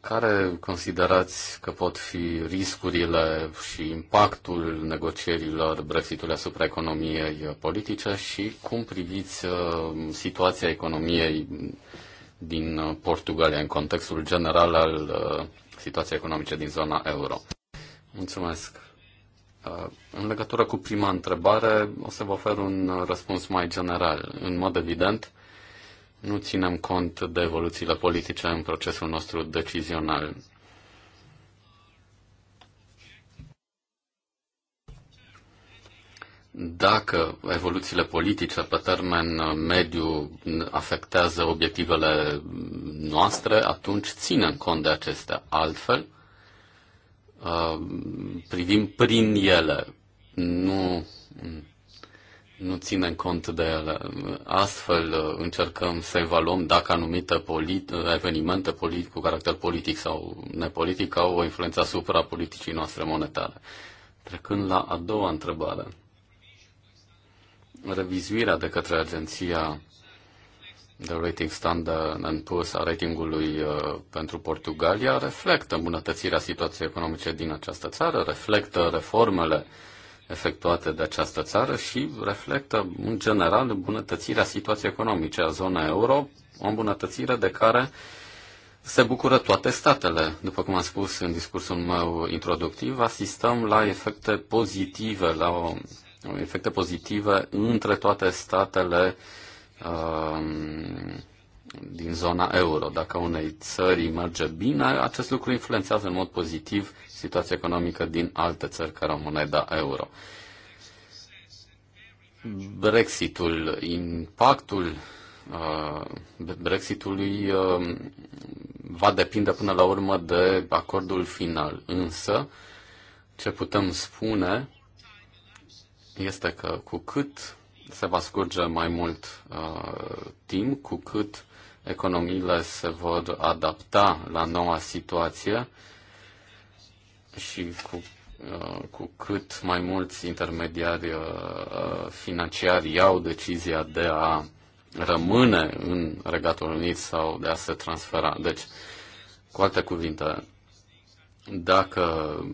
Care considerați că pot fi riscurile și impactul negocierilor Brexitului asupra economiei politice și cum priviți uh, situația economiei din Portugalia în contextul general al uh, situației economice din zona euro? Mulțumesc. Uh, în legătură cu prima întrebare, o să vă ofer un răspuns mai general. În mod evident, nu ținem cont de evoluțiile politice în procesul nostru decizional. Dacă evoluțiile politice pe termen mediu afectează obiectivele noastre, atunci ținem cont de acestea. Altfel, uh, privim prin ele, nu nu ținem cont de ele. Astfel uh, încercăm să evaluăm dacă anumite polit- evenimente politice cu caracter politic sau nepolitic au o influență asupra politicii noastre monetare. Trecând la a doua întrebare. Revizuirea de către agenția de rating standard plus a ratingului uh, pentru Portugalia reflectă îmbunătățirea situației economice din această țară, reflectă reformele uh, efectuate de această țară și reflectă, în general, îmbunătățirea situației economice a zonei euro, o îmbunătățire de care se bucură toate statele. După cum am spus în discursul meu introductiv, asistăm la efecte pozitive, la o, efecte pozitive între toate statele uh, din zona euro. Dacă unei țări merge bine, acest lucru influențează în mod pozitiv situația economică din alte țări care au moneda euro. Brexitul, impactul uh, Brexitului uh, va depinde până la urmă de acordul final. Însă, ce putem spune este că cu cât se va scurge mai mult uh, timp, cu cât economiile se vor adapta la noua situație, uh, și cu, uh, cu cât mai mulți intermediari uh, financiari iau decizia de a rămâne în Regatul Unit sau de a se transfera. Deci, cu alte cuvinte, dacă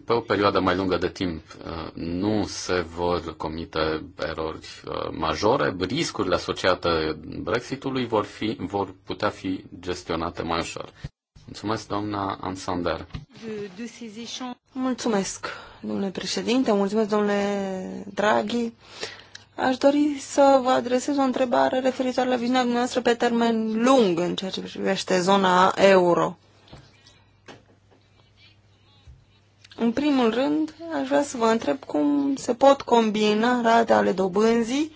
pe o perioadă mai lungă de timp uh, nu se vor comite erori majore, riscurile asociate Brexitului vor, fi, vor putea fi gestionate mai ușor. Mulțumesc, doamna Ansander. Mulțumesc, domnule președinte, mulțumesc, domnule Draghi. Aș dori să vă adresez o întrebare referitoare la viziunea dumneavoastră pe termen lung în ceea ce privește zona euro. În primul rând, aș vrea să vă întreb cum se pot combina rate ale dobânzii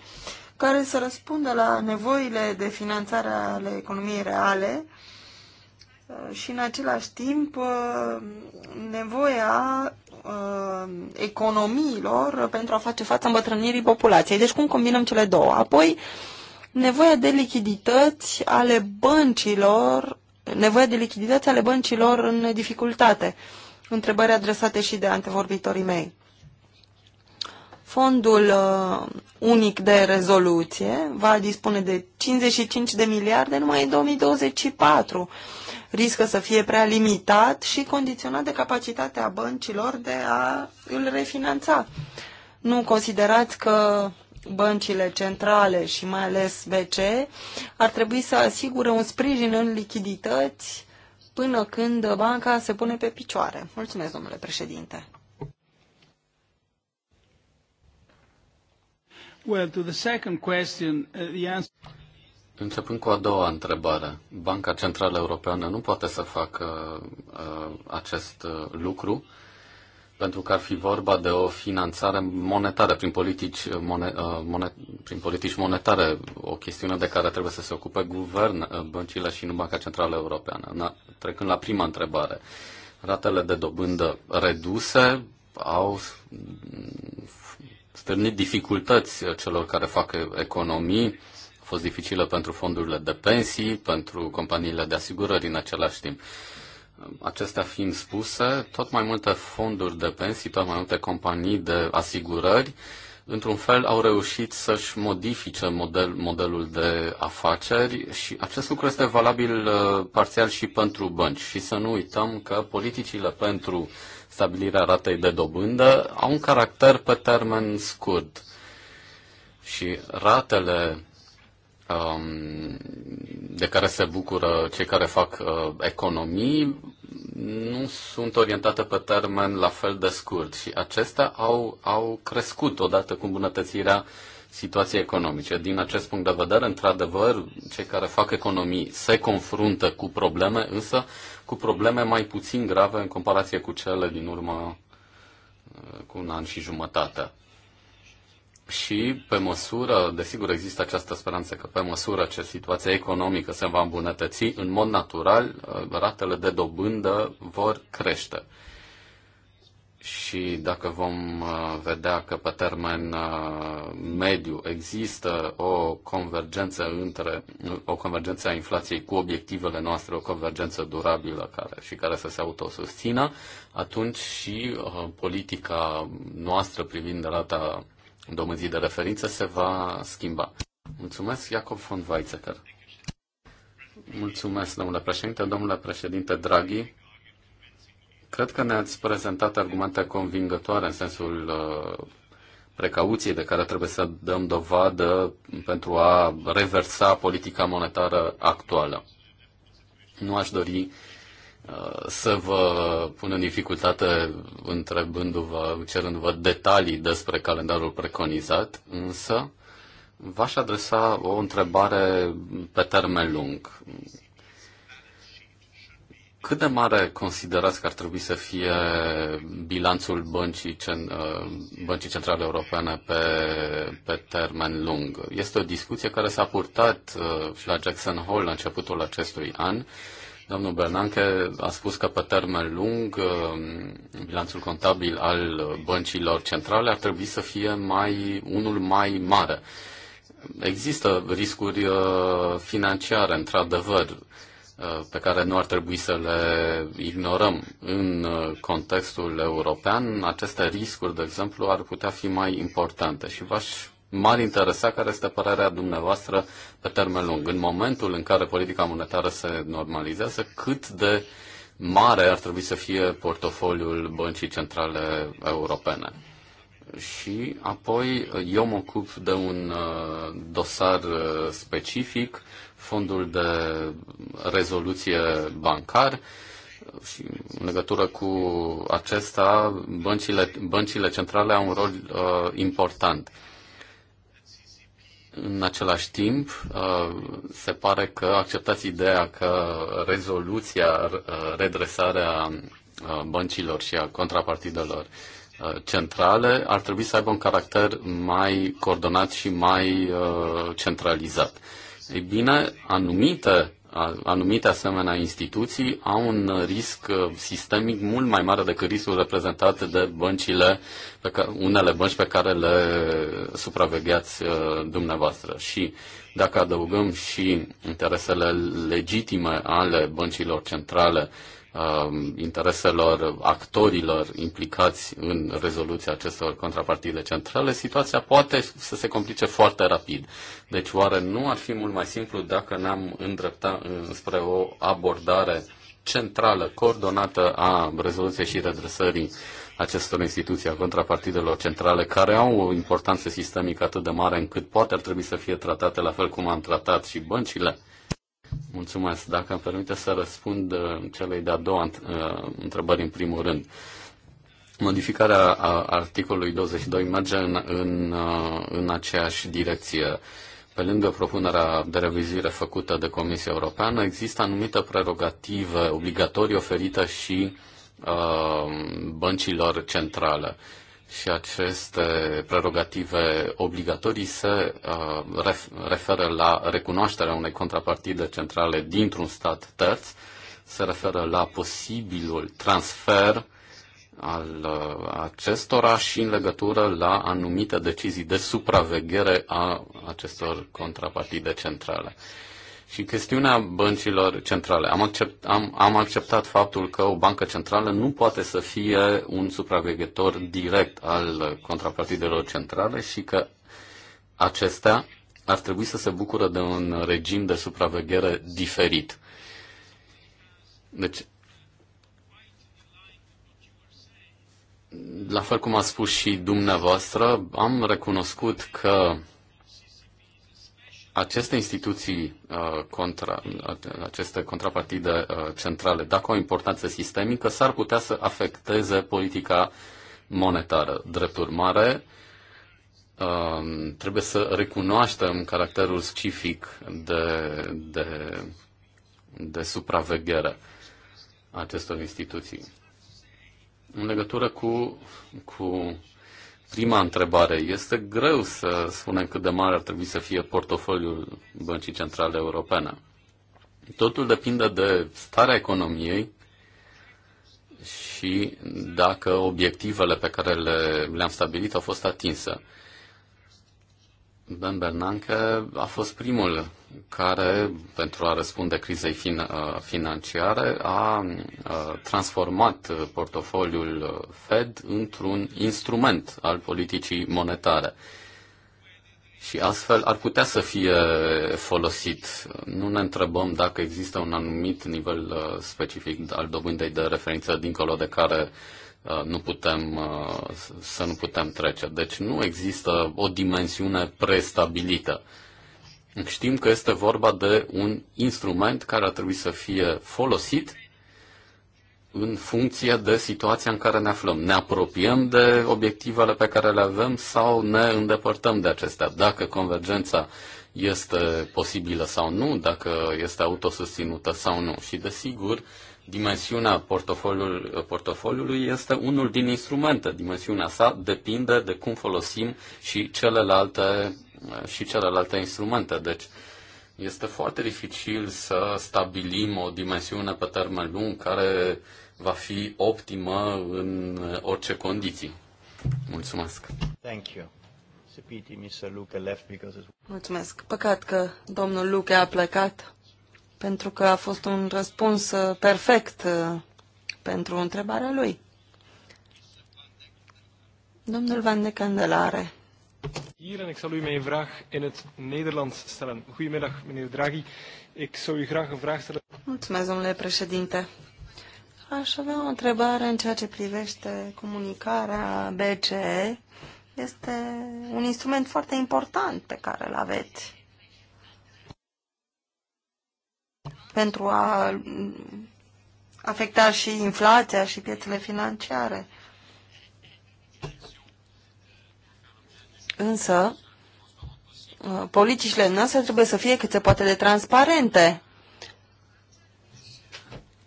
care să răspundă la nevoile de finanțare ale economiei reale Uh, și în același timp uh, nevoia uh, economiilor pentru a face față îmbătrânirii populației. Deci cum combinăm cele două? Apoi, nevoia de lichidități ale băncilor, nevoia de lichidități ale băncilor în dificultate. Întrebări adresate și de antevorbitorii mei. Fondul unic de rezoluție va dispune de 55 de miliarde numai în 2024 riscă să fie prea limitat și condiționat de capacitatea băncilor de a îl refinanța. Nu considerați că băncile centrale și mai ales BCE ar trebui să asigure un sprijin în lichidități până când banca se pune pe picioare. Mulțumesc, domnule președinte. Well, to the second question, uh, the answer... Începând cu a doua întrebare, Banca Centrală Europeană nu poate să facă uh, acest uh, lucru pentru că ar fi vorba de o finanțare monetară prin politici, monet, uh, monet, uh, prin politici monetare, o chestiune de care trebuie să se ocupe guvern, uh, băncile și nu Banca Centrală Europeană. Na, trecând la prima întrebare, ratele de dobândă reduse au mm, stârnit dificultăți celor care fac economii fost dificilă pentru fondurile de pensii, pentru companiile de asigurări în același timp. Acestea fiind spuse, tot mai multe fonduri de pensii, tot mai multe companii de asigurări, într-un fel au reușit să-și modifice model, modelul de afaceri și acest lucru este valabil uh, parțial și pentru bănci. Și să nu uităm că politicile pentru stabilirea ratei de dobândă au un caracter pe termen scurt. Și ratele Um, de care se bucură cei care fac uh, economii nu sunt orientate pe termen la fel de scurt și acestea au, au crescut odată cu îmbunătățirea situației economice. Din acest punct de vedere, într-adevăr, cei care fac economii se confruntă cu probleme, însă cu probleme mai puțin grave în comparație cu cele din urmă uh, cu un an și jumătate și pe măsură, desigur există această speranță că pe măsură ce situația economică se va îmbunătăți, în mod natural uh, ratele de dobândă vor crește. Și dacă vom uh, vedea că pe termen uh, mediu există o convergență între o convergență a inflației cu obiectivele noastre, o convergență durabilă care, și care să se autosustină, atunci și politica noastră privind rata domânzii de referință se va schimba. Mulțumesc, Iacob von Weizsäcker. Mulțumesc, domnule președinte. Domnule președinte Draghi, cred că ne-ați prezentat argumente convingătoare în sensul uh, precauției de care trebuie să dăm dovadă pentru a reversa politica monetară actuală. Nu aș dori Uh, să vă pun în dificultate întrebându-vă, cerându-vă detalii despre calendarul preconizat, însă v-aș adresa o întrebare pe termen lung. Cât de mare considerați că ar trebui să fie bilanțul băncii, cen, uh, băncii Centrale Europene pe, pe termen lung? Este o discuție care s-a purtat uh, și la Jackson Hole la începutul acestui an Domnul Bernanke a spus că pe termen lung uh, bilanțul contabil al băncilor centrale ar trebui să fie mai, unul mai mare. Există riscuri uh, financiare, într-adevăr, uh, pe care nu ar trebui să le ignorăm. În contextul european, aceste riscuri, de exemplu, ar putea fi mai importante și v-aș m-ar interesa care este părerea dumneavoastră pe termen lung. În momentul în care politica monetară se normalizează, cât de mare ar trebui să fie portofoliul băncii centrale europene? Și apoi eu mă ocup de un uh, dosar uh, specific, fondul de rezoluție bancar, și în legătură cu acesta, băncile, băncile centrale au un rol uh, important. În același timp, uh, se pare că acceptați ideea că rezoluția, uh, redresarea uh, băncilor și a contrapartidelor centrale ar trebui să aibă un caracter mai coordonat și mai centralizat. Ei bine, anumite anumite asemenea instituții au un risc uh, sistemic mult mai mare decât riscul reprezentat de băncile, pe care, unele bănci pe care le supravegheați uh, dumneavoastră. Și dacă adăugăm și interesele legitime ale băncilor centrale Um, intereselor actorilor implicați în rezoluția acestor contrapartide centrale, situația poate să se complice foarte rapid. Deci oare nu ar fi mult mai simplu dacă ne-am îndrepta spre o abordare centrală, coordonată a rezoluției și redresării acestor instituții, a contrapartidelor centrale, care au o importanță sistemică atât de mare încât poate ar trebui să fie tratate la fel cum am tratat și băncile Mulțumesc. Dacă îmi permite să răspund uh, celei de-a doua uh, întrebări în primul rând. Modificarea articolului 22 merge în, în, uh, în aceeași direcție. Pe lângă propunerea de revizuire făcută de Comisia Europeană, există anumite prerogative obligatorii oferite și uh, băncilor centrale și aceste prerogative obligatorii se uh, referă la recunoașterea unei contrapartide centrale dintr-un stat terț, se referă la posibilul transfer al uh, acestora și în legătură la anumite decizii de supraveghere a acestor contrapartide centrale. Și chestiunea băncilor centrale. Am, accept, am, am acceptat faptul că o bancă centrală nu poate să fie un supraveghetor direct al contrapartidelor centrale și că acestea ar trebui să se bucură de un regim de supraveghere diferit. Deci, la fel cum a spus și dumneavoastră, am recunoscut că aceste instituții, uh, contra, uh, aceste contrapartide uh, centrale, dacă au importanță sistemică, s-ar putea să afecteze politica monetară. Drept urmare, um, trebuie să recunoaștem caracterul specific de, de, de supraveghere acestor instituții. În legătură cu, cu prima întrebare. Este greu să spunem cât de mare ar trebui să fie portofoliul Băncii Centrale Europene. Totul depinde de starea economiei și dacă obiectivele pe care le, le-am stabilit au fost atinse. Ben Bernanke a fost primul care, pentru a răspunde crizei fin- uh, financiare, a uh, transformat portofoliul Fed într-un instrument al politicii monetare. Și astfel ar putea să fie folosit. Nu ne întrebăm dacă există un anumit nivel uh, specific al dobândei de referință dincolo de care uh, Uh, nu putem, uh, să nu putem trece. Deci nu există o dimensiune prestabilită. Știm că este vorba de un instrument care ar trebui să fie folosit în funcție de situația în care ne aflăm. Ne apropiem de obiectivele pe care le avem sau ne îndepărtăm de acestea? Dacă convergența este posibilă sau nu, dacă este autosusținută sau nu. Și desigur, dimensiunea portofoliului, portofoliului este unul din instrumente. Dimensiunea sa depinde de cum folosim și celelalte, și celelalte instrumente. Deci este foarte dificil să stabilim o dimensiune pe termen lung care va fi optimă în orice condiții. Mulțumesc. Thank you. Mulțumesc. Păcat că domnul Luca a plecat pentru că a fost un răspuns uh, perfect uh, pentru întrebarea lui. Domnul Van de Candelare. Hier en ik zal u mijn vraag in het Nederlands stellen. Goedemiddag, meneer Draghi. Ik zou u graag een vraag stellen. Mulțumesc, domnule președinte. Aș avea o întrebare în ceea ce privește comunicarea BCE. Este un instrument foarte important pe care îl aveți. pentru a afecta și inflația și piețele financiare. Însă, politicile noastre trebuie să fie cât se poate de transparente.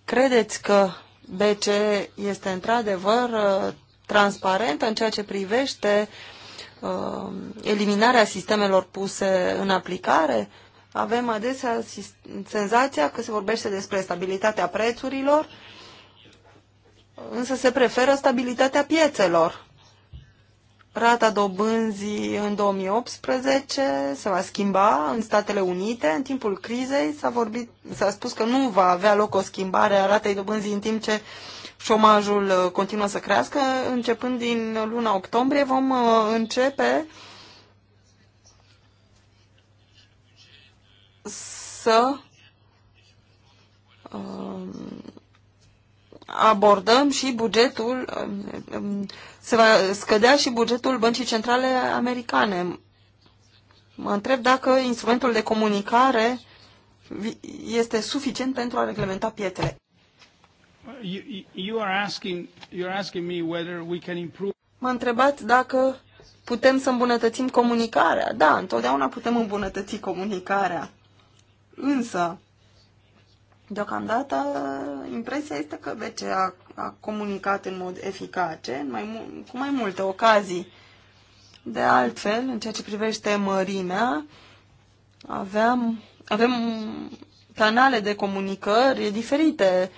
Credeți că BCE este într-adevăr uh, transparentă în ceea ce privește uh, eliminarea sistemelor puse în aplicare? avem adesea senzația că se vorbește despre stabilitatea prețurilor, însă se preferă stabilitatea piețelor. Rata dobânzii în 2018 se va schimba în Statele Unite. În timpul crizei s-a, vorbit, s-a spus că nu va avea loc o schimbare a ratei dobânzii în timp ce șomajul uh, continuă să crească. Începând din luna octombrie vom uh, începe uh, să um, abordăm și bugetul, um, um, se va scădea și bugetul Băncii Centrale Americane. Mă întreb dacă instrumentul de comunicare este suficient pentru a reglementa piețele. Uh, mă întrebați dacă putem să îmbunătățim comunicarea. Da, întotdeauna putem îmbunătăți comunicarea. Însă, deocamdată, impresia este că BCE a, a comunicat în mod eficace, în mai, cu mai multe ocazii. De altfel, în ceea ce privește mărimea, aveam, avem canale de comunicări diferite.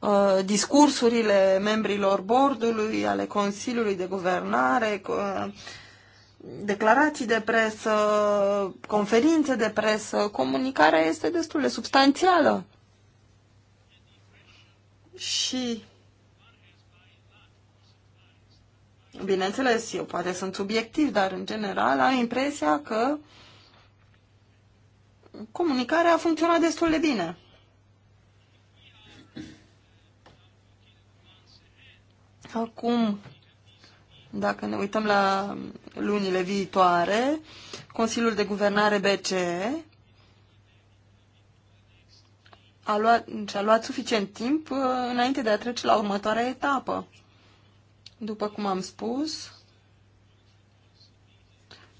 Uh, discursurile membrilor bordului, ale Consiliului de Guvernare, uh, declarații de presă, conferințe de presă, comunicarea este destul de substanțială. Și, bineînțeles, eu poate sunt subiectiv, dar în general am impresia că comunicarea a funcționat destul de bine. Acum, dacă ne uităm la lunile viitoare, Consiliul de Guvernare BCE a luat, și-a deci luat suficient timp uh, înainte de a trece la următoarea etapă. După cum am spus,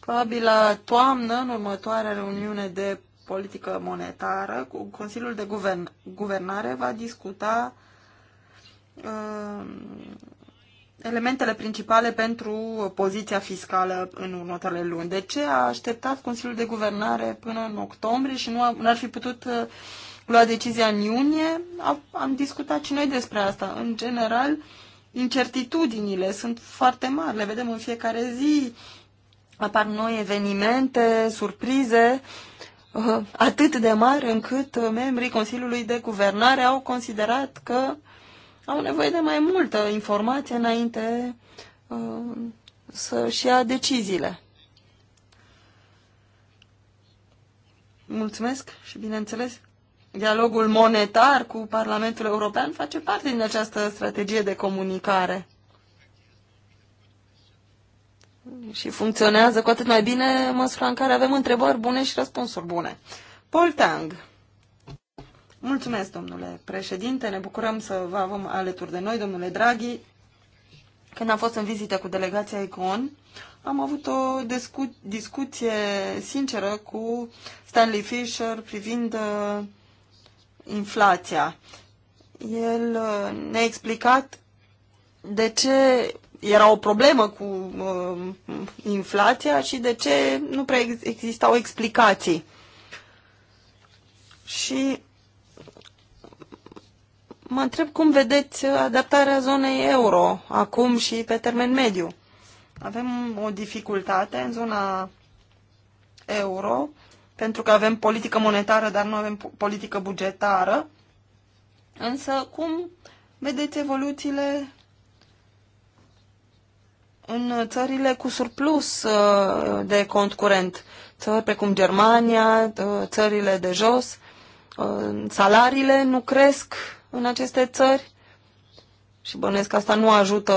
probabil la toamnă, în următoarea reuniune de politică monetară, cu Consiliul de Guvern Guvernare va discuta uh, elementele principale pentru poziția fiscală în următoarele luni. De ce a așteptat Consiliul de Guvernare până în octombrie și nu a, ar fi putut uh, lua decizia în iunie? A, am discutat și noi despre asta. În general, incertitudinile sunt foarte mari, le vedem în fiecare zi, apar noi evenimente, surprize, uh, atât de mari încât uh, membrii Consiliului de Guvernare au considerat că uh, au nevoie de mai multă informație înainte uh, să-și ia deciziile. Mulțumesc și, bineînțeles, dialogul monetar cu Parlamentul European face parte din această strategie de comunicare. Și funcționează cu atât mai bine măsura în care avem întrebări bune și răspunsuri bune. Paul Tang. Mulțumesc, domnule președinte. Ne bucurăm să vă avem alături de noi, domnule Draghi. Când am fost în vizită cu delegația ICON, am avut o discu- discuție sinceră cu Stanley Fisher privind uh, inflația. El uh, ne-a explicat de ce era o problemă cu uh, inflația și de ce nu prea existau explicații. Și Mă întreb cum vedeți adaptarea zonei euro acum și pe termen mediu. Avem o dificultate în zona euro pentru că avem politică monetară, dar nu avem politică bugetară. Însă cum vedeți evoluțiile în țările cu surplus uh, de cont curent, țări precum Germania, uh, țările de jos, uh, salariile nu cresc în aceste țări și bănuiesc că asta nu ajută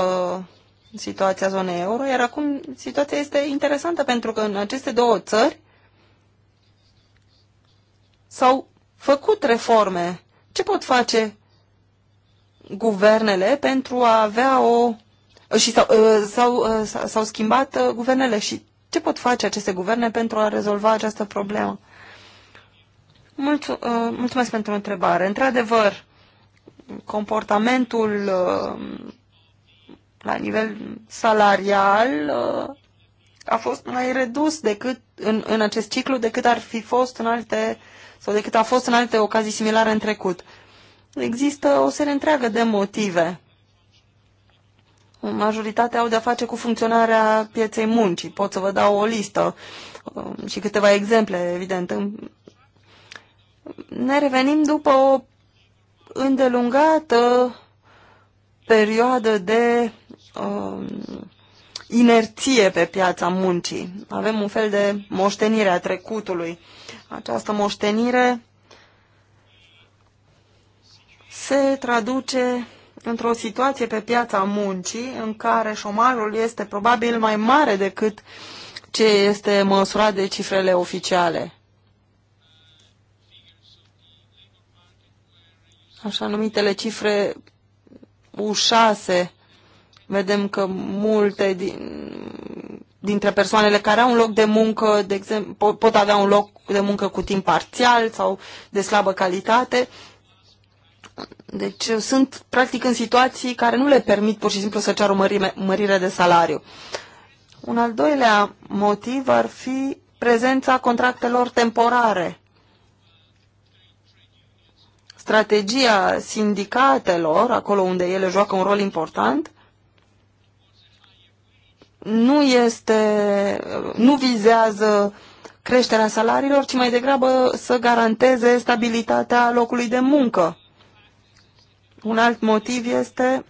situația zonei euro, iar acum situația este interesantă pentru că în aceste două țări s-au făcut reforme. Ce pot face guvernele pentru a avea o... și s-au uh, uh, schimbat uh, guvernele și ce pot face aceste guverne pentru a rezolva această problemă? Mulțu, mulțumesc pentru întrebare. Într-adevăr, comportamentul uh, la nivel salarial uh, a fost mai redus decât în, în acest ciclu decât ar fi fost în alte sau decât a fost în alte ocazii similare în trecut. Există o serie întreagă de motive. Majoritatea au de-a face cu funcționarea pieței muncii. Pot să vă dau o listă um, și câteva exemple, evident. Ne revenim după o îndelungată perioadă de uh, inerție pe piața muncii. Avem un fel de moștenire a trecutului. Această moștenire se traduce într-o situație pe piața muncii în care șomajul este probabil mai mare decât ce este măsurat de cifrele oficiale. așa numitele cifre U6, vedem că multe din, dintre persoanele care au un loc de muncă, de exemplu, pot avea un loc de muncă cu timp parțial sau de slabă calitate. Deci sunt practic în situații care nu le permit pur și simplu să ceară o mărime, mărire de salariu. Un al doilea motiv ar fi prezența contractelor temporare strategia sindicatelor, acolo unde ele joacă un rol important, nu este, nu vizează creșterea salariilor, ci mai degrabă să garanteze stabilitatea locului de muncă. Un alt motiv este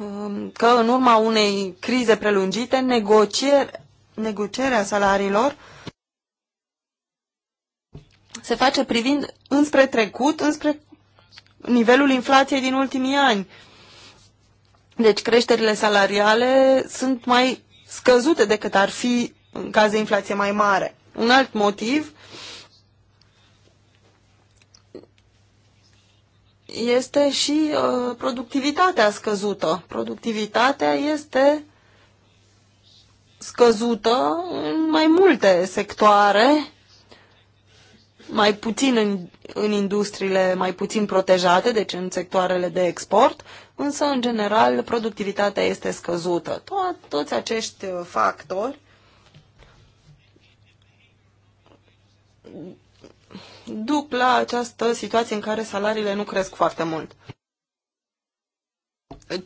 um, că în urma unei crize prelungite, negocierea salariilor se face privind înspre trecut, înspre nivelul inflației din ultimii ani. Deci creșterile salariale sunt mai scăzute decât ar fi în caz de inflație mai mare. Un alt motiv este și uh, productivitatea scăzută. Productivitatea este scăzută în mai multe sectoare mai puțin în, în industriile mai puțin protejate, deci în sectoarele de export, însă, în general, productivitatea este scăzută. To- toți acești uh, factori duc la această situație în care salariile nu cresc foarte mult.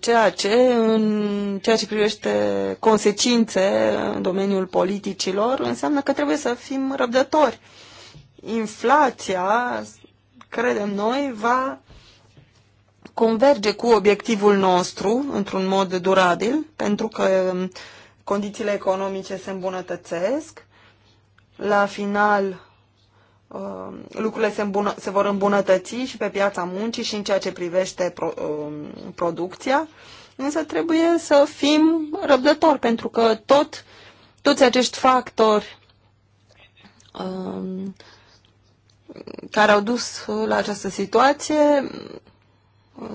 Ceea ce, în ceea ce privește consecințe în domeniul politicilor, înseamnă că trebuie să fim răbdători inflația, credem noi, va converge cu obiectivul nostru într-un mod durabil, pentru că um, condițiile economice se îmbunătățesc. La final, um, lucrurile se, îmbună, se vor îmbunătăți și pe piața muncii și în ceea ce privește pro, um, producția, însă trebuie să fim răbdători, pentru că tot, toți acești factori um, care au dus la această situație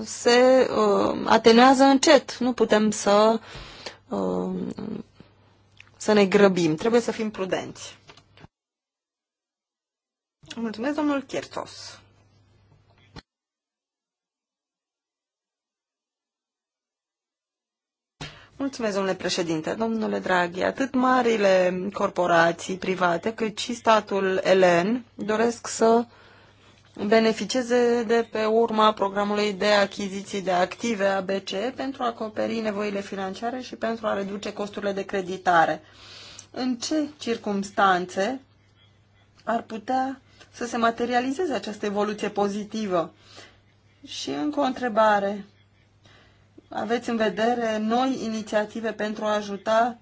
se uh, atenează încet. Nu putem să, uh, să ne grăbim. Trebuie să fim prudenți. Mulțumesc, domnul Chertos. Mulțumesc, domnule președinte. Domnule Draghi, atât marile corporații private, cât și statul elen doresc să beneficieze de pe urma programului de achiziții de active ABC pentru a acoperi nevoile financiare și pentru a reduce costurile de creditare. În ce circumstanțe ar putea să se materializeze această evoluție pozitivă? Și încă o întrebare aveți în vedere noi inițiative pentru a ajuta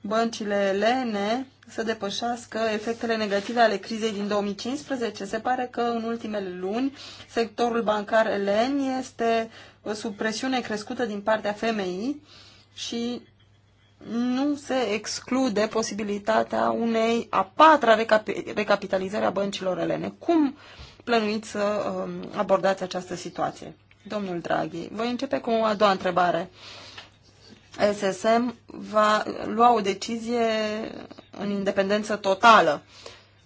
băncile elene să depășească efectele negative ale crizei din 2015. Se pare că în ultimele luni sectorul bancar elen este uh, sub presiune crescută din partea femeii și nu se exclude posibilitatea unei a patra recap- recapitalizare a băncilor elene. Cum plănuiți să um, abordați această situație? domnul Draghi. Voi începe cu a doua întrebare. SSM va lua o decizie în independență totală.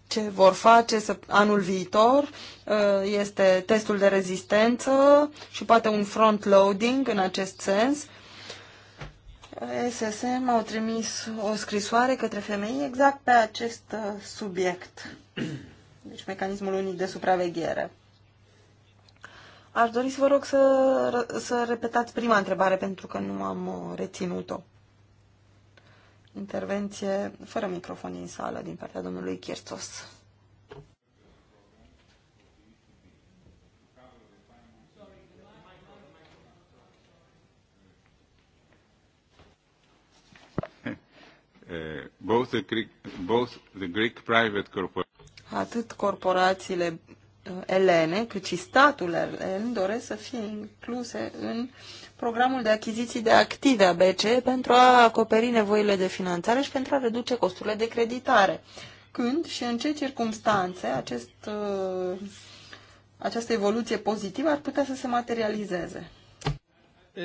Ce vor face anul viitor uh, este testul de rezistență și poate un front-loading în acest sens. SSM au trimis o scrisoare către femei exact pe acest uh, subiect, (clears throat) deci mecanismul unic de supraveghere. Aș dori să vă rog să, să repetați prima întrebare pentru că nu am uh, reținut-o. Intervenție fără microfon în sală din partea domnului Chirțos. Eh, both the Greek, both the Greek private corporations atât corporațiile Uh, elene, cât și statul elen doresc să fie incluse în programul de achiziții de active a BCE pentru a acoperi nevoile de finanțare și pentru a reduce costurile de creditare. Când și în ce circunstanțe acest, uh, această evoluție pozitivă ar putea să se materializeze?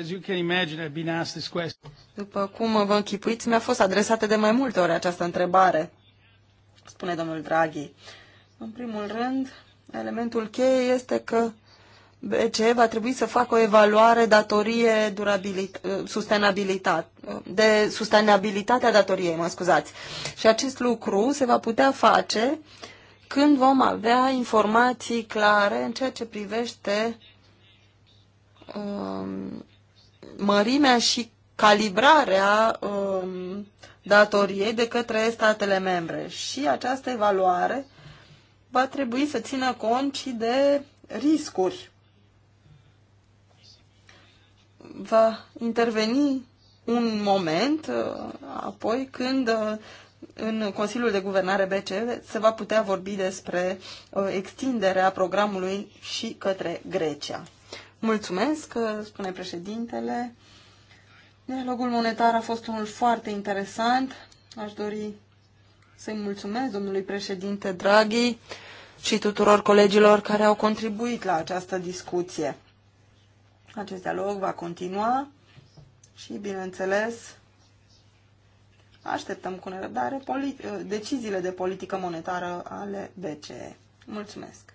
As you can imagine, I've been asked this question. După cum vă închipuiți, mi-a fost adresată de mai multe ori această întrebare, spune domnul Draghi. În primul rând, Elementul cheie este că BCE va trebui să facă o evaluare datorie sustenabilitate, de sustenabilitatea datoriei, mă scuzați. Și acest lucru se va putea face când vom avea informații clare în ceea ce privește um, mărimea și calibrarea um, datoriei de către statele membre. Și această evaluare va trebui să țină cont și de riscuri. Va interveni un moment uh, apoi când uh, în Consiliul de Guvernare BCE se va putea vorbi despre uh, extinderea programului și către Grecia. Mulțumesc, spune președintele. Dialogul monetar a fost unul foarte interesant. Aș dori să-i mulțumesc domnului președinte Draghi și tuturor colegilor care au contribuit la această discuție. Acest dialog va continua și, bineînțeles, așteptăm cu nerăbdare deciziile de politică monetară ale BCE. Mulțumesc!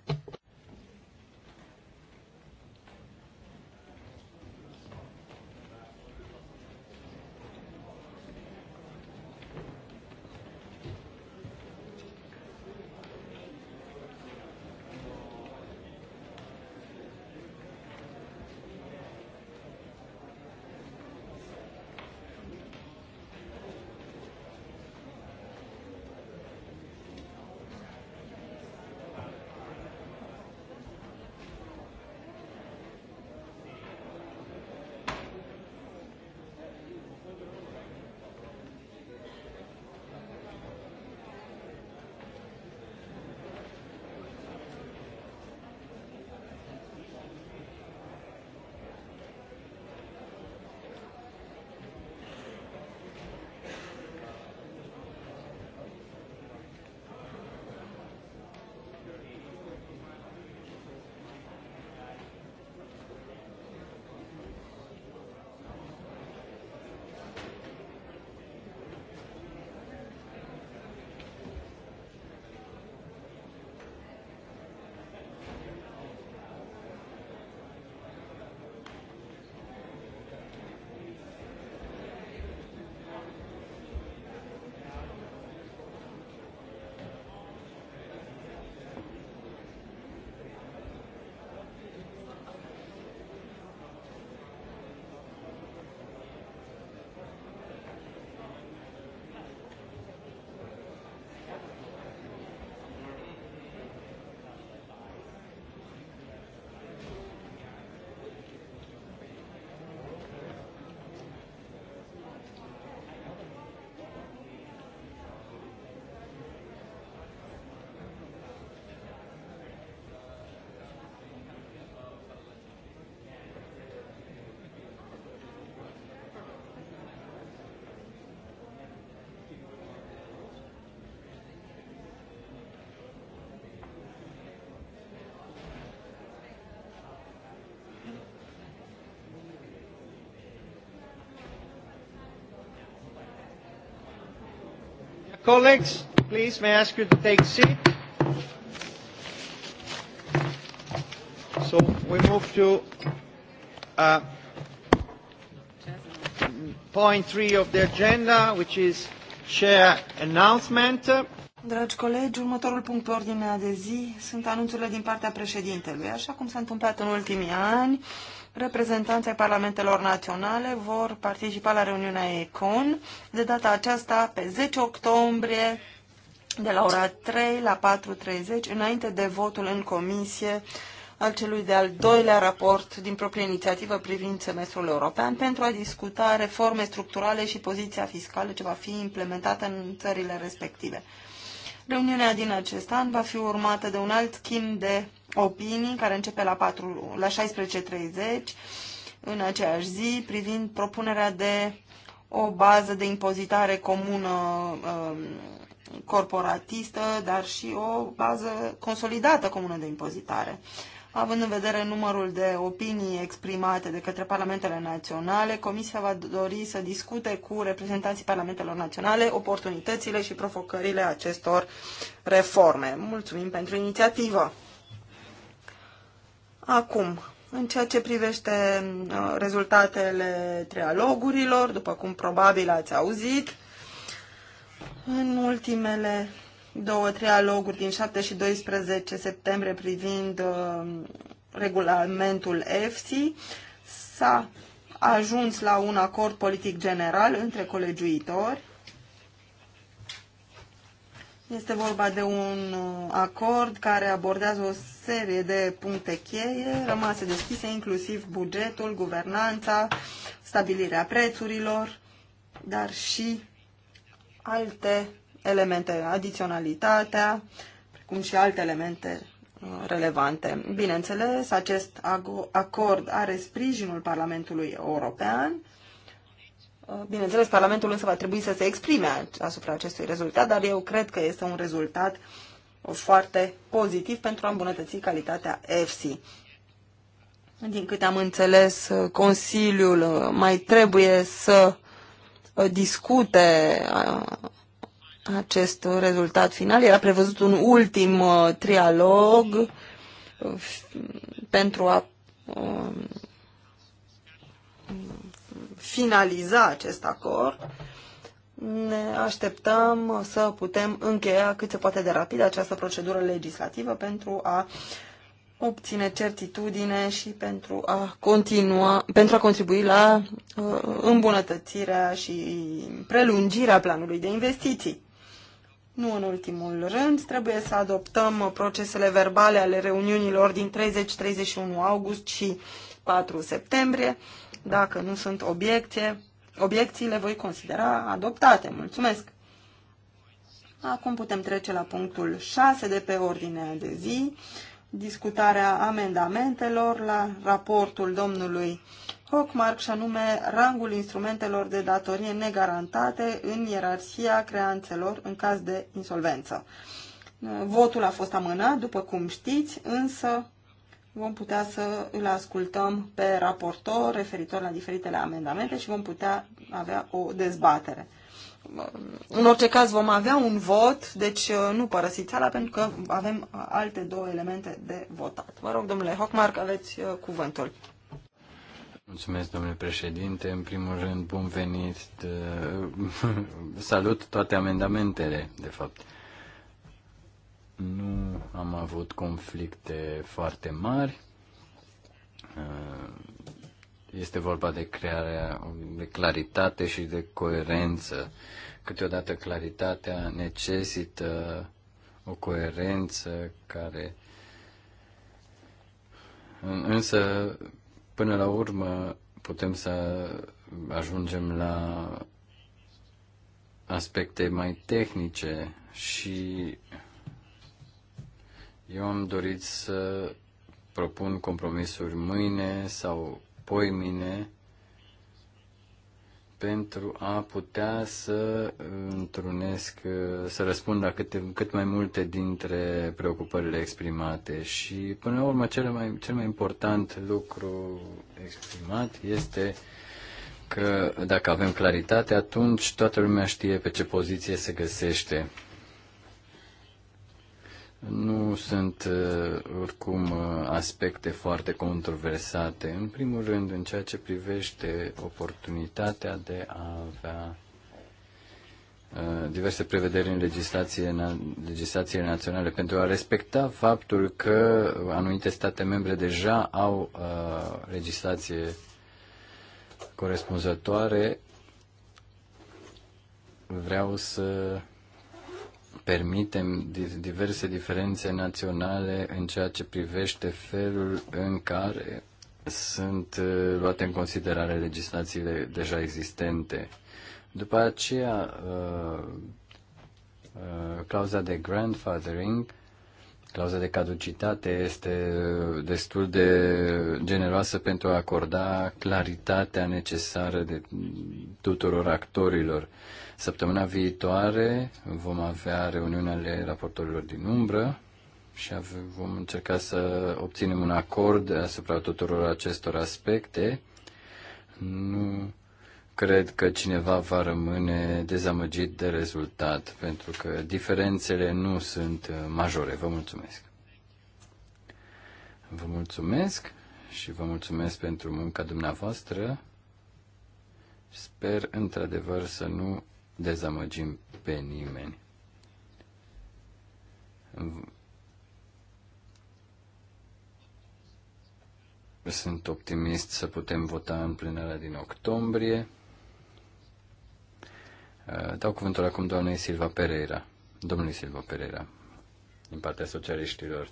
Colleagues, please may I ask you to take seat. So we move to uh, point three of the agenda, which is share announcement. Dragi colegi, următorul punct pe ordinea de zi sunt anunțurile din partea președintelui. Așa cum s-a întâmplat în ultimii ani, reprezentanții parlamentelor naționale vor participa la reuniunea ECON, de data aceasta pe 10 octombrie, de la ora 3 la 4.30, înainte de votul în comisie al celui de-al doilea raport din proprie inițiativă privind semestrul european pentru a discuta reforme structurale și poziția fiscală ce va fi implementată în țările respective. Reuniunea din acest an va fi urmată de un alt schimb de opinii, care începe la, 4, la 16.30 în aceeași zi, privind propunerea de o bază de impozitare comună um, corporatistă, dar și o bază consolidată comună de impozitare. Având în vedere numărul de opinii exprimate de către parlamentele naționale, Comisia va dori să discute cu reprezentanții parlamentelor naționale oportunitățile și provocările acestor reforme. Mulțumim pentru inițiativă! Acum, în ceea ce privește uh, rezultatele trialogurilor, după cum probabil ați auzit, în ultimele două trialoguri din 7 și 12 septembrie privind uh, regulamentul EFSI, s-a ajuns la un acord politic general între colegiuitori este vorba de un uh, acord care abordează o serie de puncte cheie rămase deschise, inclusiv bugetul, guvernanța, stabilirea prețurilor, dar și alte elemente, adiționalitatea, precum și alte elemente uh, relevante. Bineînțeles, acest acord are sprijinul Parlamentului European Uh, bineînțeles, Parlamentul însă va trebui să se exprime asupra acestui rezultat, dar eu cred că este un rezultat uh, foarte pozitiv pentru a îmbunătăți calitatea EFSI. Din câte am înțeles, uh, Consiliul mai trebuie să discute acest rezultat final. Era prevăzut un ultim trialog pentru a finaliza acest acord. Ne așteptăm să putem încheia cât se poate de rapid această procedură legislativă pentru a obține certitudine și pentru a continua, pentru a contribui la uh, îmbunătățirea și prelungirea planului de investiții. Nu în ultimul rând, trebuie să adoptăm procesele verbale ale reuniunilor din 30-31 august și 4 septembrie. Dacă nu sunt obiecție, obiecțiile voi considera adoptate. Mulțumesc! Acum putem trece la punctul 6 de pe ordinea de zi, discutarea amendamentelor la raportul domnului Hochmark și anume rangul instrumentelor de datorie negarantate în ierarhia creanțelor în caz de insolvență. Votul a fost amânat, după cum știți, însă vom putea să îl ascultăm pe raportor referitor la diferitele amendamente și vom putea avea o dezbatere. În orice caz vom avea un vot, deci uh, nu părăsiți sala pentru că avem uh, alte două elemente de votat. Vă rog, domnule Hockmark, aveți uh, cuvântul. Mulțumesc, domnule președinte. În primul rând, bun venit. (laughs) Salut toate amendamentele, de fapt. Nu am avut conflicte foarte mari. Uh, este vorba de crearea de claritate și de coerență. Câteodată claritatea necesită o coerență care însă până la urmă putem să ajungem la aspecte mai tehnice și eu am dorit să propun compromisuri mâine sau mine pentru a putea să întrunesc, să răspund la câte, cât mai multe dintre preocupările exprimate. Și, până la urmă, cel mai, cel mai important lucru exprimat este că dacă avem claritate, atunci toată lumea știe pe ce poziție se găsește. Nu sunt uh, oricum uh, aspecte foarte controversate. În primul rând, în ceea ce privește oportunitatea de a avea uh, diverse prevederi în legislație, legislație naționale pentru a respecta faptul că anumite state membre deja au uh, legislație corespunzătoare, vreau să permitem diverse diferențe naționale în ceea ce privește felul în care sunt uh, luate în considerare legislațiile deja existente. După aceea, uh, uh, clauza de grandfathering, clauza de caducitate este destul de generoasă pentru a acorda claritatea necesară de tuturor actorilor. Săptămâna viitoare vom avea reuniunea ale raportorilor din umbră și vom încerca să obținem un acord asupra tuturor acestor aspecte. Nu cred că cineva va rămâne dezamăgit de rezultat, pentru că diferențele nu sunt uh, majore. Vă mulțumesc! Vă mulțumesc și vă mulțumesc pentru munca dumneavoastră. Sper într-adevăr să nu dezamăgim pe nimeni. Sunt optimist să putem vota în plenarea din octombrie. Uh, dau cuvântul acum doamnei Silva Pereira, domnului Silva Pereira, din partea socialiștilor.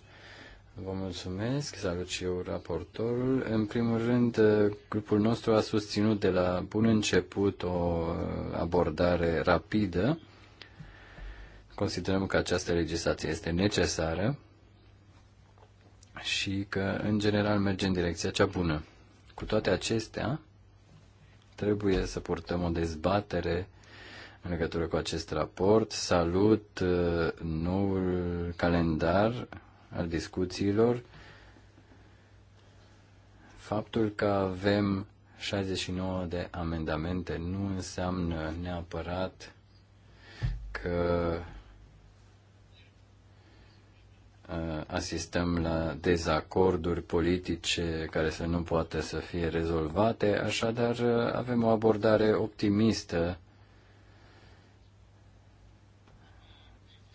Vă mulțumesc, salut și eu raportorul. În primul rând, eh, grupul nostru a susținut de la bun început o eh, abordare rapidă. Considerăm că această legislație este necesară și că, în general, merge în direcția cea bună. Cu toate acestea, trebuie să purtăm o dezbatere în legătură cu acest raport. Salut eh, noul calendar al discuțiilor faptul că avem 69 de amendamente nu înseamnă neapărat că uh, asistăm la dezacorduri politice care să nu poată să fie rezolvate, așadar uh, avem o abordare optimistă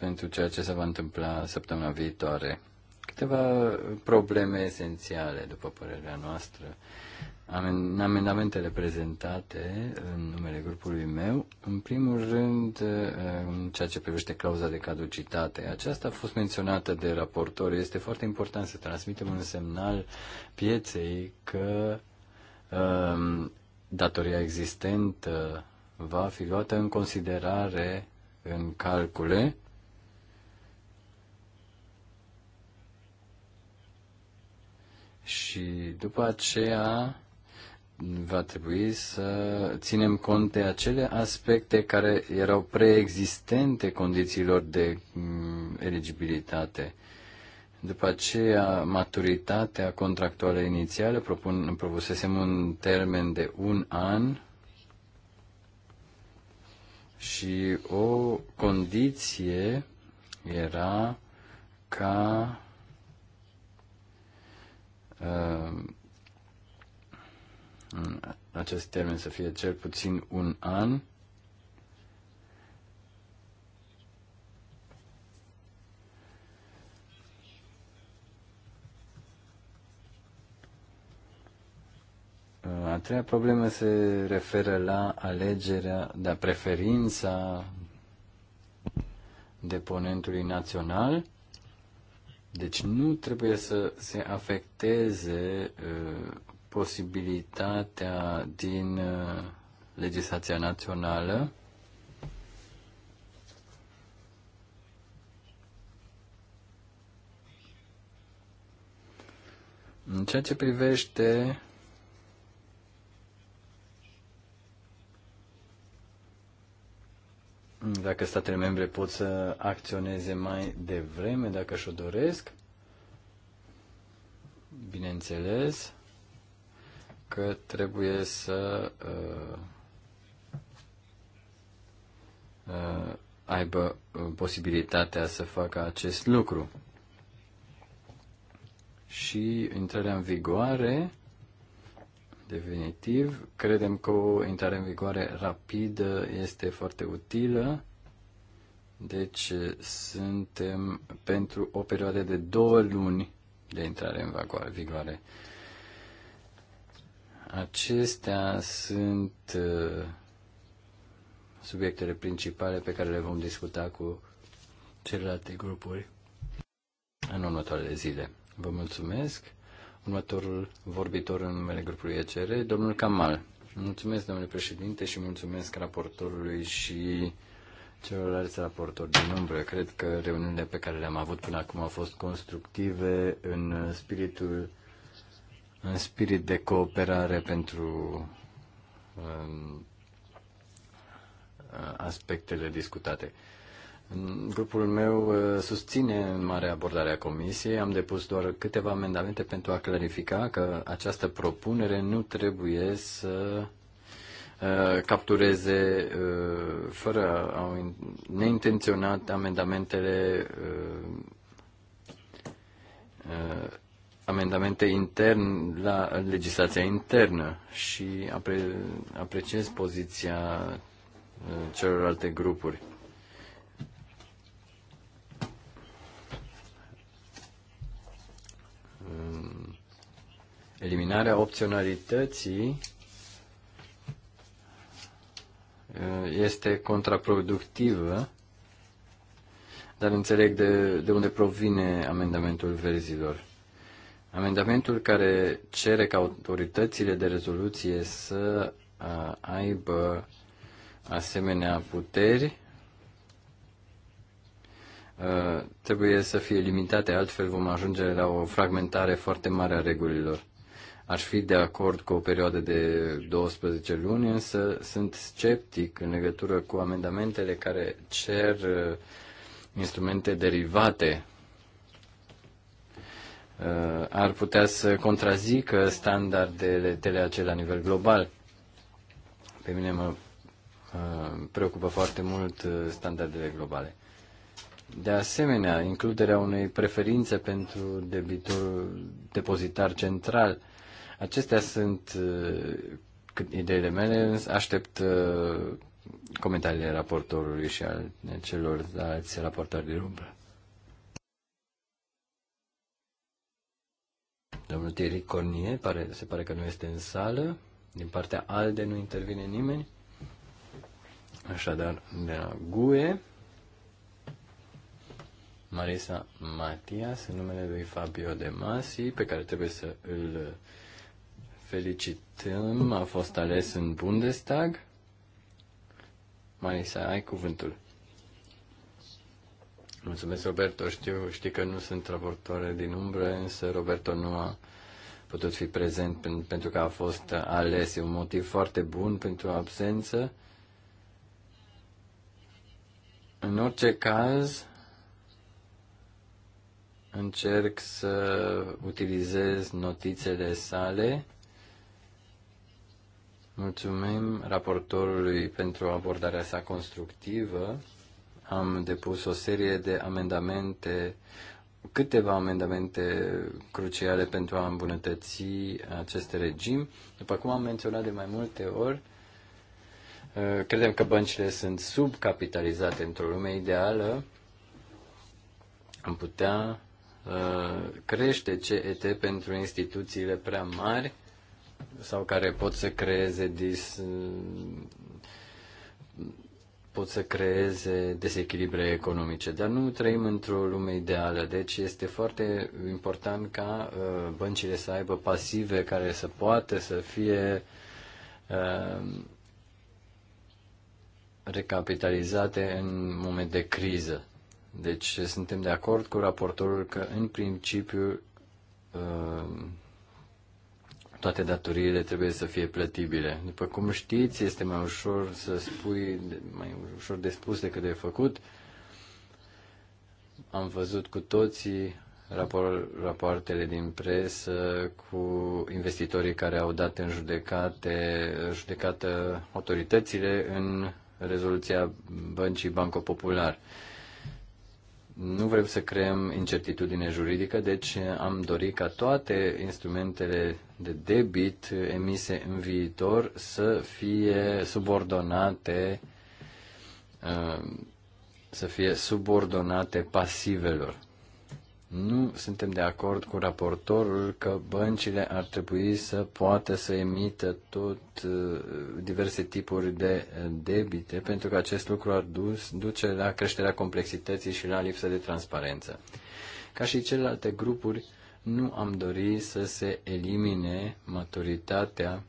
pentru ceea ce se va întâmpla săptămâna viitoare. Câteva probleme esențiale, după părerea noastră. În amendamentele prezentate în numele grupului meu, în primul rând, eh, în ceea ce privește clauza de caducitate, aceasta a fost menționată de raportor. Este foarte important să transmitem un semnal pieței că um, datoria existentă va fi luată în considerare în calcule și după aceea va trebui să ținem cont de acele aspecte care erau preexistente condițiilor de mm, eligibilitate. După aceea, maturitatea contractuală inițială, propun, propusesem un termen de un an și o condiție era ca Uh, acest termen să fie cel puțin un an. A treia problemă se referă la alegerea, la da, preferința deponentului național. Deci nu trebuie să se afecteze uh, posibilitatea din uh, legislația națională În ceea ce privește dacă statele membre pot să acționeze mai devreme, dacă și-o doresc, bineînțeles că trebuie să uh, uh, aibă uh, posibilitatea să facă acest lucru. Și intrarea în vigoare definitiv. Credem că o intrare în vigoare rapidă este foarte utilă. Deci suntem pentru o perioadă de două luni de intrare în vigoare. Acestea sunt uh, subiectele principale pe care le vom discuta cu celelalte grupuri în următoarele zile. Vă mulțumesc! Următorul vorbitor în numele grupului ECR, domnul Kamal. Mulțumesc, domnule președinte, și mulțumesc raportorului și celorlalți raportori din umbră. Cred că reuniunile pe care le-am avut până acum au fost constructive în spiritul în spirit de cooperare pentru um, aspectele discutate. Grupul meu uh, susține în mare abordarea comisiei. Am depus doar câteva amendamente pentru a clarifica că această propunere nu trebuie să uh, captureze uh, fără au neintenționat amendamentele amendamente intern la legislația internă și apre, apreciez poziția celorlalte grupuri. Um, eliminarea opționalității uh, este contraproductivă, dar înțeleg de, de unde provine amendamentul verzilor. Amendamentul care cere ca autoritățile de rezoluție să uh, aibă asemenea puteri Uh, trebuie să fie limitate, altfel vom ajunge la o fragmentare foarte mare a regulilor. Aș fi de acord cu o perioadă de 12 luni, însă sunt sceptic în legătură cu amendamentele care cer uh, instrumente derivate. Uh, ar putea să contrazică standardele TLAC la nivel global. Pe mine mă preocupă foarte mult standardele globale. De asemenea, includerea unei preferințe pentru debitorul depozitar central. Acestea sunt uh, ideile mele, aștept uh, comentariile raportorului și al celor alți raportori din umbră. Domnul Thierry Cornie, pare, se pare că nu este în sală. Din partea ALDE nu intervine nimeni. Așadar, de la GUE, Marisa Matias, în numele lui Fabio De Masi, pe care trebuie să îl felicităm. A fost ales în Bundestag. Marisa, ai cuvântul. Mulțumesc, Roberto. Știu, știi că nu sunt raportoare din umbră, însă Roberto nu a putut fi prezent pentru că a fost ales. E un motiv foarte bun pentru absență. În orice caz, încerc să utilizez notițele sale. Mulțumim raportorului pentru abordarea sa constructivă. Am depus o serie de amendamente, câteva amendamente cruciale pentru a îmbunătăți acest regim. După cum am menționat de mai multe ori, credem că băncile sunt subcapitalizate într-o lume ideală. Am putea crește CET pentru instituțiile prea mari sau care pot să creeze dis, pot să creeze dezechilibre economice, dar nu trăim într-o lume ideală, deci este foarte important ca uh, băncile să aibă pasive care să poată să fie uh, recapitalizate în moment de criză. Deci suntem de acord cu raportorul că în principiu uh, toate datoriile trebuie să fie plătibile. După cum știți, este mai ușor să spui, mai ușor de spus decât de făcut. Am văzut cu toții rapoartele din presă cu investitorii care au dat în judecate, judecată autoritățile în rezoluția băncii Banco Popular. Uh, nu vrem să creăm incertitudine juridică, deci am dorit ca toate instrumentele de debit emise în viitor să fie subordonate uh, să fie subordonate pasivelor. Nu suntem de acord cu raportorul că băncile ar trebui să poată să emită tot uh, diverse tipuri de uh, debite, pentru că acest lucru ar dus, duce la creșterea complexității și la lipsă de transparență. Ca și celelalte grupuri, nu am dorit să se elimine maturitatea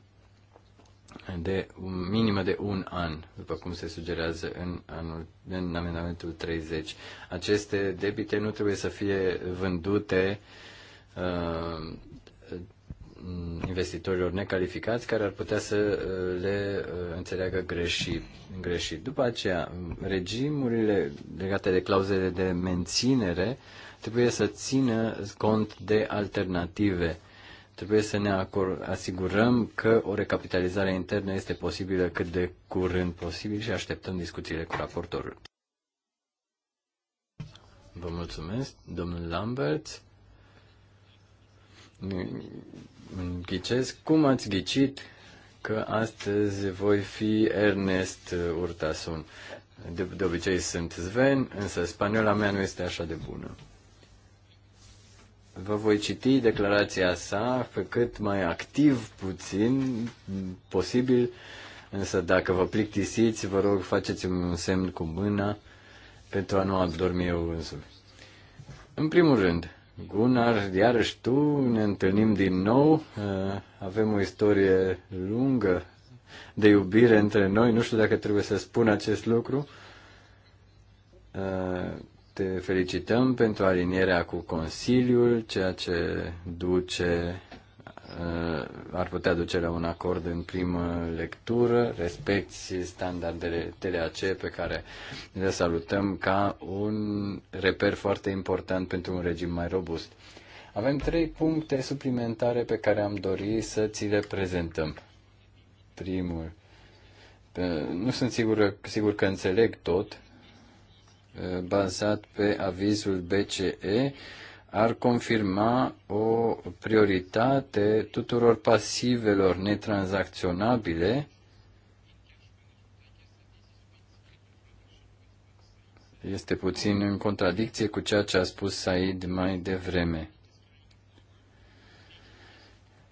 de minimă de un an, după cum se sugerează în, anul, în amendamentul 30. Aceste debite nu trebuie să fie vândute uh, investitorilor necalificați care ar putea să uh, le uh, înțeleagă greșit. greșit. După aceea, regimurile legate de clauzele de menținere trebuie să țină cont de alternative Trebuie să ne asigurăm că o recapitalizare internă este posibilă cât de curând posibil și așteptăm discuțiile cu raportorul. Vă mulțumesc, domnul Lambert. Ghicesc cum ați ghicit că astăzi voi fi Ernest Urtasun. De, de obicei sunt Sven, însă spaniola mea nu este așa de bună. Vă voi citi declarația sa pe cât mai activ puțin posibil, însă dacă vă plictisiți, vă rog faceți-mi un semn cu mâna pentru a nu adormi eu însumi. În primul rând, Gunnar, iarăși tu, ne întâlnim din nou, uh, avem o istorie lungă de iubire între noi, nu știu dacă trebuie să spun acest lucru, uh, te felicităm pentru alinierea cu Consiliul, ceea ce duce, uh, ar putea duce la un acord în primă lectură. Respecti standardele TLAC pe care le salutăm ca un reper foarte important pentru un regim mai robust. Avem trei puncte suplimentare pe care am dori să ți le prezentăm. Primul, uh, nu sunt sigur, sigur că înțeleg tot, Uh, bazat pe avizul BCE ar confirma o prioritate tuturor pasivelor netranzacționabile este puțin în contradicție cu ceea ce a spus Said mai devreme.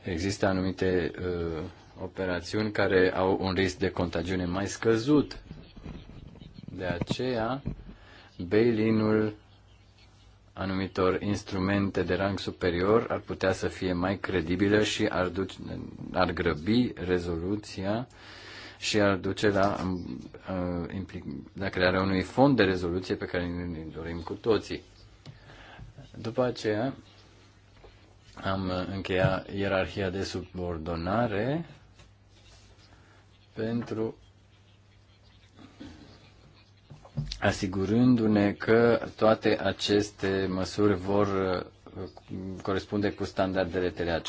Există anumite uh, operațiuni care au un risc de contagiune mai scăzut. De aceea, bail anumitor instrumente de rang superior ar putea să fie mai credibilă și ar, duce, ar grăbi rezoluția și ar duce la, uh, la crearea unui fond de rezoluție pe care ne dorim cu toții. După aceea am încheiat ierarhia de subordonare pentru asigurându-ne că toate aceste măsuri vor uh, corespunde cu standardele TLAC.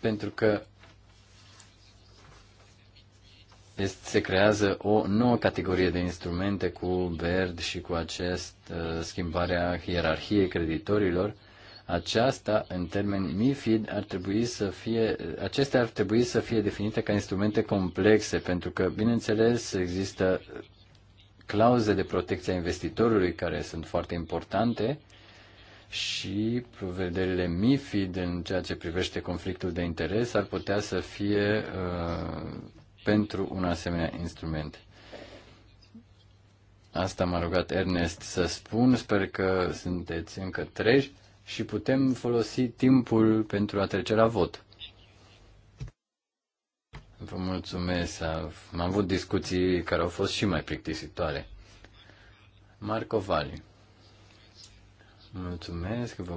Pentru că este, se creează o nouă categorie de instrumente cu BERD și cu acest uh, schimbarea hierarhiei creditorilor. Aceasta, în termeni MIFID, ar trebui să fie, acestea ar trebui să fie definite ca instrumente complexe, pentru că, bineînțeles, există clauze de protecție a investitorului care sunt foarte importante și prevederile MIFID în ceea ce privește conflictul de interes ar putea să fie uh, pentru un asemenea instrument. Asta m-a rugat Ernest să spun, sper că sunteți încă treji și putem folosi timpul pentru a trece la vot. Vă mulțumesc. Am avut discuții care au fost și mai plictisitoare. Marco Vali. Mulțumesc, vă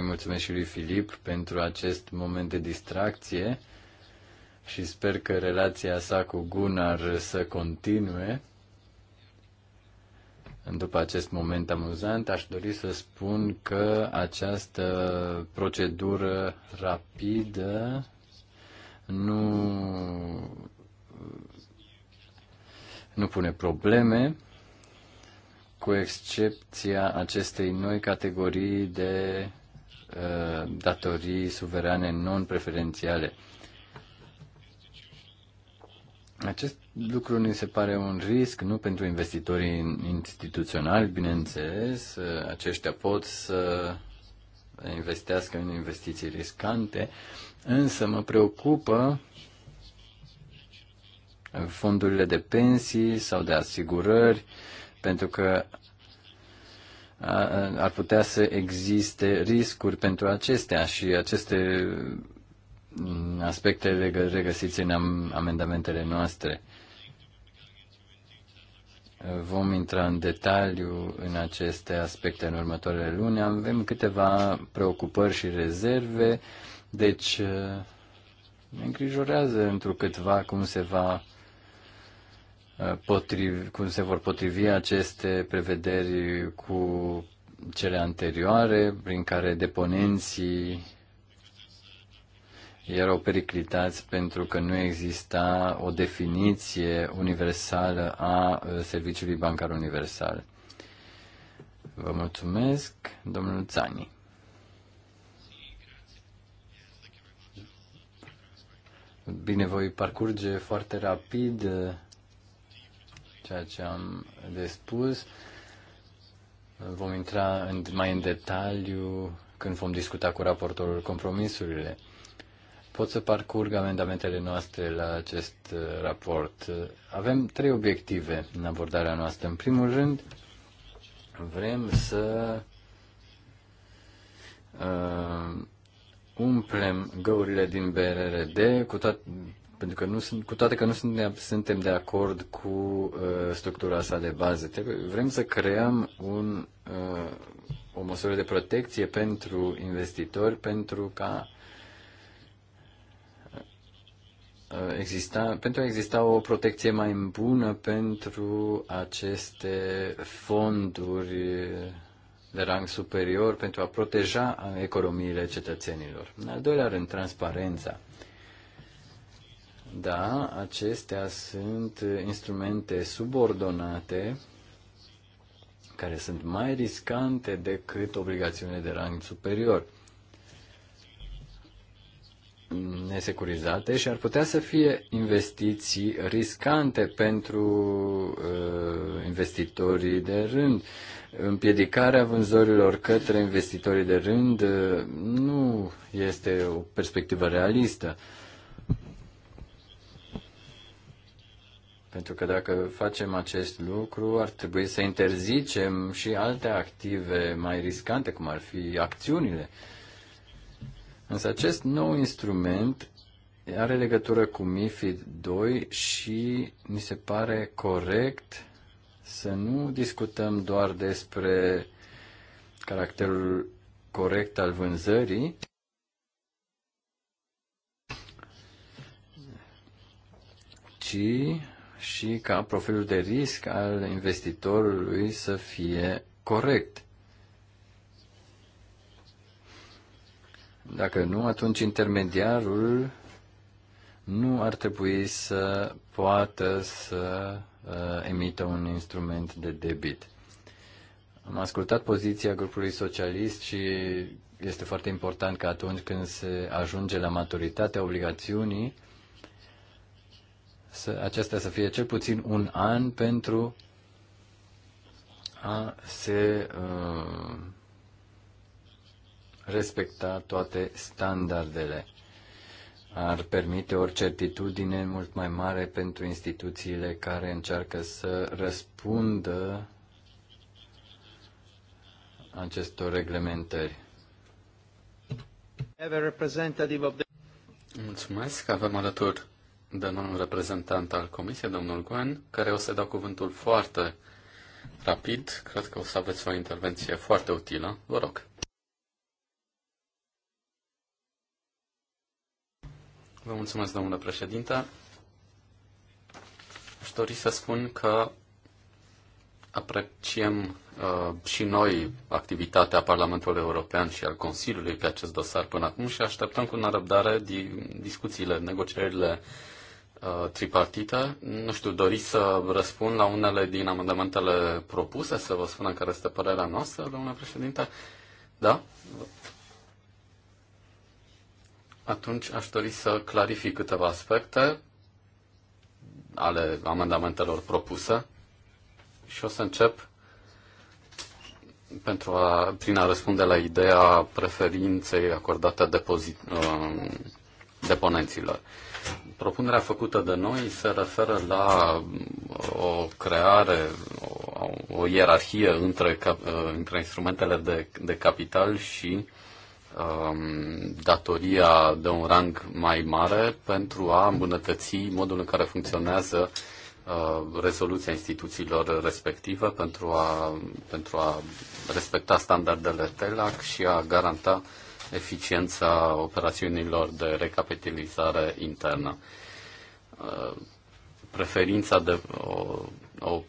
mulțumesc și lui Filip pentru acest moment de distracție și sper că relația sa cu Gunnar să continue. După acest moment amuzant, aș dori să spun că această procedură rapidă nu, nu pune probleme, cu excepția acestei noi categorii de uh, datorii suverane non-preferențiale. Acest lucru ni se pare un risc, nu pentru investitorii instituționali, bineînțeles, uh, aceștia pot să investească în investiții riscante, însă mă preocupă fondurile de pensii sau de asigurări, pentru că ar putea să existe riscuri pentru acestea și aceste aspecte regăsiți în amendamentele noastre. Vom intra în detaliu în aceste aspecte în următoarele luni. Avem câteva preocupări și rezerve, deci uh, ne îngrijorează întrucâtva cum se va uh, potrivi, cum se vor potrivi aceste prevederi cu cele anterioare, prin care deponenții erau periclitați pentru că nu exista o definiție universală a uh, serviciului bancar universal. Vă mulțumesc, domnul Țani. Bine, voi parcurge foarte rapid uh, ceea ce am de spus. Vom intra mai în detaliu când vom discuta cu raportorul compromisurile pot să parcurg amendamentele noastre la acest uh, raport. Avem trei obiective în abordarea noastră. În primul rând, vrem să uh, umplem găurile din BRRD, cu toate, pentru că nu sunt, cu toate că nu suntem, suntem de acord cu uh, structura sa de bază. Trebuie, vrem să creăm un, uh, o măsură de protecție pentru investitori, pentru ca Uh, exista, pentru a exista o protecție mai bună pentru aceste fonduri de rang superior pentru a proteja economiile cetățenilor. În al doilea rând, transparența. Da, acestea sunt instrumente subordonate care sunt mai riscante decât obligațiunile de rang superior nesecurizate și ar putea să fie investiții riscante pentru uh, investitorii de rând. Împiedicarea vânzărilor către investitorii de rând uh, nu este o perspectivă realistă. Pentru că dacă facem acest lucru, ar trebui să interzicem și alte active mai riscante, cum ar fi acțiunile. Uh, Însă acest nou instrument are legătură cu MIFID 2 și mi se pare corect să nu discutăm doar despre caracterul corect al vânzării, ci și ca profilul de risc al investitorului să fie corect. Dacă nu, atunci intermediarul nu ar trebui să poată să uh, emită un instrument de debit. Am ascultat poziția grupului socialist și este foarte important că atunci când se ajunge la maturitatea obligațiunii, să, acestea să fie cel puțin un an pentru a se uh, respecta toate standardele. Ar permite o certitudine mult mai mare pentru instituțiile care încearcă să răspundă acestor reglementări. Mulțumesc. Avem alături de un reprezentant al Comisiei, domnul Guen, care o să dau cuvântul foarte rapid. Cred că o să aveți o intervenție foarte utilă. Vă rog. Vă mulțumesc, domnule președinte. Aș dori să spun că apreciem uh, și noi activitatea Parlamentului European și al Consiliului pe acest dosar până acum și așteptăm cu nerăbdare di- discuțiile, negocierile uh, tripartite. Nu știu, doriți să răspund la unele din amendamentele propuse, să vă spunem care este părerea noastră, domnule președinte? Da? Atunci aș dori să clarific câteva aspecte ale amendamentelor propuse și o să încep pentru a, prin a răspunde la ideea preferinței acordate depozit, um, deponenților. Propunerea făcută de noi se referă la o creare, o, o ierarhie între, între instrumentele de, de capital și Um, datoria de un rang mai mare pentru a îmbunătăți modul în care funcționează uh, rezoluția instituțiilor respective pentru a, pentru a respecta standardele TELAC și a garanta eficiența operațiunilor de recapitalizare internă. Uh, preferința de o, o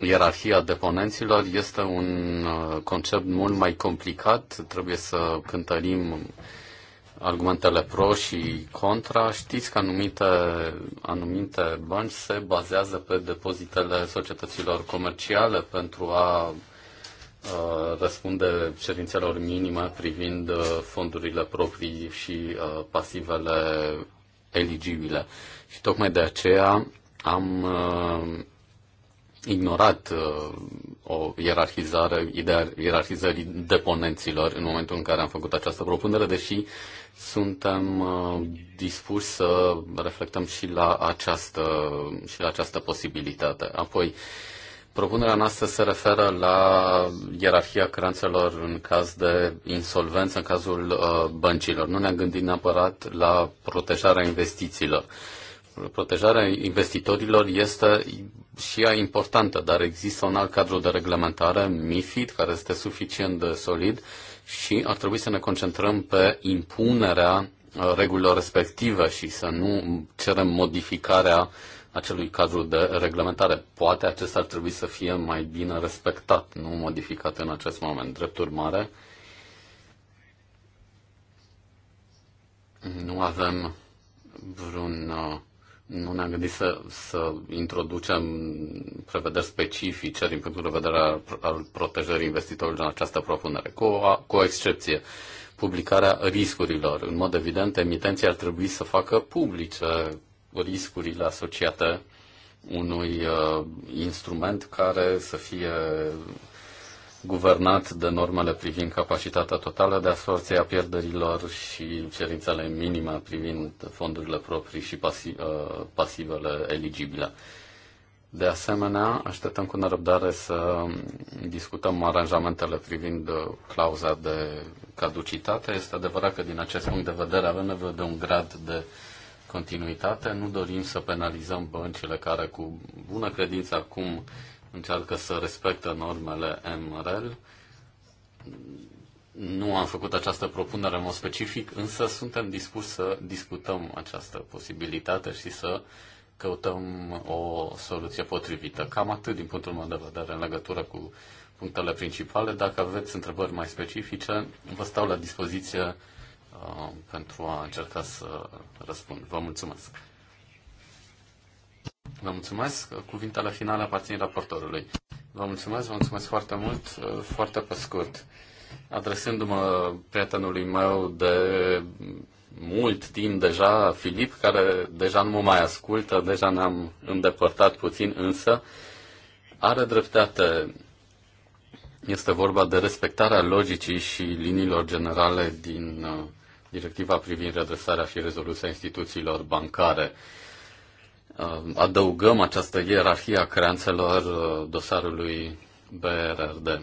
ierarhia deponenților este un uh, concept mult mai complicat. Trebuie să cântărim argumentele pro și contra. Știți că anumite, anumite bănci se bazează pe depozitele societăților comerciale pentru a uh, răspunde cerințelor minime privind uh, fondurile proprii și pasivele eligibile. Și tocmai de aceea am ignorat uh, o ierarhizare, ideea ierarhizării deponenților în momentul în care am făcut această propunere, deși suntem uh, dispuși să reflectăm și la această, și la această posibilitate. Apoi, propunerea noastră se referă la ierarhia creanțelor în caz de insolvență, în cazul uh, băncilor. Nu ne-am gândit neapărat la protejarea investițiilor protejarea investitorilor este și ea importantă, dar există un alt cadru de reglementare, MIFID, care este suficient de solid și ar trebui să ne concentrăm pe impunerea uh, regulilor respective și să nu cerem modificarea acelui cadru de reglementare. Poate acesta ar trebui să fie mai bine respectat, nu modificat în acest moment. Drept urmare, nu avem vreun uh, nu ne-am gândit să, să introducem prevederi specifice din punctul de vedere al, al protejării investitorilor în această propunere, cu o, cu o excepție. Publicarea riscurilor. În mod evident, emitenții ar trebui să facă publice riscurile asociate unui uh, instrument care să fie guvernat de normele privind capacitatea totală de absorție a pierderilor și cerințele minime privind fondurile proprii și pasi- uh, pasivele eligibile. De asemenea, așteptăm cu nerăbdare să discutăm aranjamentele privind clauza de caducitate. Este adevărat că din acest punct de vedere avem nevoie de un grad de continuitate. Nu dorim să penalizăm băncile care cu bună credință acum încearcă să respecte normele MRL. Nu am făcut această propunere în mod specific, însă suntem dispuși să discutăm această posibilitate și să căutăm o soluție potrivită. Cam atât din punctul meu de vedere în legătură cu punctele principale. Dacă aveți întrebări mai specifice, vă stau la dispoziție uh, pentru a încerca să răspund. Vă mulțumesc! Vă mulțumesc. Cuvintele finale aparțin raportorului. Vă mulțumesc, vă mulțumesc foarte mult, foarte pe scurt. Adresându-mă prietenului meu de mult timp deja, Filip, care deja nu mă mai ascultă, deja ne-am îndepărtat puțin, însă are dreptate. Este vorba de respectarea logicii și liniilor generale din uh, directiva privind redresarea și rezoluția instituțiilor bancare. Uh, adăugăm această ierarhie a creanțelor uh, dosarului BRRD.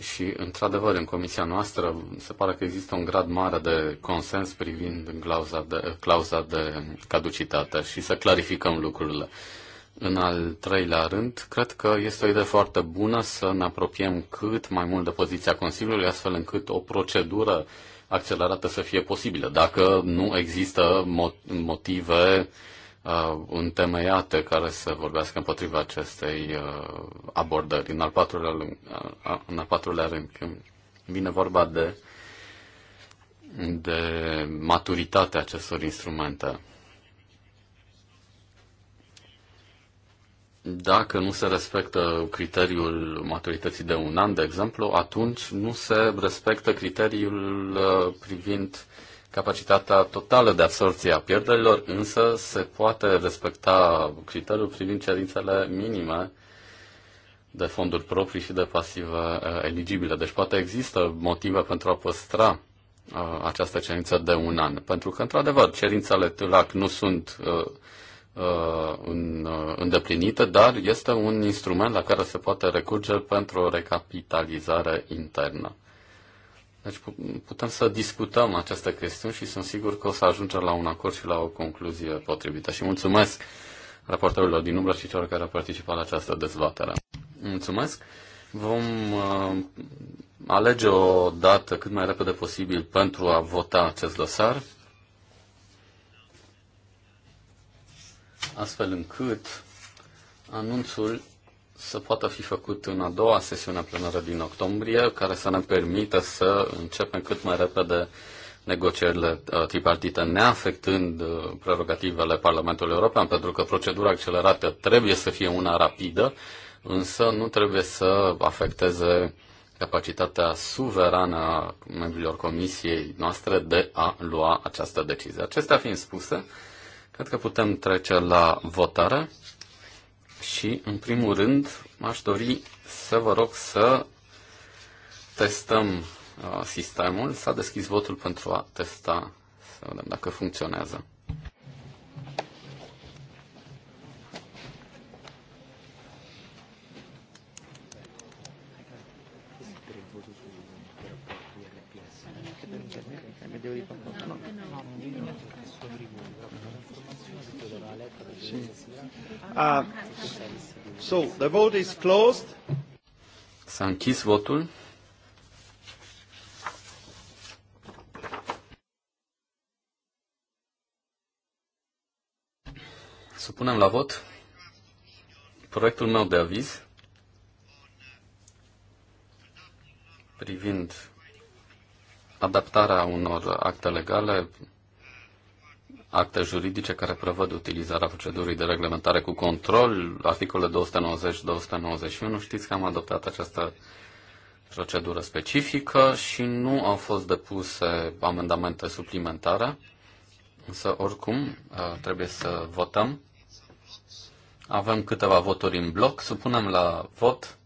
Și, într-adevăr, în comisia noastră se pare că există un grad mare de consens privind clauza de, clauza de caducitate și să clarificăm lucrurile. În al treilea rând, cred că este o idee foarte bună să ne apropiem cât mai mult de poziția Consiliului, astfel încât o procedură accelerată să fie posibilă, dacă nu există motive uh, întemeiate care să vorbească împotriva acestei uh, abordări. În al patrulea, uh, în al patrulea rând, când vine vorba de, de maturitatea acestor instrumente, dacă nu se respectă criteriul maturității de un an, de exemplu, atunci nu se respectă criteriul uh, privind uh, Capacitatea totală de absorție a pierderilor însă se poate respecta criteriul privind cerințele minime de fonduri proprii și de pasive eh, eligibile. Deci poate există motive pentru a păstra eh, această cerință de un an. Pentru că, într-adevăr, cerințele TULAC nu sunt uh, uh, în, uh, îndeplinite, dar este un instrument la care se poate recurge pentru o recapitalizare internă. Deci putem să discutăm această chestiune și sunt sigur că o să ajungem la un acord și la o concluzie potrivită. Și mulțumesc raportorilor din umbră și celor care au participat la această dezbatere. Mulțumesc! Vom uh, alege o dată cât mai repede posibil pentru a vota acest dosar, astfel încât anunțul să poată fi făcut în a doua sesiune plenară din octombrie, care să ne permită să începem cât mai repede negocierile uh, tripartite, neafectând uh, prerogativele Parlamentului European, pentru că procedura accelerată trebuie să fie una rapidă, însă nu trebuie să afecteze capacitatea suverană a membrilor comisiei noastre de a lua această decizie. Acestea fiind spuse, cred că putem trece la votare. Și, în primul rând, aș dori să vă rog să testăm uh, sistemul. S-a deschis votul pentru a testa, să vedem dacă funcționează. Uh, So, the vote is closed. S-a închis votul. Să punem la vot proiectul meu de aviz privind adaptarea unor acte legale acte juridice care prevăd utilizarea procedurii de reglementare cu control, articolele 290-291, știți că am adoptat această procedură specifică și nu au fost depuse amendamente suplimentare, însă oricum uh, trebuie să votăm. Avem câteva voturi în bloc, supunem la vot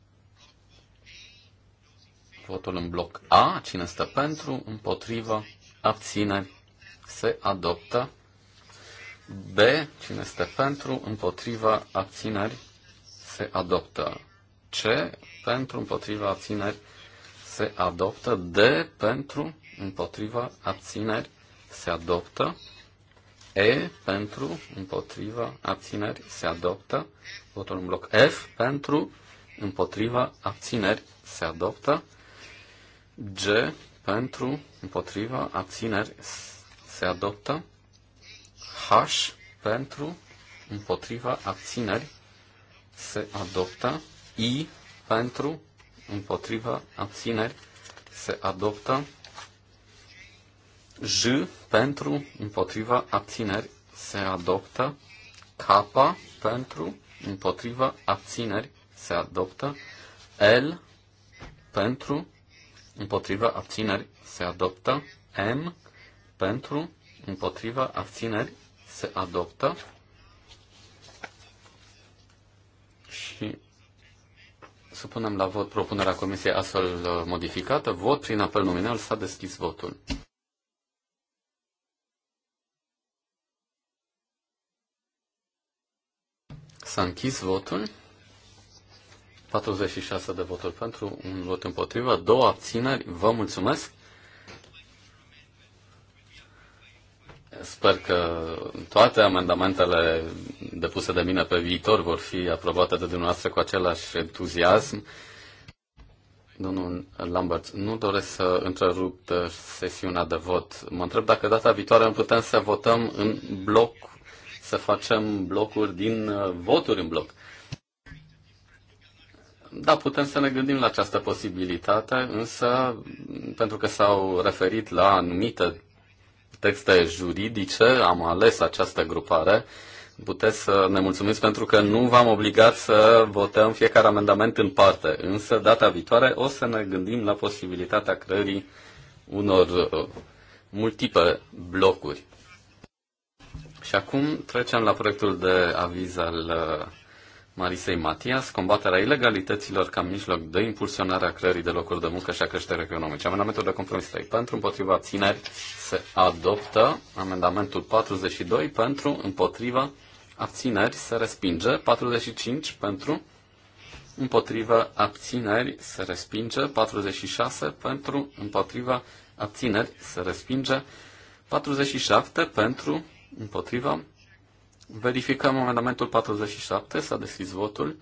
votul în bloc A, cine stă pentru, împotrivă, abține, se adoptă. B. Cine este pentru, împotriva, abțineri, se adoptă. C. Pentru, împotriva, abțineri, se adoptă. D. Pentru, împotriva, abțineri, se adoptă. E. Pentru, împotriva, abțineri, se adoptă. Votul în bloc F. Pentru, împotriva, abțineri, se adoptă. G. Pentru, împotriva, abțineri, se adoptă. H pentru, împotriva, abțineri se adoptă. I pentru, împotriva, abțineri se adoptă. J pentru, împotriva, abțineri se adoptă. K pentru, împotriva, abțineri se adoptă. L pentru, împotriva, abțineri se adoptă. M pentru, împotriva, abțineri, se adoptă. Și supunem la vot propunerea comisiei astfel uh, modificată. Vot prin apel nominal s-a deschis votul. S-a închis votul. 46 de voturi pentru, un vot împotriva, două abțineri. Vă mulțumesc. Sper că toate amendamentele depuse de mine pe viitor vor fi aprobate de dumneavoastră cu același entuziasm. Domnul Lambert, nu doresc să întrerup sesiunea de vot. Mă întreb dacă data viitoare putem să votăm în bloc, să facem blocuri din uh, voturi în bloc. Da, putem să ne gândim la această posibilitate, însă pentru că s-au referit la anumite texte juridice, am ales această grupare. Puteți să ne mulțumiți pentru că nu v-am obligat să votăm fiecare amendament în parte, însă data viitoare o să ne gândim la posibilitatea creării unor uh, multiple blocuri. Și acum trecem la proiectul de aviz al uh, Marisei Matias, combaterea ilegalităților ca mijloc de impulsionare a creării de locuri de muncă și a creșterii economice. Amendamentul de compromis 3 pentru, împotriva țineri se adoptă. Amendamentul 42 pentru, împotriva abțineri se respinge. 45 pentru, împotriva abțineri se respinge. 46 pentru, împotriva abțineri se respinge. 47 pentru, împotriva Verificăm amendamentul 47, s-a deschis votul.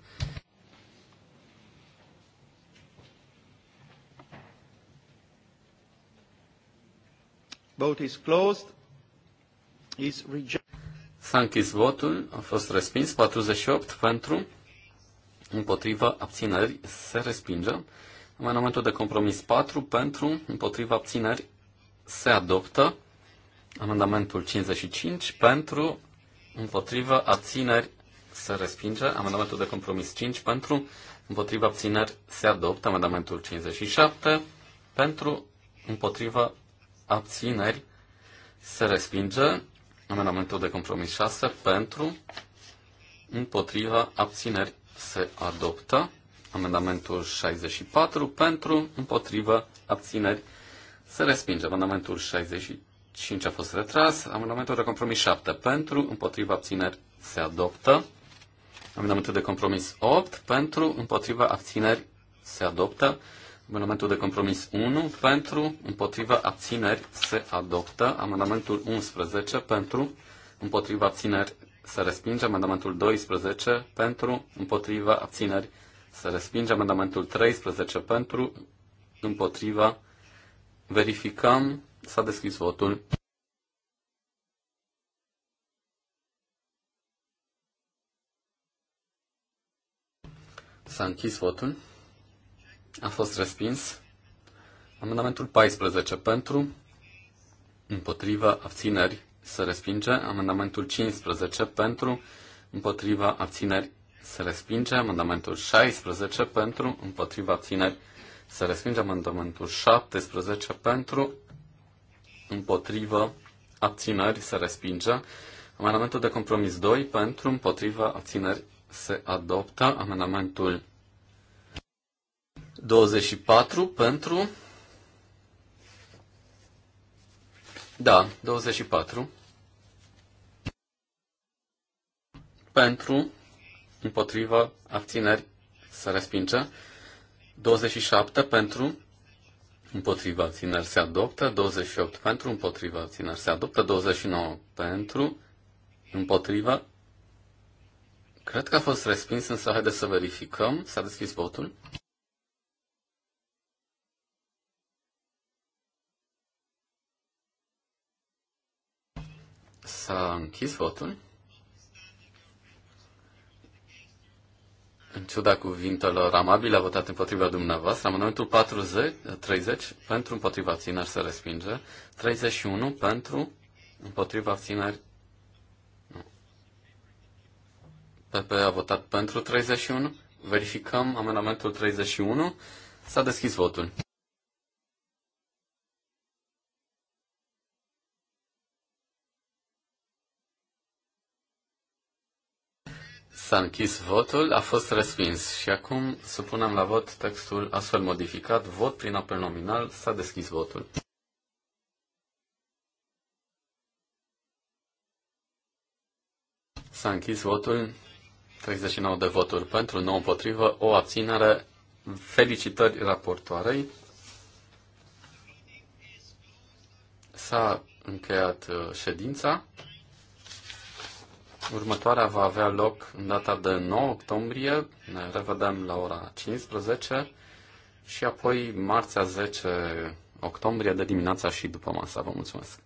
Vote is closed. Is rejected. S-a închis votul, a fost respins 48 pentru, împotriva abțineri se respinge. Amendamentul de compromis 4 pentru, împotriva abțineri se adoptă. Amendamentul 55 pentru, împotrivă, abțineri, se respinge. Amendamentul de compromis 5 pentru, împotrivă, abțineri, se adoptă. Amendamentul 57 pentru, împotrivă, abțineri, se respinge. Amendamentul de compromis 6 pentru, împotriva, abțineri, se adoptă. Amendamentul 64 pentru, împotriva, abțineri, se respinge. Amendamentul 60, 5 a fost retras. Amendamentul de compromis 7 pentru, împotriva abțineri se adoptă. Amendamentul de compromis 8 pentru, împotriva abțineri se adoptă. Amendamentul de compromis 1 pentru, împotriva abțineri se adoptă. Amendamentul 11 pentru, împotriva abțineri se respinge. Amendamentul 12 pentru, împotriva abțineri se respinge. Amendamentul 13 pentru, împotriva. Verificăm S-a deschis votul. S-a închis votul. A fost respins. Amendamentul 14 pentru, împotriva, abțineri, se respinge. Amendamentul 15 pentru, împotriva, abțineri, se respinge. Amendamentul 16 pentru, împotriva, abțineri, se respinge. Amendamentul 17 pentru, împotrivă, abțineri, se respinge. Amendamentul de compromis 2, pentru, împotrivă, abțineri, se adoptă. Amendamentul 24, pentru, da, 24, pentru, împotrivă, abțineri, se respinge. 27 pentru, împotriva țineri se adoptă, 28 pentru, împotriva țineri se adoptă, 29 pentru, împotriva. Cred că a fost respins, însă haideți să verificăm. S-a deschis votul. S-a închis votul. în ciuda cuvintelor amabile, a votat împotriva dumneavoastră. Amendamentul 40, 30 pentru împotriva abțineri se respinge. 31 pentru împotriva abțineri. PP a votat pentru 31. Verificăm amendamentul 31. S-a deschis votul. S-a închis votul, a fost respins și acum supunem la vot textul astfel modificat. Vot prin apel nominal, s-a deschis votul. S-a închis votul, 39 de voturi pentru, 9 împotrivă, o abținere. Felicitări raportoarei. S-a încheiat uh, ședința. Următoarea va avea loc în data de 9 octombrie, ne revedem la ora 15 și apoi marțea 10 octombrie de dimineața și după masa. Vă mulțumesc!